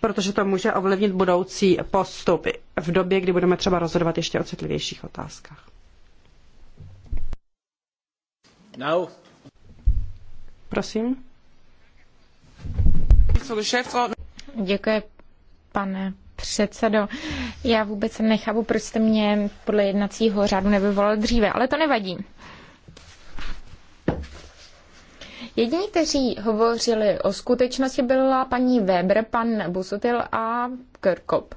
protože to může ovlivnit budoucí postup v době, kdy budeme třeba rozhodovat ještě o citlivějších otázkách. Now. Prosím. Děkuji, pane předsedo. Já vůbec nechápu, proč jste mě podle jednacího řádu nevyvolal dříve, ale to nevadí. Jediní, kteří hovořili o skutečnosti, byla paní Weber, pan Busutil a Kirkop.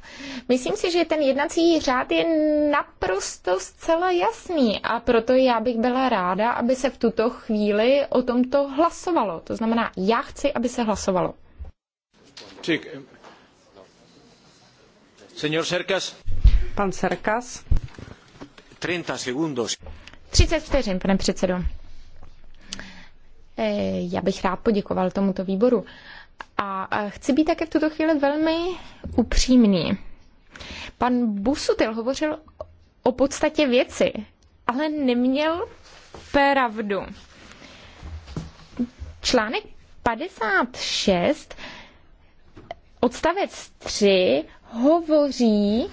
Myslím si, že ten jednací řád je naprosto zcela jasný a proto já bych byla ráda, aby se v tuto chvíli o tomto hlasovalo. To znamená, já chci, aby se hlasovalo. Čík. Señor Serkas. Pan Serkas. 30 segundos. 34, pane předsedo. Eh, já bych rád poděkoval tomuto výboru. A chci být také v tuto chvíli velmi upřímný. Pan Busutil hovořil o podstatě věci, ale neměl pravdu. Článek 56 odstavec 3 hovoří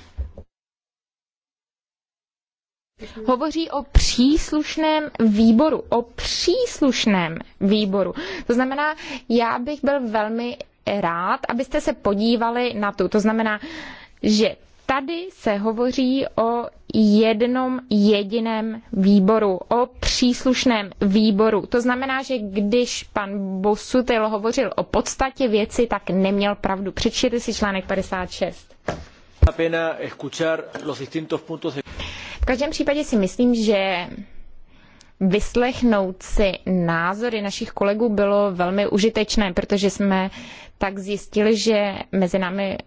hovoří o příslušném výboru, o příslušném výboru. To znamená, já bych byl velmi rád, abyste se podívali na tu. To znamená, že tady se hovoří o jednom jediném výboru, o příslušném výboru. To znamená, že když pan Bosutil hovořil o podstatě věci, tak neměl pravdu. Přečtěte si článek 56. V každém případě si myslím, že vyslechnout si názory našich kolegů bylo velmi užitečné, protože jsme tak zjistili, že mezi námi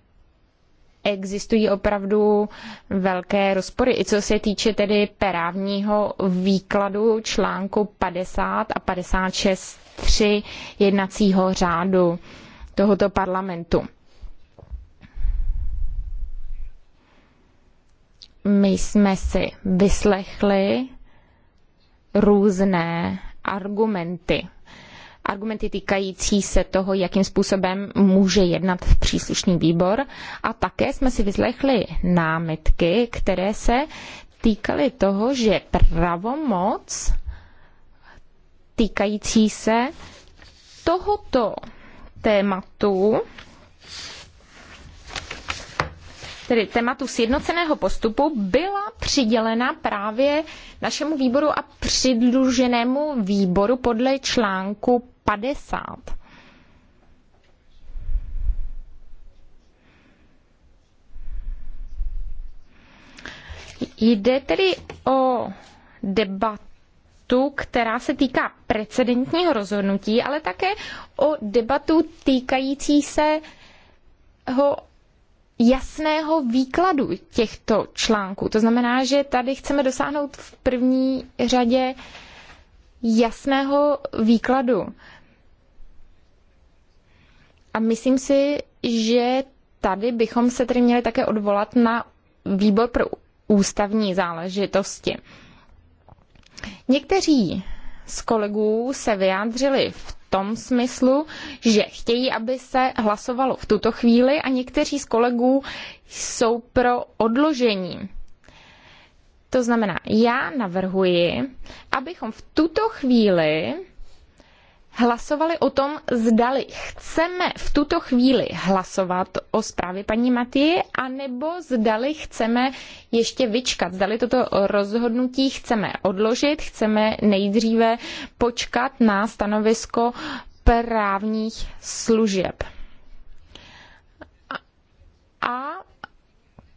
existují opravdu velké rozpory, i co se týče tedy právního výkladu článku 50 a 3 jednacího řádu tohoto parlamentu. My jsme si vyslechli různé argumenty. Argumenty týkající se toho, jakým způsobem může jednat v příslušný výbor. A také jsme si vyslechli námitky, které se týkaly toho, že pravomoc týkající se tohoto tématu tedy tématu sjednoceného postupu byla přidělena právě našemu výboru a přidruženému výboru podle článku 50. Jde tedy o debatu, která se týká precedentního rozhodnutí, ale také o debatu týkající se ho jasného výkladu těchto článků. To znamená, že tady chceme dosáhnout v první řadě jasného výkladu. A myslím si, že tady bychom se tedy měli také odvolat na výbor pro ústavní záležitosti. Někteří z kolegů se vyjádřili v tom smyslu, že chtějí, aby se hlasovalo v tuto chvíli a někteří z kolegů jsou pro odložení. To znamená, já navrhuji, abychom v tuto chvíli hlasovali o tom, zdali chceme v tuto chvíli hlasovat o zprávě paní Matii, anebo zdali chceme ještě vyčkat, zdali toto rozhodnutí chceme odložit, chceme nejdříve počkat na stanovisko právních služeb. A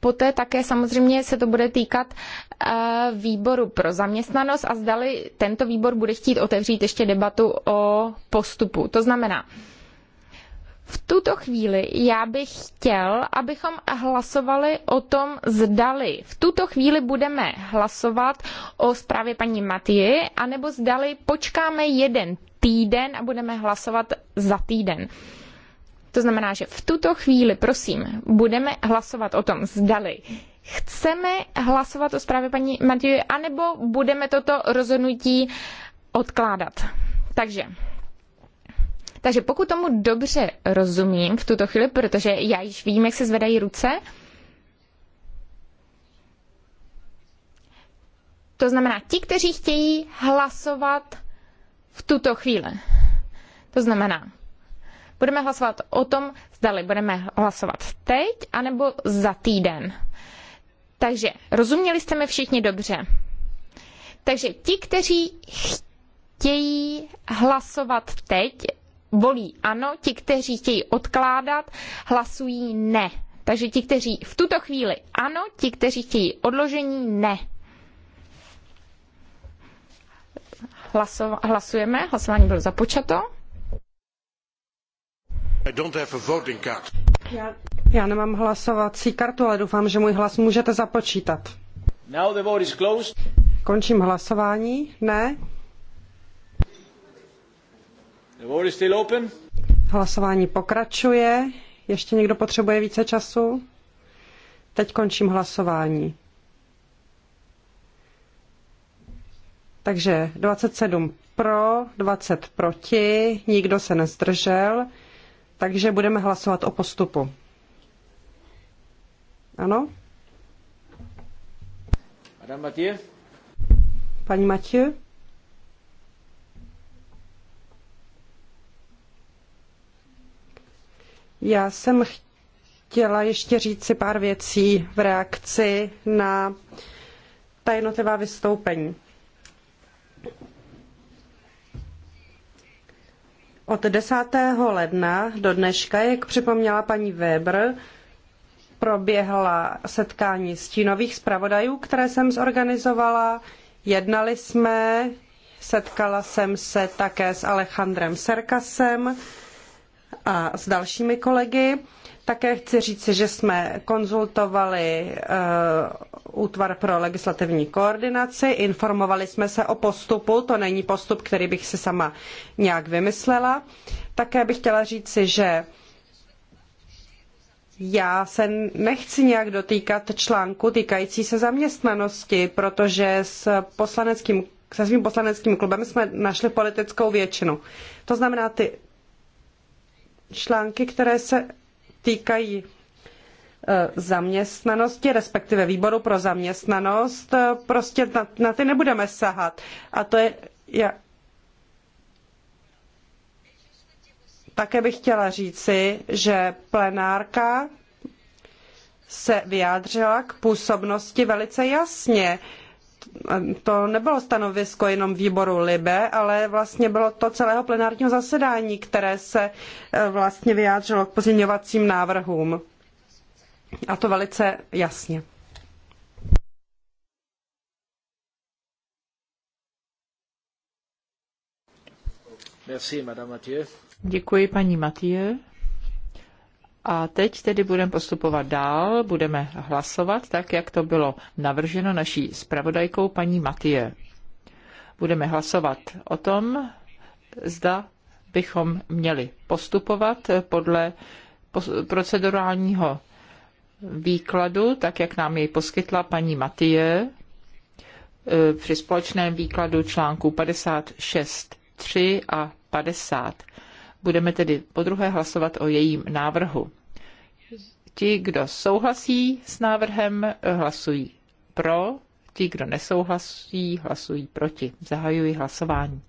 poté také samozřejmě se to bude týkat eh, výboru pro zaměstnanost a zdali tento výbor bude chtít otevřít ještě debatu o postupu. To znamená, v tuto chvíli já bych chtěl, abychom hlasovali o tom, zdali v tuto chvíli budeme hlasovat o zprávě paní Matie, anebo zdali počkáme jeden týden a budeme hlasovat za týden. To znamená, že v tuto chvíli, prosím, budeme hlasovat o tom, zdali chceme hlasovat o zprávě paní Matěje, anebo budeme toto rozhodnutí odkládat. Takže takže pokud tomu dobře rozumím v tuto chvíli, protože já již vím, jak se zvedají ruce, to znamená ti, kteří chtějí hlasovat v tuto chvíli. To znamená Budeme hlasovat o tom, zdali budeme hlasovat teď anebo za týden. Takže rozuměli jste mi všichni dobře. Takže ti, kteří chtějí hlasovat teď, volí ano, ti, kteří chtějí odkládat, hlasují ne. Takže ti, kteří v tuto chvíli ano, ti, kteří chtějí odložení, ne. hlasujeme, hlasování bylo započato. Já, já nemám hlasovací kartu, ale doufám, že můj hlas můžete započítat. Now the vote is closed. Končím hlasování. Ne. The vote is still open. Hlasování pokračuje. Ještě někdo potřebuje více času? Teď končím hlasování. Takže 27 pro, 20 proti, nikdo se nezdržel. Takže budeme hlasovat o postupu. Ano? Madame Mathieu? Paní Mathieu? Já jsem chtěla ještě říct si pár věcí v reakci na ta jednotlivá vystoupení. Od 10. ledna do dneška, jak připomněla paní Weber, proběhla setkání stínových zpravodajů, které jsem zorganizovala. Jednali jsme, setkala jsem se také s Alejandrem Serkasem a s dalšími kolegy. Také chci říci, že jsme konzultovali eh, Útvar pro legislativní koordinaci, informovali jsme se o postupu, to není postup, který bych si sama nějak vymyslela. Také bych chtěla říci, že já se nechci nějak dotýkat článku týkající se zaměstnanosti, protože s poslaneckým, se svým poslaneckým klubem jsme našli politickou většinu. To znamená, ty články, které se týkají e, zaměstnanosti, respektive výboru pro zaměstnanost, e, prostě na, na ty nebudeme sahat. A to je, Já... Také bych chtěla říci, že plenárka se vyjádřila k působnosti velice jasně to nebylo stanovisko jenom výboru Libe, ale vlastně bylo to celého plenárního zasedání, které se e, vlastně vyjádřilo k pozměňovacím návrhům. A to velice jasně. Děkuji, paní a teď tedy budeme postupovat dál, budeme hlasovat tak, jak to bylo navrženo naší zpravodajkou paní Matie. Budeme hlasovat o tom, zda bychom měli postupovat podle procedurálního výkladu, tak jak nám jej poskytla paní Matie e, při společném výkladu článku 56.3 a 50. Budeme tedy podruhé hlasovat o jejím návrhu. Ti, kdo souhlasí s návrhem, hlasují pro, ti, kdo nesouhlasí, hlasují proti. Zahajuji hlasování.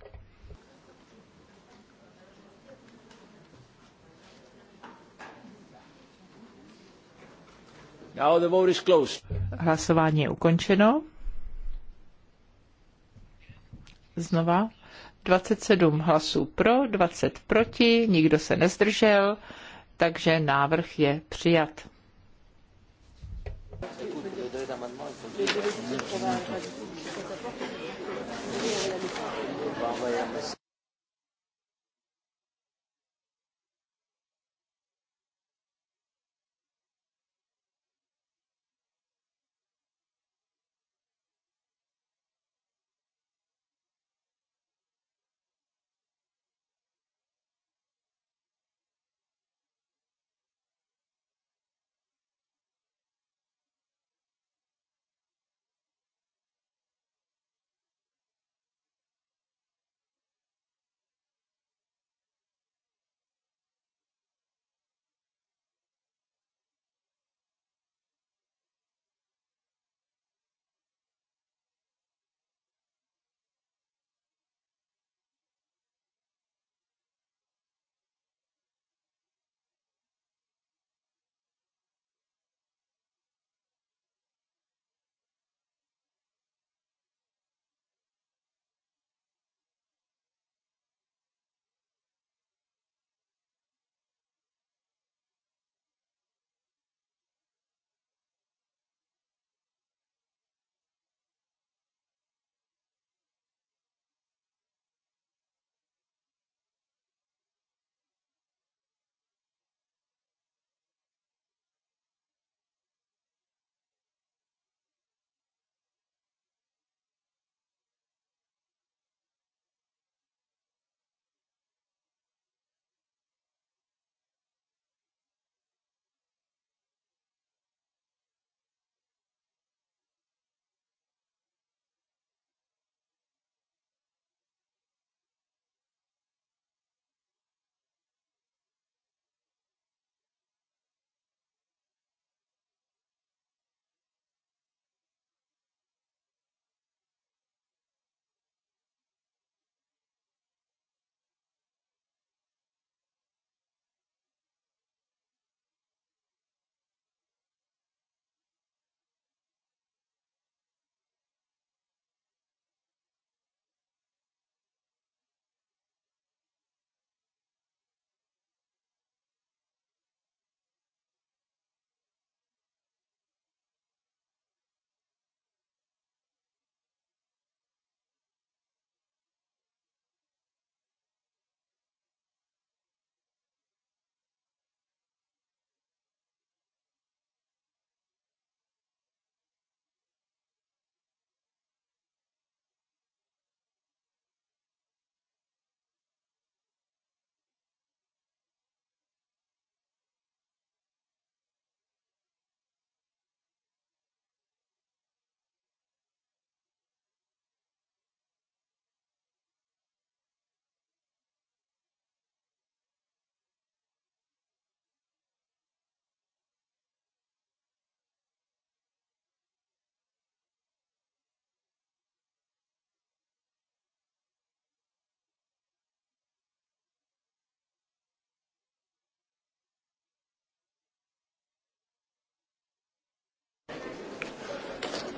Now the vote is closed. Hlasování je ukončeno. Znova 27 hlasů pro, 20 proti, nikdo se nezdržel, takže návrh je přijat.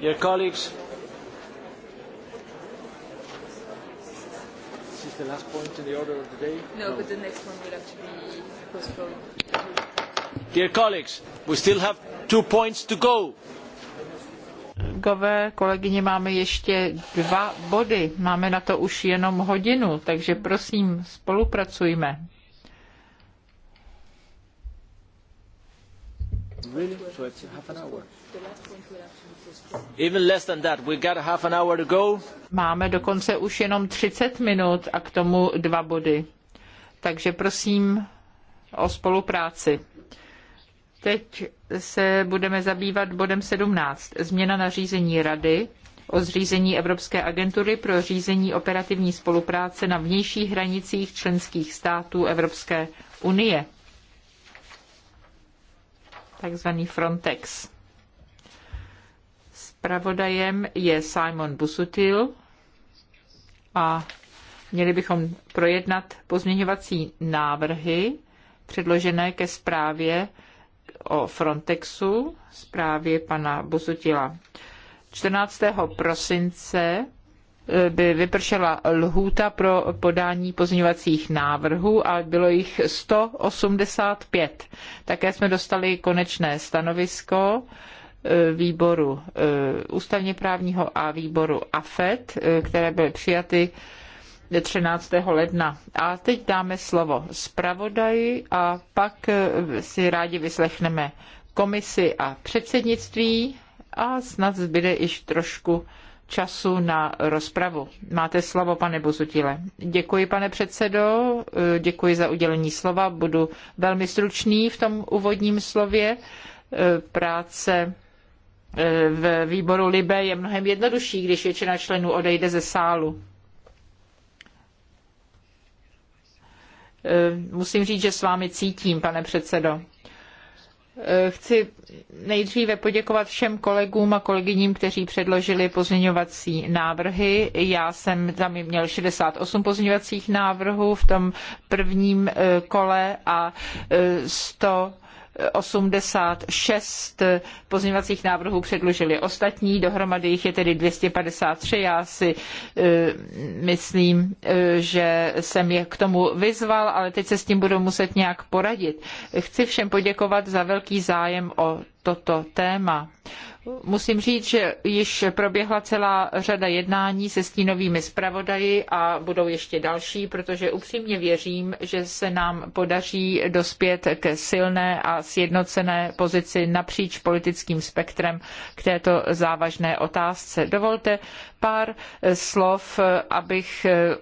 Dear colleagues, this is the last point in the order of the day. No, no. but the next one will have to be postponed. Dear colleagues, we still have two points to go. kolegyně, máme ještě dva body. Máme na to už jenom hodinu, takže prosím, spolupracujme. Really? So it's half an hour. Even less than that. We got half an hour to go. Máme dokonce už jenom 30 minut a k tomu dva body. Takže prosím o spolupráci. Teď se budeme zabývat bodem 17. Změna nařízení Rady o zřízení Evropské agentury pro řízení operativní spolupráce na vnějších hranicích členských států Evropské unie takzvaný Frontex. Spravodajem je Simon Busutil a měli bychom projednat pozměňovací návrhy předložené ke zprávě o Frontexu, zprávě pana Busutila. 14. prosince by vypršela lhůta pro podání pozměňovacích návrhů a bylo jich 185. Také jsme dostali konečné stanovisko e, výboru e, ústavně právního a výboru AFET, e, které byly přijaty 13. ledna. A teď dáme slovo zpravodaji a pak si rádi vyslechneme komisi a předsednictví a snad zbyde již trošku času na rozpravu. Máte slovo, pane Bozutile. Děkuji, pane předsedo, děkuji za udělení slova. Budu velmi stručný v tom úvodním slově. Práce eh, v výboru Libe je mnohem jednodušší, když většina členů odejde ze sálu. Eh, musím říct, že s vámi cítím, pane předsedo. Eh, chci nejdříve poděkovat všem kolegům a kolegyním, kteří předložili pozměňovací návrhy. Já jsem tam měl 68 pozměňovacích návrhů v tom prvním eh, kole a 100 eh, 86 pozměňovacích návrhů předložili ostatní, dohromady jich je tedy 253. Já si eh, myslím, eh, že jsem je k tomu vyzval, ale teď se s tím budu muset nějak poradit. Chci všem poděkovat za velký zájem o toto téma. Musím říct, že již proběhla celá řada jednání se stínovými zpravodaji a budou ještě další, protože upřímně věřím, že se nám podaří dospět ke silné a sjednocené pozici napříč politickým spektrem k této závažné otázce. Dovolte pár slov, abych eh,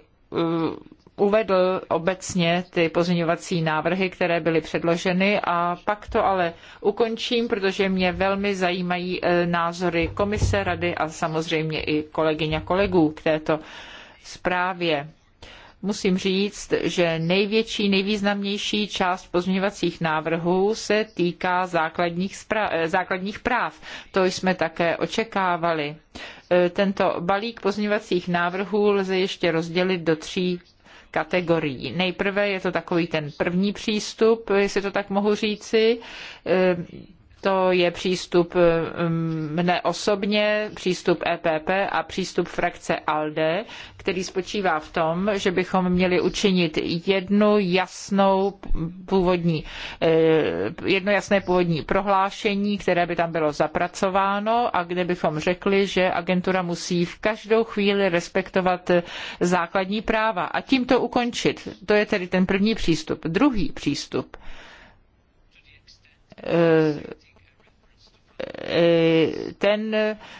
uvedl obecně ty pozměňovací návrhy, které byly předloženy a pak to ale ukončím, protože mě velmi zajímají e, názory komise, rady a samozřejmě i kolegyň a kolegů k této zprávě. Musím říct, že největší, nejvýznamnější část pozměňovacích návrhů se týká základních, e, základních práv. To jsme také očekávali. E, tento balík pozměňovacích návrhů lze ještě rozdělit do tří kategorií. Nejprve je to takový ten první přístup, jestli to tak mohu říci, ehm, to je přístup mm, mne osobně, přístup EPP a přístup frakce ALDE, který spočívá v tom, že bychom měli učinit jednu jasnou původní, eh, jedno jasné původní prohlášení, které by tam bylo zapracováno a kde bychom řekli, že agentura musí v každou chvíli respektovat základní práva a tím to ukončit. To je tedy ten první přístup. Druhý přístup eh, Eh, ten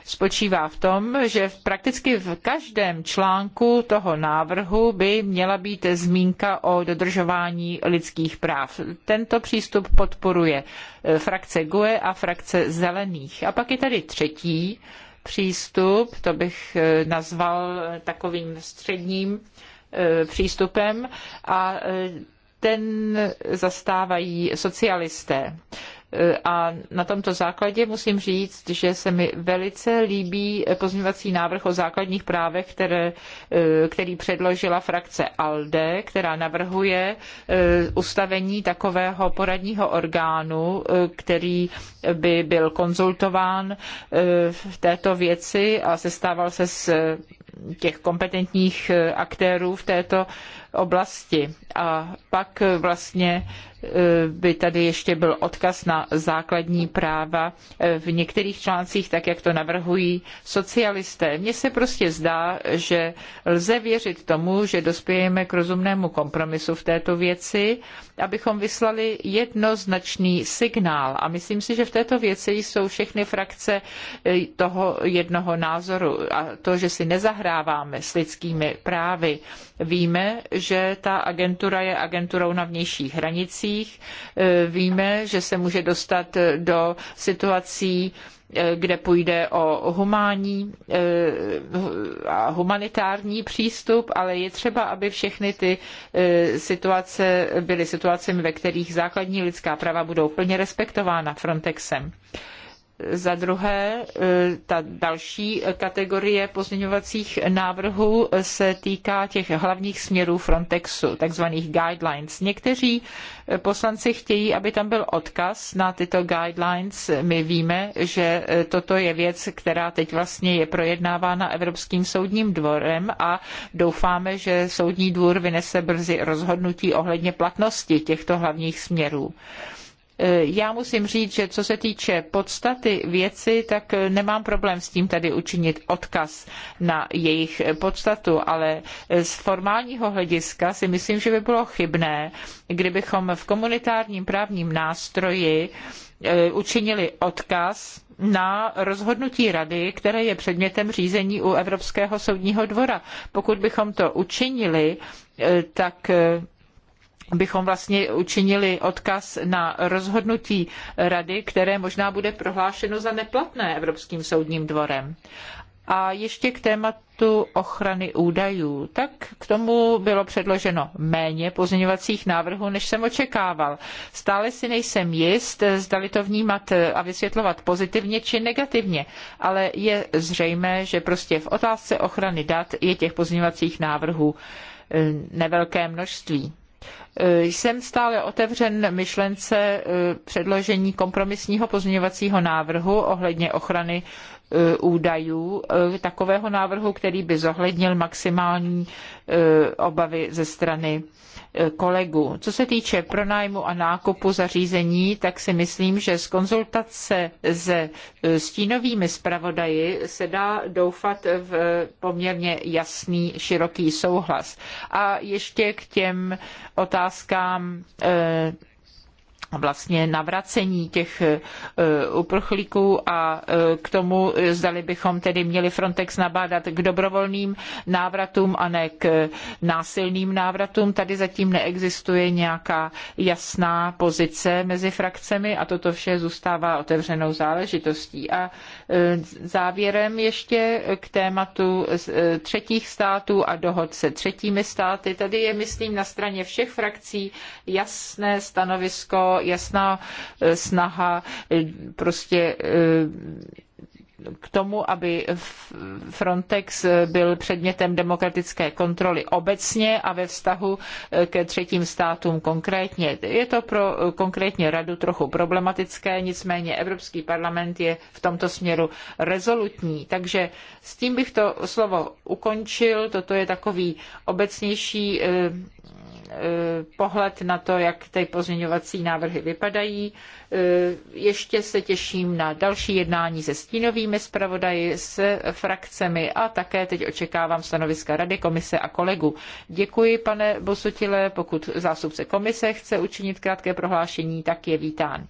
spočívá v tom, že prakticky v každém článku toho návrhu by měla být zmínka o dodržování lidských práv. Tento přístup podporuje eh, frakce GUE a frakce Zelených. A pak je tady třetí přístup, to bych eh, nazval takovým středním přístupem a ten zastávají socialisté. A na tomto základě musím říct, že se mi velice líbí pozměňovací návrh o základních právech, které, e, který předložila frakce ALDE, která navrhuje e, ustavení takového poradního orgánu, e, který by byl konzultován v této věci a sestával se z těch kompetentních aktérů v této oblasti. A pak vlastně e, by tady ještě byl odkaz na základní práva e, v některých článcích, tak jak to navrhují socialisté. Mně se prostě zdá, že lze věřit tomu, že dospějeme k rozumnému kompromisu v této věci, abychom vyslali jednoznačný signál. A myslím si, že v této věci jsou všechny frakce e, toho jednoho názoru a to, že si nezahráváme s lidskými právy. Víme, že že ta agentura je agenturou na vnějších hranicích. E, víme, že se může dostat do situací, e, kde půjde o e, a humanitární přístup, ale je třeba, aby všechny ty situace byly situacemi, ve kterých základní lidská práva budou plně respektována Frontexem. Za druhé, e, ta další kategorie pozměňovacích návrhů se týká těch hlavních směrů Frontexu, takzvaných guidelines. Někteří e, poslanci chtějí, aby tam byl odkaz na tyto guidelines. My víme, že e, toto je věc, která teď vlastně je projednávána Evropským soudním dvorem a doufáme, že soudní dvůr vynese brzy rozhodnutí ohledně platnosti těchto hlavních směrů. Eh, já musím říct, že co se týče podstaty věci, tak eh, nemám problém s tím tady učinit odkaz na jejich podstatu, ale eh, z formálního hlediska si myslím, že by bylo chybné, kdybychom v komunitárním právním nástroji učinili odkaz na rozhodnutí rady, které je předmětem řízení u Evropského soudního dvora. Pokud bychom to učinili, tak bychom vlastně učinili odkaz na rozhodnutí rady, které možná bude prohlášeno za neplatné Evropským soudním dvorem. A ještě k tématu ochrany údajů. Tak k tomu bylo předloženo méně pozměňovacích návrhů, než jsem očekával. Stále si nejsem jist, zdali to vnímat a vysvětlovat pozitivně či negativně, ale je zřejmé, že prostě v otázce ochrany dat je těch pozměňovacích návrhů eh, nevelké množství. Jsem stále otevřen myšlence eh, předložení kompromisního pozměňovacího návrhu ohledně ochrany Eh, údajů eh, takového návrhu, který by zohlednil maximální eh, obavy ze strany kolegů. Co se týče pronájmu a nákupu zařízení, tak si myslím, že z konzultace se stínovými zpravodaji se dá doufat v poměrně jasný, široký souhlas. A ještě k těm otázkám vlastně navracení těch e, uprchlíků a e, k tomu, e, zdali bychom tedy měli Frontex nabádat k dobrovolným návratům a ne k násilným návratům. Tady zatím neexistuje nějaká jasná pozice mezi frakcemi a toto vše zůstává otevřenou záležitostí. A Eh, závěrem ještě k tématu eh, třetích států a dohod se třetími státy. Tady je, myslím, na straně všech frakcí jasné stanovisko, jasná eh, snaha prostě k tomu, aby Frontex byl předmětem demokratické kontroly obecně a ve vztahu eh, ke třetím státům konkrétně. Je to pro eh, konkrétně radu trochu problematické, nicméně Evropský parlament je v tomto směru rezolutní. Takže s tím bych to slovo ukončil. Toto je takový obecnější eh, Eh, pohled na to, jak ty pozměňovací návrhy vypadají. Eh, ještě se těším na další jednání se stínovými zpravodaji, s frakcemi a také teď očekávám stanoviska Rady, Komise a kolegu. Děkuji, pane Bosutile, pokud zástupce Komise chce učinit krátké prohlášení, tak je vítán.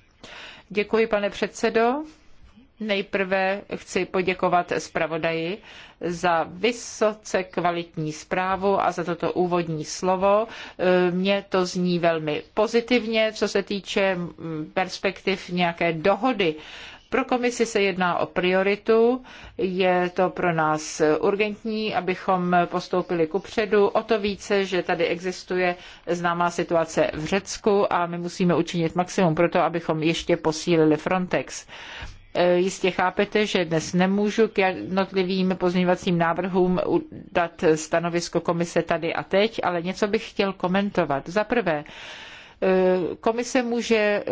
Děkuji, pane předsedo. Nejprve chci poděkovat zpravodaji za vysoce kvalitní zprávu a za toto úvodní slovo. Mně to zní velmi pozitivně, co se týče perspektiv nějaké dohody. Pro komisi se jedná o prioritu, je to pro nás urgentní, abychom postoupili kupředu. o to více, že tady existuje známá situace v Řecku a my musíme učinit maximum pro to, abychom ještě posílili Frontex. Eh, jistě chápete, že dnes nemůžu k jednotlivým pozměňovacím návrhům dát stanovisko komise tady a teď, ale něco bych chtěl komentovat. Za prvé, eh, komise může eh,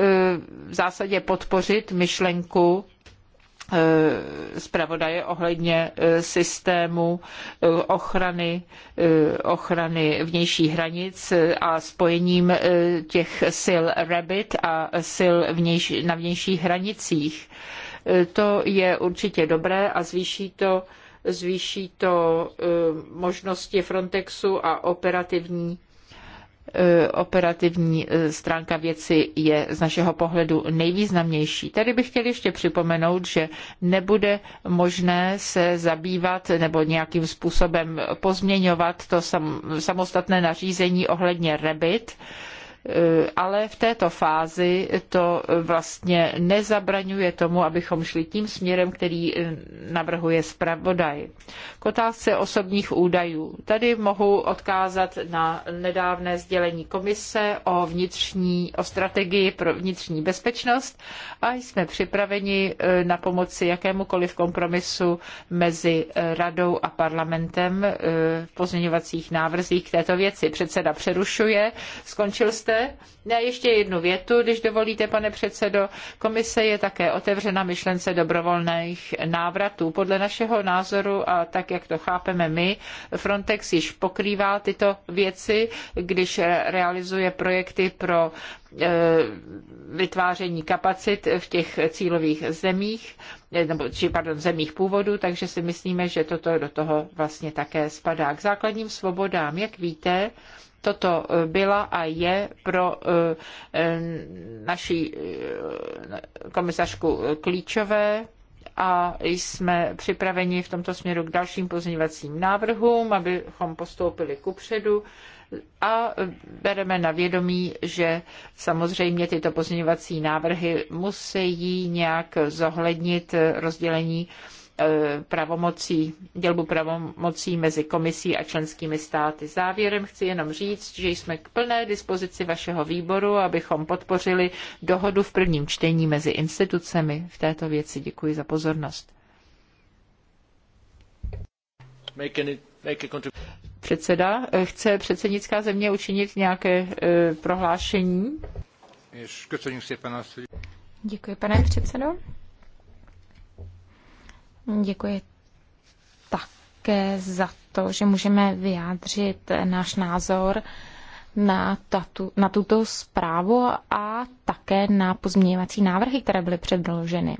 v zásadě podpořit myšlenku zpravodaje ohledně systému ochrany, ochrany vnějších hranic a spojením těch sil Rabbit a sil vnější, na vnějších hranicích. To je určitě dobré a zvýší to zvýší to eh, možnosti Frontexu a operativní eh, operativní eh, stránka věci je z našeho pohledu nejvýznamnější. Tady bych chtěl ještě připomenout, že nebude možné se zabývat nebo nějakým způsobem pozměňovat to samostatné nařízení ohledně REBIT, Eh, ale v této fázi to vlastně nezabraňuje tomu, abychom šli tím směrem, který eh, navrhuje zpravodaj. K otázce osobních údajů. Tady mohu odkázat na nedávné sdělení komise o vnitřní, o strategii pro vnitřní bezpečnost a jsme připraveni eh, na pomoci jakémukoliv kompromisu mezi radou a parlamentem v pozměňovacích návrzích k této věci. Předseda přerušuje. Skončil jste komise. Ne, ještě jednu větu, když dovolíte, pane předsedo. Komise je také otevřena myšlence dobrovolných návratů. Podle našeho názoru a tak, jak to chápeme my, Frontex již pokrývá tyto věci, když realizuje projekty pro e, vytváření kapacit v těch cílových zemích, e, nebo, či pardon, zemích původu, takže si myslíme, že toto do toho vlastně také spadá. K základním svobodám, jak víte, Toto e, byla a je pro e, e, naší komisařku klíčové a jsme připraveni v tomto směru k dalším pozměňovacím návrhům, abychom postoupili kupředu a bereme na vědomí, že samozřejmě tyto pozměňovací návrhy musí nějak zohlednit rozdělení Eh, pravomocí, dělbu pravomocí mezi komisí a členskými státy. Závěrem chci jenom říct, že jsme k plné dispozici vašeho výboru, abychom podpořili dohodu v prvním čtení mezi institucemi v této věci. Děkuji za pozornost. Předseda, eh, chce předsednická země učinit nějaké eh, prohlášení? Děkuji, pane předsedo. Děkuji také za to, že můžeme vyjádřit náš názor na, tatu, na tuto zprávu a také na pozměňovací návrhy, které byly předloženy.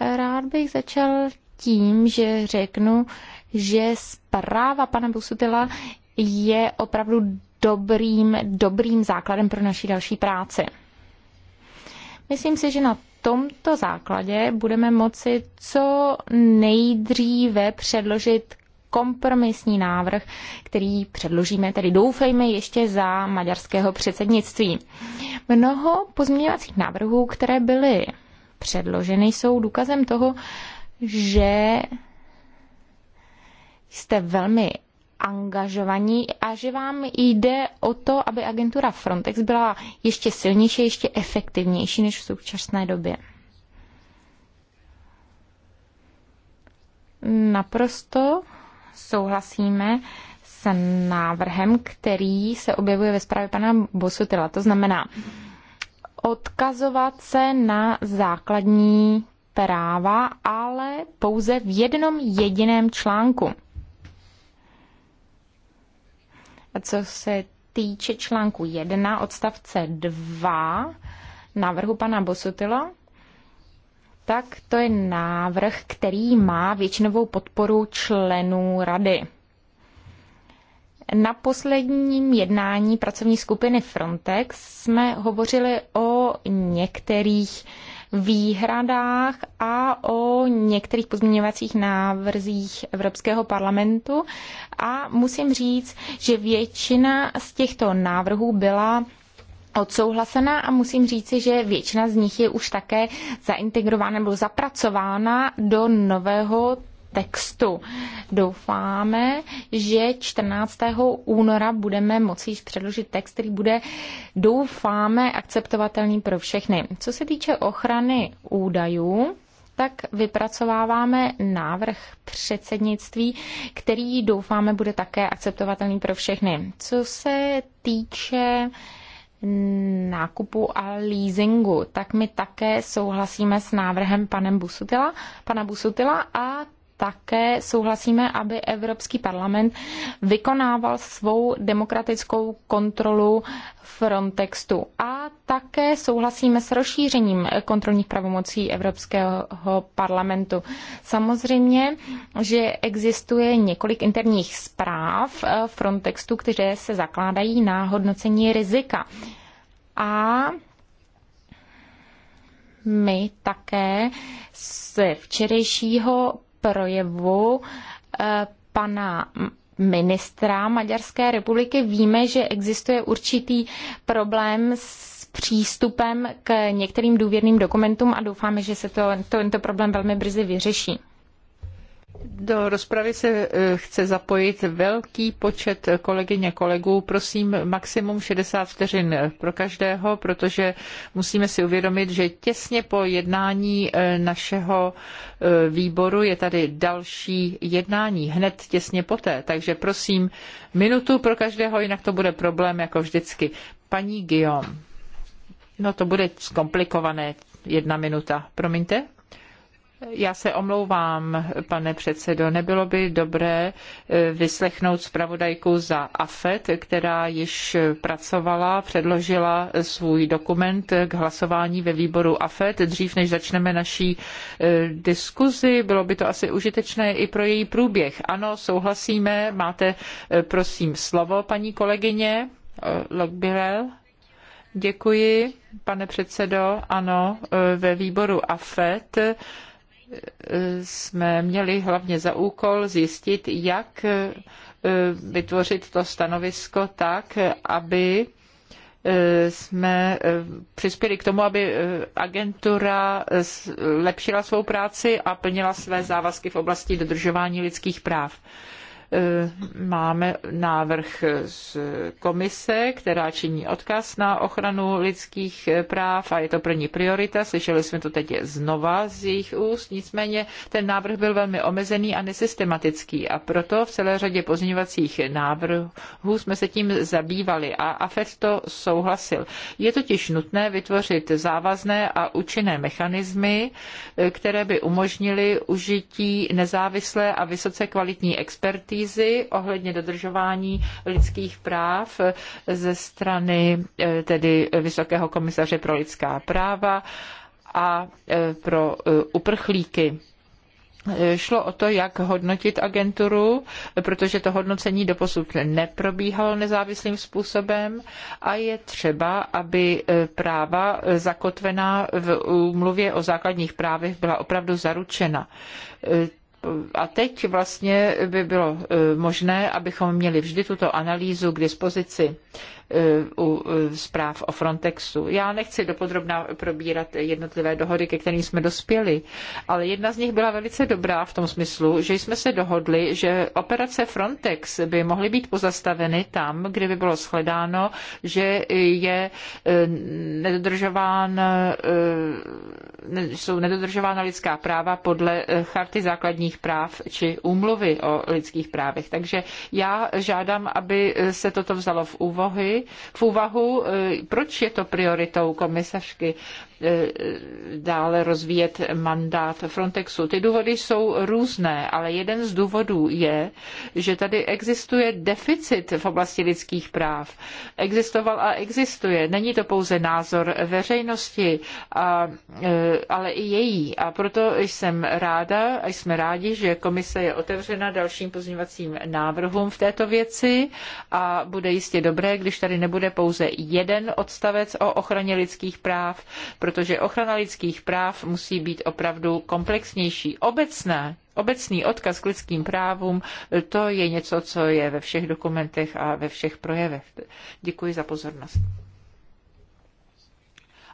Rád bych začal tím, že řeknu, že zpráva pana Busutila je opravdu dobrým, dobrým základem pro naší další práci. Myslím si, že na tomto základě budeme moci co nejdříve předložit kompromisní návrh, který předložíme, tedy doufejme, ještě za maďarského předsednictví. Mnoho pozměňovacích návrhů, které byly předloženy, jsou důkazem toho, že jste velmi angažovaní a že vám jde o to, aby agentura Frontex byla ještě silnější, ještě efektivnější než v současné době. Naprosto souhlasíme s návrhem, který se objevuje ve zprávě pana Bosutila. To znamená odkazovat se na základní práva, ale pouze v jednom jediném článku. co se týče článku 1 odstavce 2 návrhu pana Bosutila, tak to je návrh, který má většinovou podporu členů rady. Na posledním jednání pracovní skupiny Frontex jsme hovořili o některých výhradách a o některých pozměňovacích návrzích Evropského parlamentu. A musím říct, že většina z těchto návrhů byla odsouhlasená a musím říci, že většina z nich je už také zaintegrována nebo zapracována do nového textu. Doufáme, že 14. února budeme moci již předložit text, který bude, doufáme, akceptovatelný pro všechny. Co se týče ochrany údajů, tak vypracováváme návrh předsednictví, který doufáme bude také akceptovatelný pro všechny. Co se týče nákupu a leasingu, tak my také souhlasíme s návrhem panem Busutila, pana Busutila a také souhlasíme, aby Evropský parlament vykonával svou demokratickou kontrolu Frontextu. A také souhlasíme s rozšířením kontrolních pravomocí Evropského parlamentu. Samozřejmě, že existuje několik interních zpráv Frontextu, které se zakládají na hodnocení rizika. A my také se včerejšího projevu eh, pana ministra Maďarské republiky víme, že existuje určitý problém s přístupem k některým důvěrným dokumentům a doufáme, že se to, tento problém velmi brzy vyřeší. Do rozpravy se eh, chce zapojit velký počet kolegyně kolegů. Prosím maximum 60 vteřin pro každého, protože musíme si uvědomit, že těsně po jednání eh, našeho eh, výboru je tady další jednání hned těsně poté. Takže prosím minutu pro každého, jinak to bude problém jako vždycky. Paní Guillaume, no to bude zkomplikované, jedna minuta. Promiňte? Já se omlouvám, pane předsedo, nebylo by dobré eh, vyslechnout zpravodajku za AFET, která již pracovala, předložila svůj dokument k hlasování ve výboru AFET. Dřív než začneme naší eh, diskuzi, bylo by to asi užitečné i pro její průběh. Ano, souhlasíme, máte eh, prosím slovo, paní kolegyně Lokbirel. Děkuji, pane předsedo. Ano, ve výboru AFET jsme měli hlavně za úkol zjistit, jak eh, vytvořit to stanovisko tak, aby eh, jsme eh, přispěli k tomu, aby agentura lepšila svou práci a plnila své závazky v oblasti dodržování lidských práv. E, máme návrh z komise, která činí odkaz na ochranu lidských práv a je to první priorita. Slyšeli jsme to teď znova z jejich úst, nicméně ten návrh byl velmi omezený a nesystematický a proto v celé řadě pozměňovacích návrhů jsme se tím zabývali a AFET to souhlasil. Je totiž nutné vytvořit závazné a účinné mechanismy, e, které by umožnily užití nezávislé a vysoce kvalitní experty krizi ohledně dodržování lidských práv ze strany eh, tedy Vysokého komisaře pro lidská práva a eh, pro eh, uprchlíky. Šlo o to, jak hodnotit agenturu, protože to hodnocení doposud neprobíhalo nezávislým způsobem a je třeba, aby práva zakotvená v úmluvě o základních právech byla opravdu zaručena a teď vlastně by bylo eh, možné, abychom měli vždy tuto analýzu k dispozici u zpráv o Frontexu. Já nechci dopodrobná probírat jednotlivé dohody, ke kterým jsme dospěli, ale jedna z nich byla velice dobrá v tom smyslu, že jsme se dohodli, že operace Frontex by mohly být pozastaveny tam, kde by bylo shledáno, že je e, nedodržován, e, jsou nedodržována lidská práva podle e, Charty základních práv či úmluvy o lidských právech. Takže já žádám, aby se toto vzalo v úvahy v úvahu, eh, proč je to prioritou komisařky eh, dále rozvíjet mandát Frontexu. Ty důvody jsou různé, ale jeden z důvodů je, že tady existuje deficit v oblasti lidských práv. Existoval a existuje. Není to pouze názor veřejnosti, a, eh, ale i její. A proto jsem ráda a jsme rádi, že komise je otevřena dalším pozměňovacím návrhům v této věci a bude jistě dobré, když tady tady nebude pouze jeden odstavec o ochraně lidských práv, protože ochrana lidských práv musí být opravdu komplexnější. Obecné, obecný odkaz k lidským právům, to je něco, co je ve všech dokumentech a ve všech projevech. Děkuji za pozornost.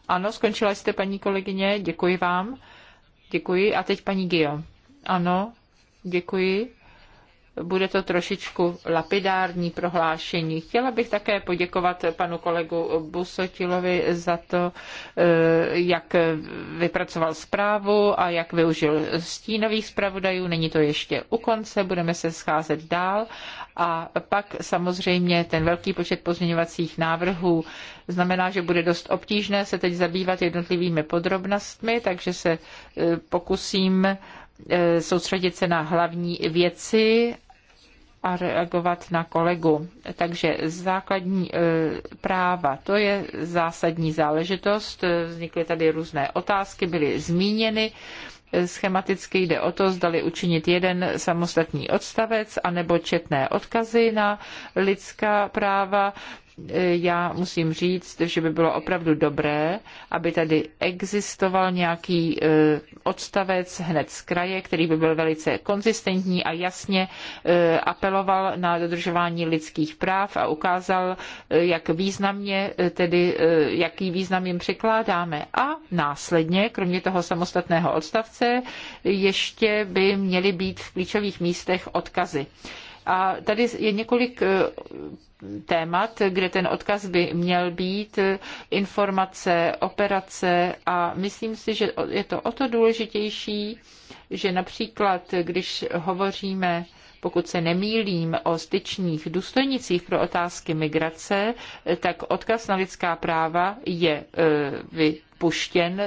Ano, skončila jste, paní kolegyně, děkuji vám. Děkuji. A teď paní Gio. Ano, děkuji. Bude to trošičku lapidární prohlášení. Chtěla bych také poděkovat panu kolegu Busotilovi za to, eh, jak vypracoval zprávu a jak využil stínových zpravodajů. Není to ještě u konce, budeme se scházet dál. A pak samozřejmě ten velký počet pozměňovacích návrhů znamená, že bude dost obtížné se teď zabývat jednotlivými podrobnostmi, takže se eh, pokusím E, soustředit se na hlavní věci a reagovat na kolegu. Takže základní e, práva, to je zásadní záležitost. E, vznikly tady různé otázky, byly zmíněny. Schematicky jde o to, zdali učinit jeden samostatný odstavec anebo četné odkazy na lidská práva, já musím říct, že by bylo opravdu dobré, aby tady existoval nějaký e, odstavec hned z kraje, který by byl velice konzistentní a jasně e, apeloval na dodržování lidských práv a ukázal, e, jak významně, tedy jaký význam jim překládáme. A následně, kromě toho samostatného odstavce, ještě by měly být v klíčových místech odkazy. A tady je několik eh, témat, kde ten odkaz by měl být, eh, informace, operace a myslím si, že je to o to důležitější, že například, když hovoříme pokud se nemýlím, o styčních důstojnicích pro otázky migrace, eh, tak odkaz na lidská práva je vypuštěn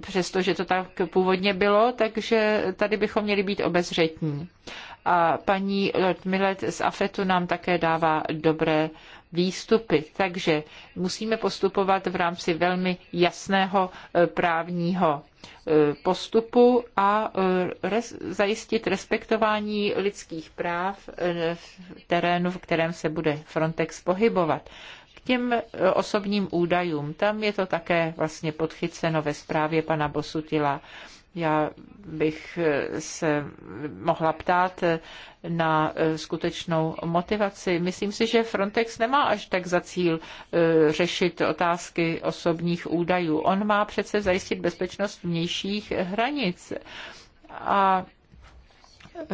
přestože to tak původně bylo, takže tady bychom měli být obezřetní a paní Lord Millet z AFETu nám také dává dobré výstupy. Takže musíme postupovat v rámci velmi jasného eh, právního eh, postupu a eh, res, zajistit respektování lidských práv v terénu, v kterém se bude Frontex pohybovat. K těm osobním údajům, tam je to také vlastně podchyceno ve zprávě pana Bosutila. Já bych se mohla ptát na skutečnou motivaci. Myslím si, že Frontex nemá až tak za cíl eh, řešit otázky osobních údajů. On má přece zajistit bezpečnost vnějších hranic. A eh,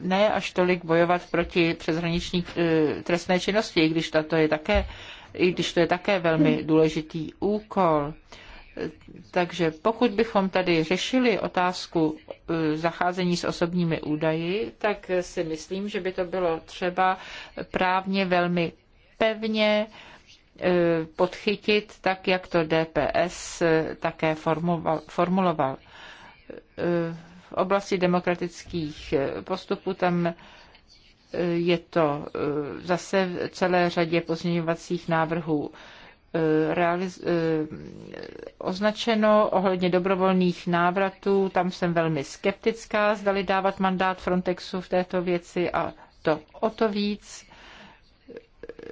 ne až tolik bojovat proti přeshraniční eh, trestné činnosti, i když, tato je také, i když to je také velmi důležitý úkol. Takže pokud bychom tady řešili otázku e, zacházení s osobními údaji, tak si myslím, že by to bylo třeba právně velmi pevně e, podchytit, tak jak to DPS e, také formuloval. V oblasti demokratických postupů tam je to zase v celé řadě pozměňovacích návrhů Eh, realiz- eh, označeno ohledně dobrovolných návratů. Tam jsem velmi skeptická, zdali dávat mandát Frontexu v této věci a to o to víc,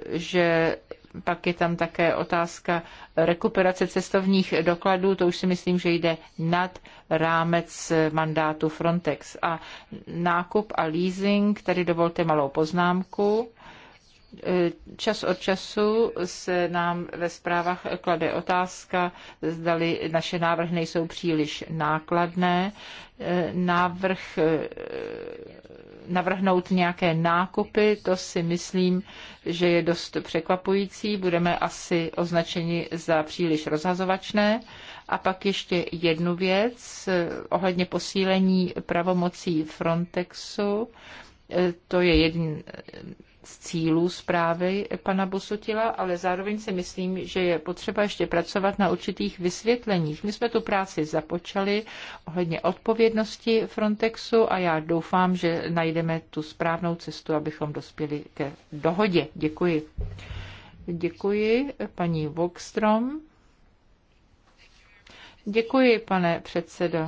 že pak je tam také otázka rekuperace cestovních dokladů, to už si myslím, že jde nad rámec mandátu Frontex. A nákup a leasing, tady dovolte malou poznámku. Čas od času se nám ve zprávách klade otázka, zdali naše návrhy nejsou příliš nákladné. Návrh, navrhnout nějaké nákupy, to si myslím, že je dost překvapující. Budeme asi označeni za příliš rozhazovačné. A pak ještě jednu věc ohledně posílení pravomocí Frontexu. To je jedn, z cílů zprávy pana Bosutila, ale zároveň si myslím, že je potřeba ještě pracovat na určitých vysvětleních. My jsme tu práci započali ohledně odpovědnosti Frontexu a já doufám, že najdeme tu správnou cestu, abychom dospěli ke dohodě. Děkuji. Děkuji paní Vokstrom. Děkuji, pane předsedo.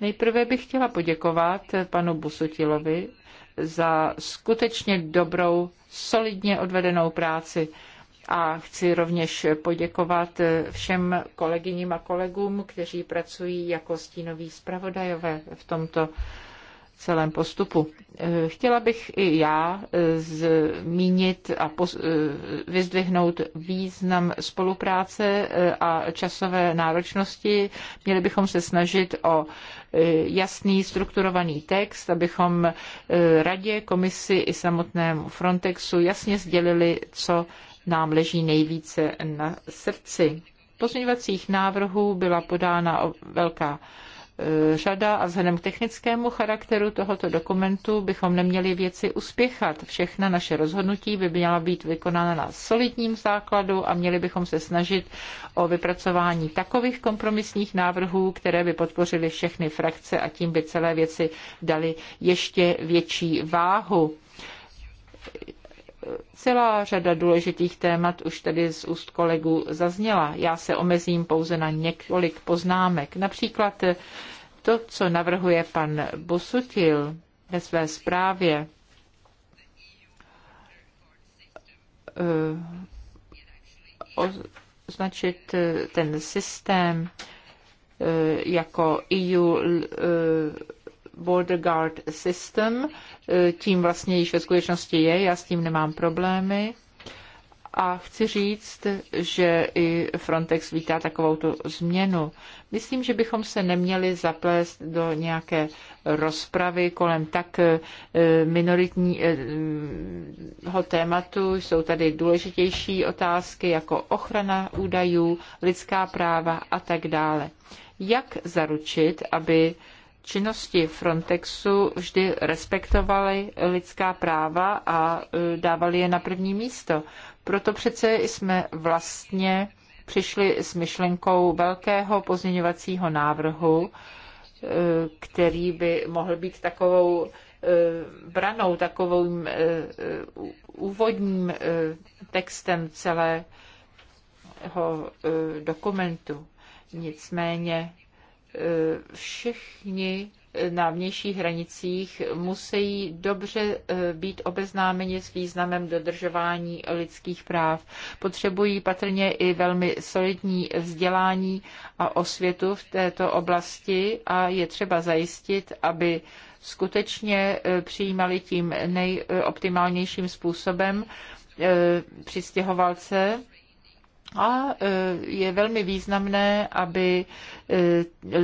Nejprve bych chtěla poděkovat panu Busutilovi za skutečně dobrou, solidně odvedenou práci. A chci rovněž poděkovat všem kolegyním a kolegům, kteří pracují jako stínoví zpravodajové v tomto celém postupu. Chtěla bych i já zmínit a vyzdvihnout význam spolupráce a časové náročnosti. Měli bychom se snažit o E, jasný strukturovaný text, abychom e, radě, komisi i samotnému Frontexu jasně sdělili, co nám leží nejvíce na srdci. Pozměňovacích návrhů byla podána velká Eh, řada a vzhledem k technickému charakteru tohoto dokumentu bychom neměli věci uspěchat. Všechna naše rozhodnutí by měla být vykonána na solidním základu a měli bychom se snažit o vypracování takových kompromisních návrhů, které by podpořily všechny frakce a tím by celé věci dali ještě větší váhu Celá řada důležitých témat už tedy z úst kolegů zazněla. Já se omezím pouze na několik poznámek. Například to, co navrhuje pan Bosutil ve své zprávě, eh, označit eh, ten systém eh, jako EU Border Guard System, e, tím vlastně již ve skutečnosti je, já s tím nemám problémy. A chci říct, že i Frontex vítá takovou tu změnu. Myslím, že bychom se neměli zaplést do nějaké rozpravy kolem tak e, minoritního tématu. Jsou tady důležitější otázky jako ochrana údajů, lidská práva a tak dále. Jak zaručit, aby činnosti Frontexu vždy respektovali lidská práva a e, dávali je na první místo. Proto přece jsme vlastně přišli s myšlenkou velkého pozměňovacího návrhu, e, který by mohl být takovou e, branou, takovým úvodním textem celého dokumentu. Nicméně všichni na vnějších hranicích musí dobře eh, být obeznámeni s významem dodržování lidských práv. Potřebují patrně i velmi solidní vzdělání a osvětu v této oblasti a je třeba zajistit, aby skutečně eh, přijímali tím nejoptimálnějším eh, způsobem přistěhovalce a e, je velmi významné, aby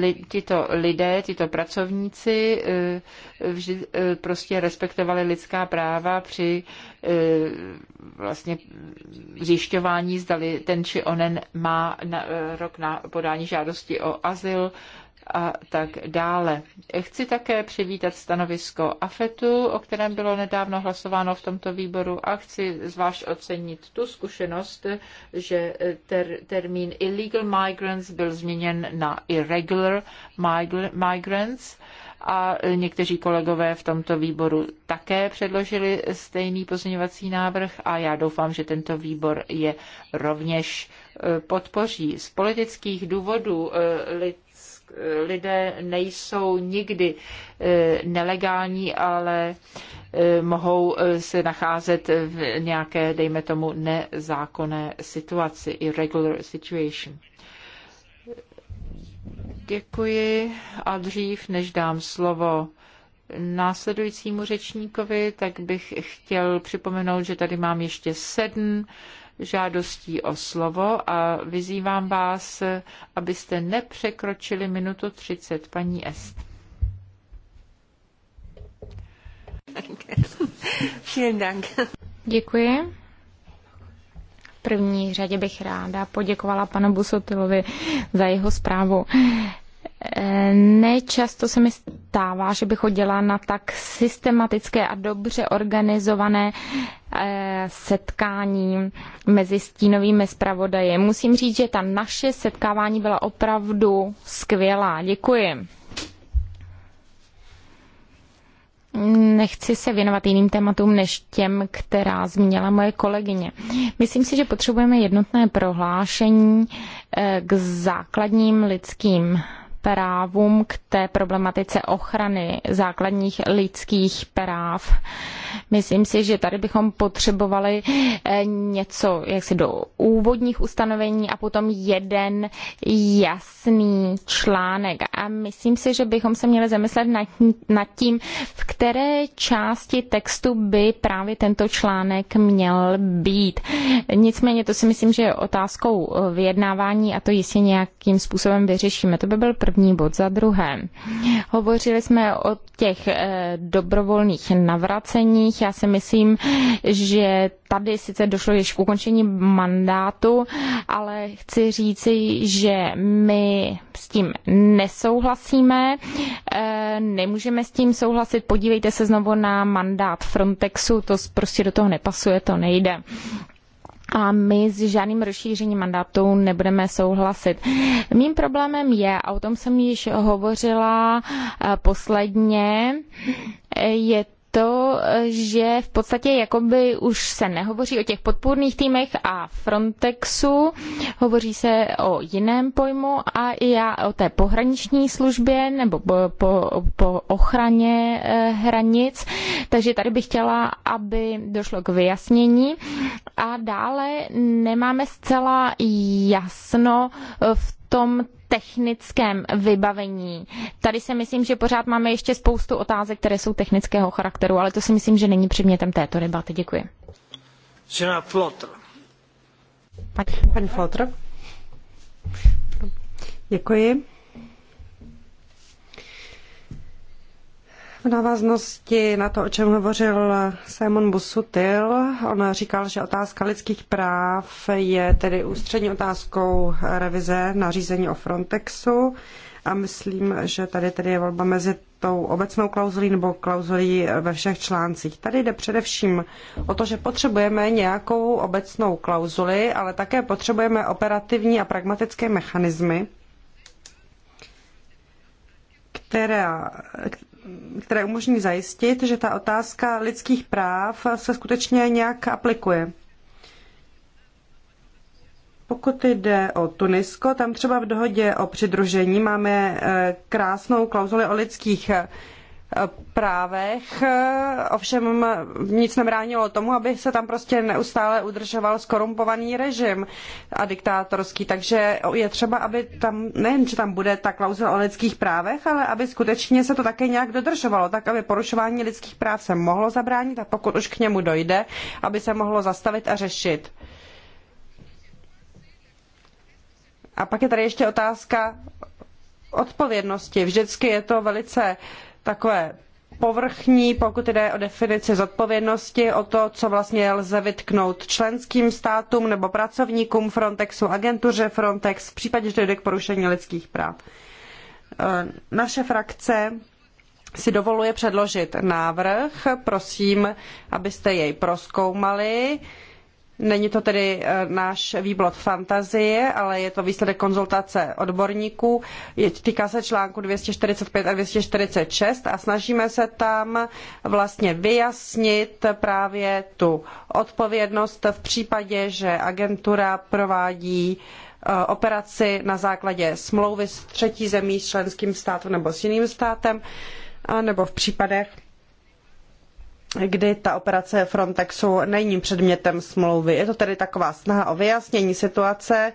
e, tito lidé, tito pracovníci e, vždy prostě respektovali lidská práva při vlastně zjišťování, zdali ten či onen má na, rok na podání žádosti o azyl a tak dále. Chci také přivítat stanovisko AFETu, o kterém bylo nedávno hlasováno v tomto výboru a chci zvlášť ocenit tu zkušenost, že ter, termín illegal migrants byl změněn na irregular migrants a někteří kolegové v tomto výboru také předložili stejný pozměňovací návrh a já doufám, že tento výbor je rovněž eh, podpoří. Z politických důvodů eh, lid lidé nejsou nikdy eh, nelegální, ale eh, mohou eh, se nacházet v nějaké, dejme tomu, nezákonné situaci, irregular situation. Děkuji a dřív, než dám slovo následujícímu řečníkovi, tak bych chtěl připomenout, že tady mám ještě sedm žádostí o slovo a vyzývám vás, abyste nepřekročili minutu 30. Paní Est. Děkuji. V první řadě bych ráda poděkovala panu Busotilovi za jeho zprávu. Nečasto se mi stává, že bych chodila na tak systematické a dobře organizované eh, setkání mezi stínovými zpravodaji. Musím říct, že ta naše setkávání byla opravdu skvělá. Děkuji. Nechci se věnovat jiným tématům než těm, která zmínila moje kolegyně. Myslím si, že potřebujeme jednotné prohlášení eh, k základním lidským právům, k té problematice ochrany základních lidských práv. Myslím si, že tady bychom potřebovali eh, něco jaksi do úvodních ustanovení a potom jeden jasný článek. A myslím si, že bychom se měli zamyslet nad tím, v které části textu by právě tento článek měl být. Nicméně to si myslím, že je otázkou eh, vyjednávání a to jistě nějakým způsobem vyřešíme. To by byl první první bod. Za druhé, hovořili jsme o těch eh, dobrovolných navraceních. Já si myslím, že tady sice došlo již k ukončení mandátu, ale chci říci, že my s tím nesouhlasíme, eh, nemůžeme s tím souhlasit. Podívejte se znovu na mandát Frontexu, to prostě do toho nepasuje, to nejde a my s žádným rozšířením mandátu nebudeme souhlasit. Mým problémem je, a o tom jsem již hovořila eh, posledně, eh, je to, že v podstatě jakoby už se nehovoří o těch podpůrných týmech a Frontexu, hovoří se o jiném pojmu a i já o té pohraniční službě nebo po, po, po ochraně eh, hranic. Takže tady bych chtěla, aby došlo k vyjasnění. A dále nemáme zcela jasno v tom technickém vybavení. Tady si myslím, že pořád máme ještě spoustu otázek, které jsou technického charakteru, ale to si myslím, že není předmětem této debaty. Děkuji. Žena Flotr. Pani Flotr. Děkuji. V návaznosti na to, o čem hovořil Simon Busutil, on říkal, že otázka lidských práv je tedy ústřední otázkou revize nařízení o Frontexu a myslím, že tady tedy je volba mezi tou obecnou klauzulí nebo klauzulí ve všech článcích. Tady jde především o to, že potřebujeme nějakou obecnou klauzuli, ale také potřebujeme operativní a pragmatické mechanismy, která, které umožní zajistit, že ta otázka lidských práv se skutečně nějak aplikuje. Pokud jde o Tunisko, tam třeba v dohodě o přidružení máme eh, krásnou klauzuli o lidských právech, ovšem nic nebránilo tomu, aby se tam prostě neustále udržoval skorumpovaný režim a diktátorský. Takže je třeba, aby tam, nejen, že tam bude ta klauzula o lidských právech, ale aby skutečně se to také nějak dodržovalo, tak aby porušování lidských práv se mohlo zabránit a pokud už k němu dojde, aby se mohlo zastavit a řešit. A pak je tady ještě otázka odpovědnosti. Vždycky je to velice uh, takové povrchní, pokud jde o definici zodpovědnosti, o to, co vlastně lze vytknout členským státům nebo pracovníkům Frontexu, agentuře Frontex v případě, že dojde k porušení lidských práv. E, naše frakce si dovoluje předložit návrh. Prosím, abyste jej prozkoumali. Není to tedy eh, náš výblot fantazie, ale je to výsledek konzultace odborníků. Týká se článku 245 a 246 a snažíme se tam vlastně vyjasnit právě tu odpovědnost v případě, že agentura provádí eh, operaci na základě smlouvy s třetí zemí, s členským státem nebo s jiným státem, nebo v případech, kdy ta operace Frontexu není předmětem smlouvy. Je to tedy taková snaha o vyjasnění situace,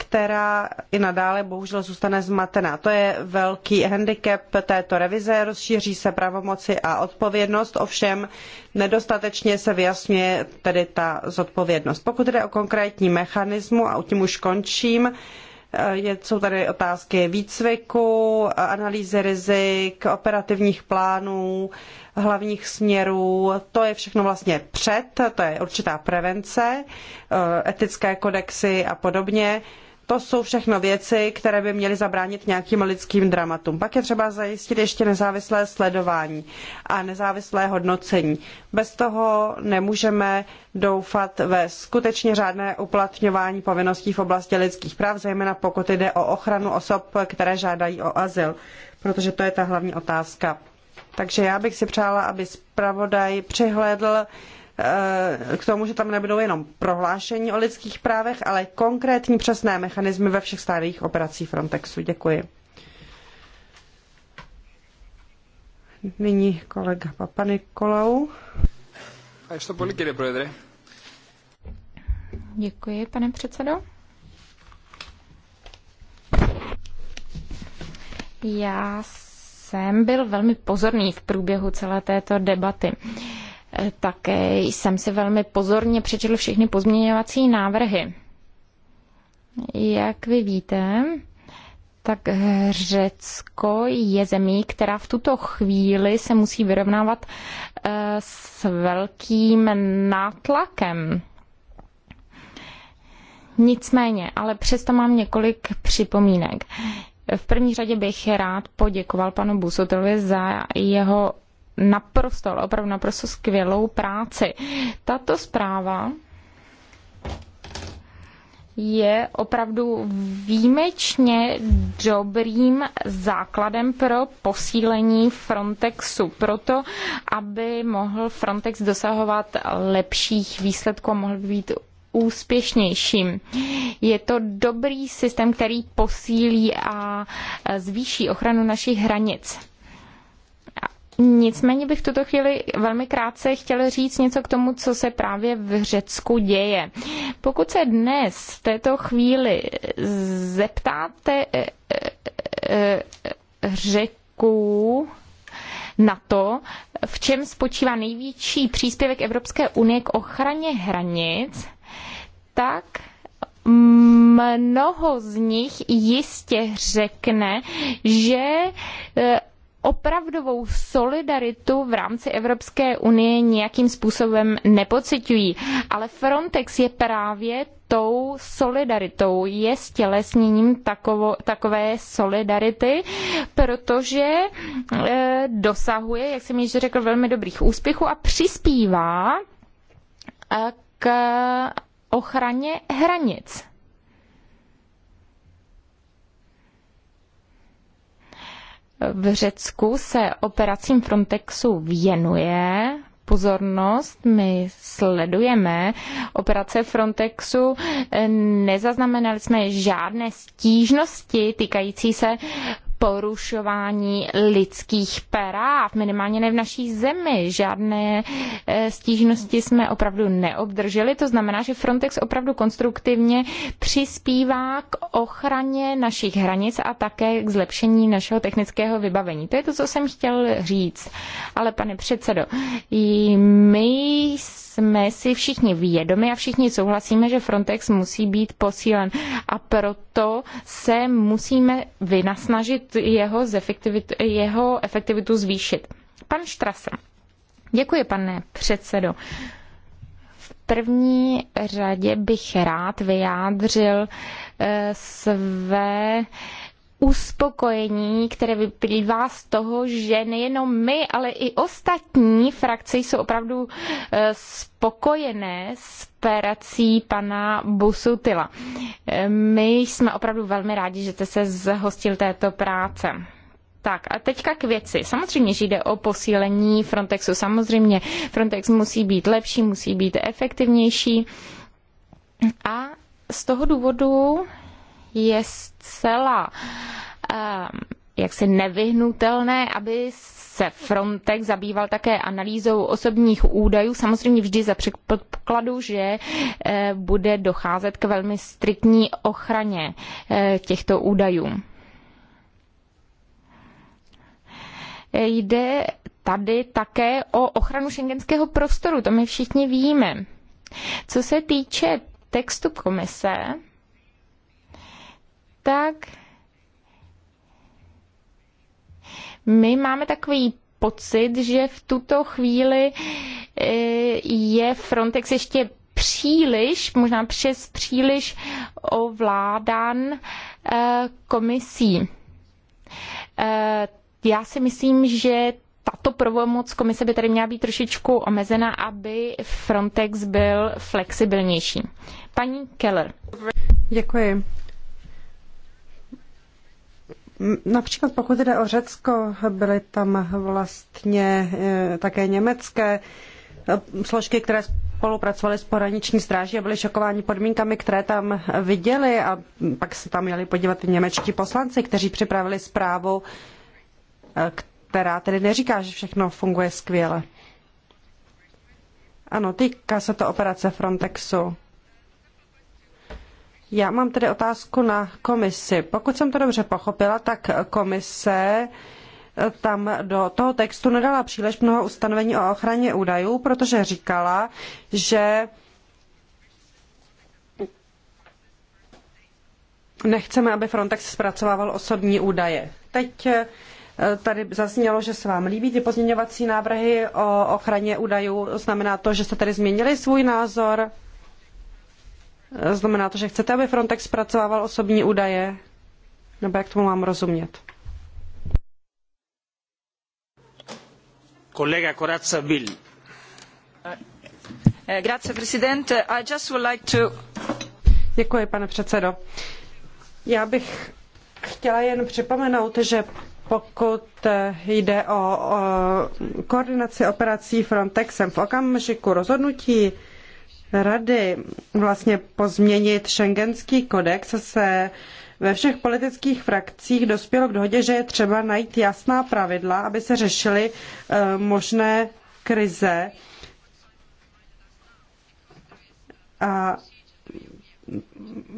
která i nadále bohužel zůstane zmatená. To je velký handicap této revize, rozšíří se pravomoci a odpovědnost, ovšem nedostatečně se vyjasňuje tedy ta zodpovědnost. Pokud jde o konkrétní mechanismu, a tím už končím, Eh, je, jsou tady otázky výcviku, analýzy rizik, operativních plánů, hlavních směrů. To je všechno vlastně před, to je určitá prevence, eh, etické kodexy a podobně. To jsou všechno věci, které by měly zabránit nějakým lidským dramatům. Pak je třeba zajistit ještě nezávislé sledování a nezávislé hodnocení. Bez toho nemůžeme doufat ve skutečně řádné uplatňování povinností v oblasti lidských práv, zejména pokud jde o ochranu osob, které žádají o azyl, protože to je ta hlavní otázka. Takže já bych si přála, aby zpravodaj přihlédl Eh, k tomu, že tam nebudou jenom prohlášení o lidských právech, ale konkrétní přesné mechanismy ve všech stádiích operací Frontexu. Děkuji. Nyní kolega Papa Nikolau. Děkuji, pane předsedo. Já jsem byl velmi pozorný v průběhu celé této debaty. Uh, Eh, také jsem si velmi pozorně přečetl všechny pozměňovací návrhy. Jak vy víte, tak Řecko je zemí, která v tuto chvíli se musí vyrovnávat eh, s velkým nátlakem. Nicméně, ale přesto mám několik připomínek. V první řadě bych rád poděkoval panu Busotovi za jeho naprosto, ale opravdu naprosto skvělou práci. Tato zpráva je opravdu výjimečně dobrým základem pro posílení Frontexu, proto aby mohl Frontex dosahovat lepších výsledků a mohl být úspěšnějším. Je to dobrý systém, který posílí a zvýší ochranu našich hranic. Nicméně bych v tuto chvíli velmi krátce chtěl říct něco k tomu, co se právě v Řecku děje. Pokud se dnes v této chvíli zeptáte eh, eh, eh, Řeků na to, v čem spočívá největší příspěvek Evropské unie k ochraně hranic, tak mnoho z nich jistě řekne, že opravdovou solidaritu v rámci Evropské unie nějakým způsobem nepocitují. Ale Frontex je právě tou solidaritou, je stělesněním takovo, takové solidarity, protože e, dosahuje, jak jsem již řekl, velmi dobrých úspěchů a přispívá e, k ochraně hranic. v Řecku se operacím Frontexu věnuje pozornost. My sledujeme operace Frontexu. Nezaznamenali jsme žádné stížnosti týkající se porušování lidských práv, minimálně ne v naší zemi. Žádné eh, stížnosti jsme opravdu neobdrželi, to znamená, že Frontex opravdu konstruktivně přispívá k ochraně našich hranic a také k zlepšení našeho technického vybavení. To je to, co jsem chtěl říct. Ale pane předsedo, my jsme jsme si všichni vědomi a všichni souhlasíme, že Frontex musí být posílen a proto se musíme vynasnažit jeho, jeho efektivitu zvýšit. Pan Štrasa. Děkuji, pane předsedo. V první řadě bych rád vyjádřil eh, své uspokojení, které vyplývá z toho, že nejenom my, ale i ostatní frakce jsou opravdu e, spokojené s prací pana Busutila. E, my jsme opravdu velmi rádi, že jste se zhostil této práce. Tak a teďka k věci. Samozřejmě, že jde o posílení Frontexu. Samozřejmě Frontex musí být lepší, musí být efektivnější. A z toho důvodu je zcela um, jaksi nevyhnutelné, aby se Frontex zabýval také analýzou osobních údajů, samozřejmě vždy za předpokladu, že eh, bude docházet k velmi striktní ochraně eh, těchto údajů. Jde tady také o ochranu šengenského prostoru, to my všichni víme. Co se týče textu komise, tak my máme takový pocit, že v tuto chvíli eh, je Frontex ještě příliš, možná přes příliš ovládán eh, komisí. Eh, já si myslím, že tato pravomoc komise by tady měla být trošičku omezena, aby Frontex byl flexibilnější. Paní Keller. Děkuji. Například pokud jde o Řecko, byly tam vlastně eh, také německé eh, složky, které spolupracovali s pohraniční stráží a byli šokováni podmínkami, které tam viděli a pak se tam měli podívat i němečtí poslanci, kteří připravili zprávu, eh, která tedy neříká, že všechno funguje skvěle. Ano, týká se to operace Frontexu. Já mám tedy otázku na komisi. Pokud jsem to dobře pochopila, tak komise eh, tam do toho textu nedala příliš mnoho ustanovení o ochraně údajů, protože říkala, že nechceme, aby Frontex zpracovával osobní údaje. Teď eh, tady zaznělo, že se vám líbí ty pozměňovací návrhy o ochraně údajů. Znamená to, že jste tady změnili svůj názor? Eh, znamená to, že chcete, aby Frontex zpracovával osobní údaje? Nebo jak tomu mám rozumět? Kolega Corazza Bill. Eh, eh, grazie, presidente. I just would like to... Děkuji, pane předsedo. Já bych chtěla jen připomenout, že pokud jde o, o koordinaci operací Frontexem v okamžiku rozhodnutí rady vlastně pozměnit šengenský kodex se ve všech politických frakcích dospělo k dohodě, že je třeba najít jasná pravidla, aby se řešily eh, možné krize. A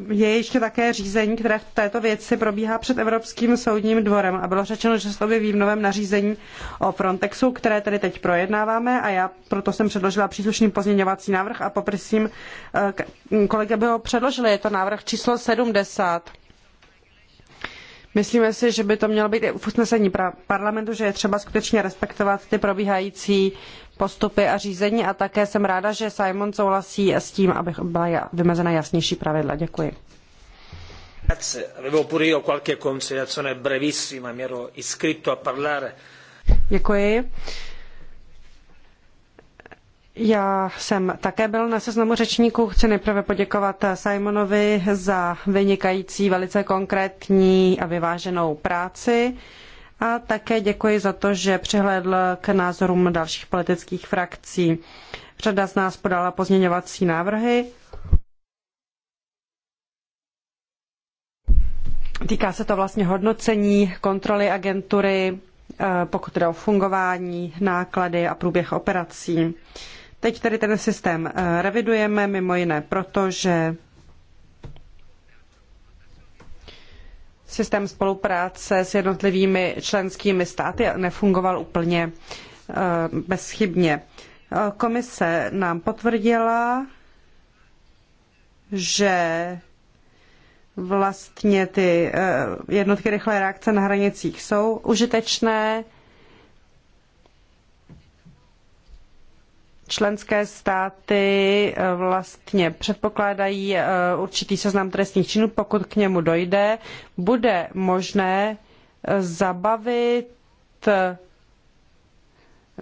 je ještě také řízení, které v této věci probíhá před Evropským soudním dvorem a bylo řečeno, že se to v novém nařízení o Frontexu, které tedy teď projednáváme a já proto jsem předložila příslušný pozměňovací návrh a poprosím eh, kolega by ho předložil, je to návrh číslo 70. Myslíme si, že by to mělo být i v usnesení parlamentu, že je třeba skutečně respektovat ty probíhající postupy a řízení a také jsem ráda, že Simon souhlasí s tím, aby byla vymezena jasnější pravidla. Děkuji. Děkuji. Já jsem také byl na seznamu řečníků. Chci nejprve poděkovat Simonovi za vynikající, velice konkrétní a vyváženou práci. A také děkuji za to, že přihlédl k názorům dalších politických frakcí. Řada z nás podala pozměňovací návrhy. Týká se to vlastně hodnocení, kontroly agentury, eh, pokud jde o fungování, náklady a průběh operací. Teď tedy ten systém eh, revidujeme, mimo jiné proto, že systém spolupráce s jednotlivými členskými státy nefungoval úplně eh, bezchybně. Komise nám potvrdila, že vlastně ty eh, jednotky rychlé reakce na hranicích jsou užitečné, členské státy eh, vlastně předpokládají eh, určitý seznam trestných činů, pokud k němu dojde, bude možné eh, zabavit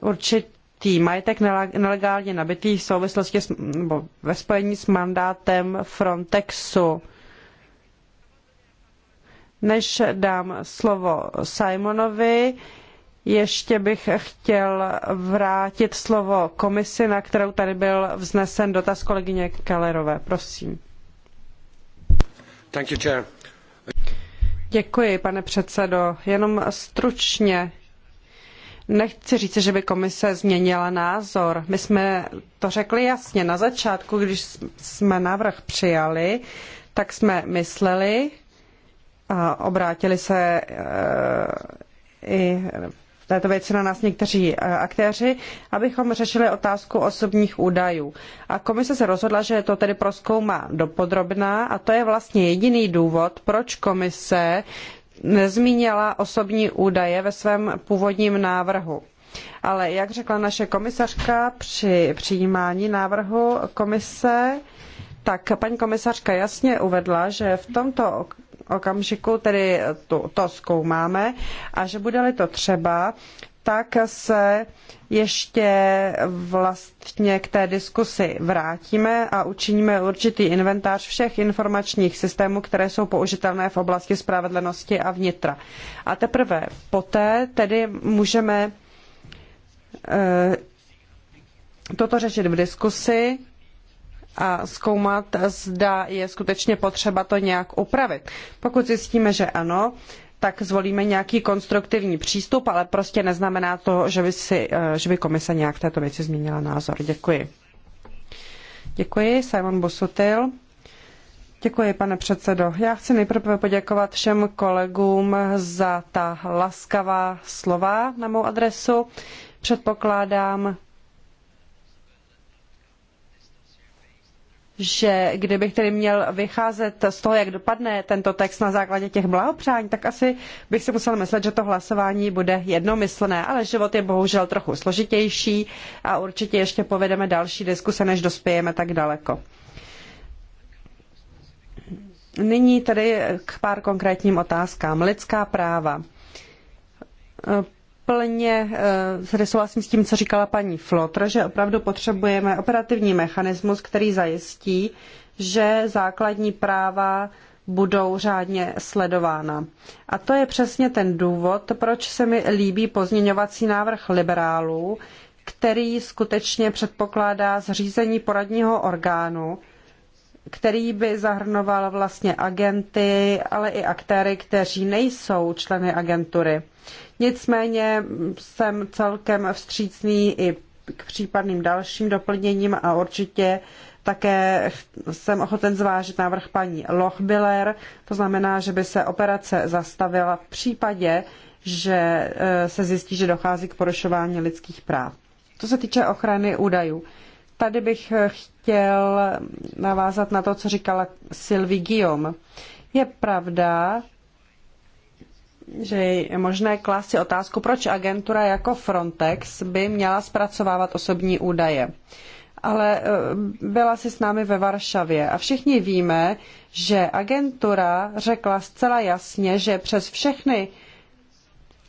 určitý majetek nelegálně nabitý v souvislosti s, nebo ve spojení s mandátem Frontexu. Než dám slovo Simonovi, ještě bych chtěl vrátit slovo komisi, na kterou tady byl vznesen dotaz kolegyně Kellerové. Prosím. Thank you, chair. Děkuji, pane předsedo. Jenom stručně Nechci říct, že by komise změnila názor. My jsme to řekli jasně na začátku, když jsme návrh přijali, tak jsme mysleli a obrátili se eh, i této věci na nás někteří eh, aktéři, abychom řešili otázku osobních údajů. A komise se rozhodla, že to tedy proskoumá dopodrobná a to je vlastně jediný důvod, proč komise nezmínila osobní údaje ve svém původním návrhu. Ale jak řekla naše komisařka při přijímání návrhu komise, tak paní komisařka jasně uvedla, že v tomto okamžiku tedy to, to zkoumáme a že bude-li to třeba, tak se ještě vlastně k té diskusi vrátíme a učiníme určitý inventář všech informačních systémů, které jsou použitelné v oblasti spravedlnosti a vnitra. A teprve poté tedy můžeme eh, toto řešit v diskusi a zkoumat, zda je skutečně potřeba to nějak upravit. Pokud zjistíme, že ano, tak zvolíme nějaký konstruktivní přístup, ale prostě neznamená to, že by, si, eh, že by komise nějak v této věci změnila názor. Děkuji. Děkuji, Simon Bosutil. Děkuji, pane předsedo. Já chci nejprve poděkovat všem kolegům za ta laskavá slova na mou adresu. Předpokládám, že kdybych tedy měl vycházet z toho, jak dopadne tento text na základě těch blahopřání, tak asi bych si musel myslet, že to hlasování bude jednomyslné, ale život je bohužel trochu složitější a určitě ještě povedeme další diskuse, než dospějeme tak daleko. Nyní tedy k pár konkrétním otázkám. Lidská práva plně eh, souhlasím s tím, co říkala paní Flotr, že opravdu potřebujeme operativní mechanismus, který zajistí, že základní práva budou řádně sledována. A to je přesně ten důvod, proč se mi líbí pozměňovací návrh liberálů, který skutečně předpokládá zřízení poradního orgánu, který by zahrnoval vlastně agenty, ale i aktéry, kteří nejsou členy agentury. Nicméně jsem celkem vstřícný i k případným dalším doplněním a určitě také jsem ochoten zvážit návrh paní Lochbiller, to znamená, že by se operace zastavila v případě, že eh, se zjistí, že dochází k porušování lidských práv. To se týče ochrany údajů, tady bych eh, chtěl navázat na to, co říkala Sylvie Guillaume. Je pravda, že je možné klást si otázku, proč agentura jako Frontex by měla zpracovávat osobní údaje. Ale e, byla si s námi ve Varšavě a všichni víme, že agentura řekla zcela jasně, že přes všechny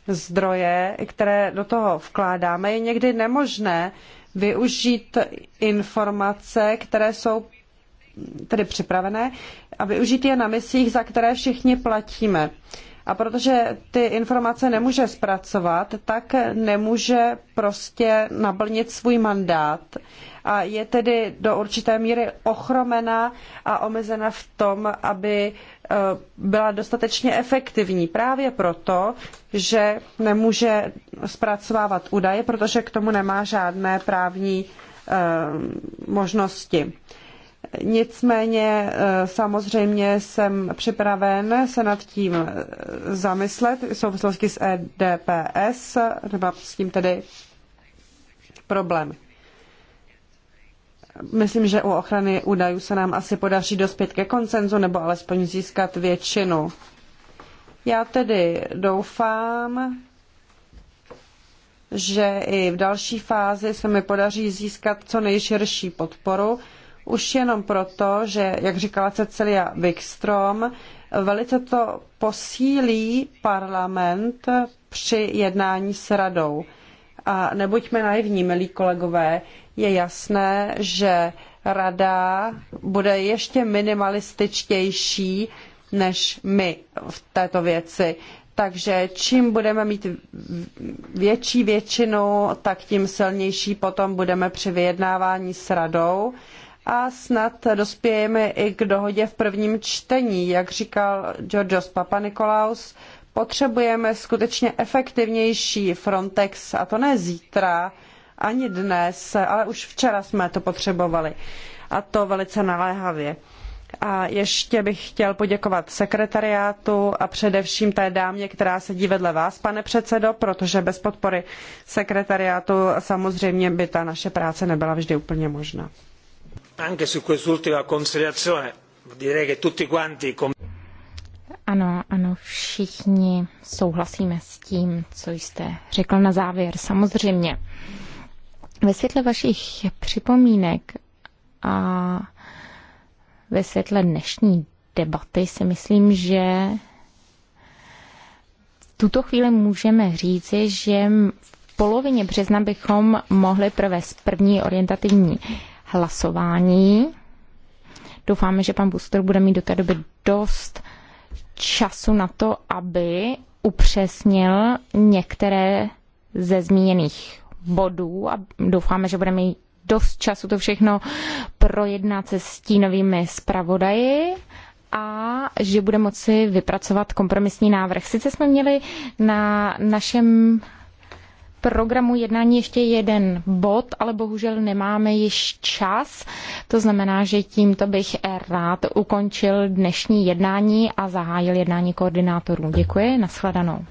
zdroje, které do toho vkládáme, je někdy nemožné využít informace, které jsou tedy připravené a využít je na misích, za které všichni platíme. A protože ty informace nemůže zpracovat, tak nemůže prostě naplnit svůj mandát a je tedy do určité míry ochromena a omezena v tom, aby e, byla dostatečně efektivní. Právě proto, že nemůže zpracovávat údaje, protože k tomu nemá žádné právní e, možnosti. Nicméně e, samozřejmě jsem připraven se nad tím e, zamyslet v souvislosti s EDPS, nebo s tím tedy problém. Myslím, že u ochrany údajů se nám asi podaří dospět ke koncenzu nebo alespoň získat většinu. Já tedy doufám, že i v další fázi se mi podaří získat co nejširší podporu už jenom proto, že, jak říkala Cecilia Wikstrom, velice to posílí parlament při jednání s radou. A nebuďme naivní, milí kolegové, je jasné, že rada bude ještě minimalističtější než my v této věci. Takže čím budeme mít větší většinu, tak tím silnější potom budeme při vyjednávání s radou a snad dospějeme i k dohodě v prvním čtení. Jak říkal Georgios Nikolaus. potřebujeme skutečně efektivnější Frontex a to ne zítra, ani dnes, ale už včera jsme to potřebovali a to velice naléhavě. A ještě bych chtěl poděkovat sekretariátu a především té dámě, která sedí vedle vás, pane předsedo, protože bez podpory sekretariátu samozřejmě by ta naše práce nebyla vždy úplně možná anche su quest'ultima considerazione direi che tutti quanti ano, ano, všichni souhlasíme s tím, co jste řekl na závěr, samozřejmě. Ve světle vašich připomínek a ve světle dnešní debaty si myslím, že v tuto chvíli můžeme říci, že v polovině března bychom mohli provést první orientativní hlasování. Doufáme, že pan Buster bude mít do té doby dost času na to, aby upřesnil některé ze zmíněných bodů a doufáme, že budeme mít dost času to všechno projednat se stínovými zpravodaji a že bude moci vypracovat kompromisní návrh. Sice jsme měli na našem programu jednání ještě jeden bod, ale bohužel nemáme již čas. To znamená, že tímto bych rád ukončil dnešní jednání a zahájil jednání koordinátorů. Děkuji, nashledanou.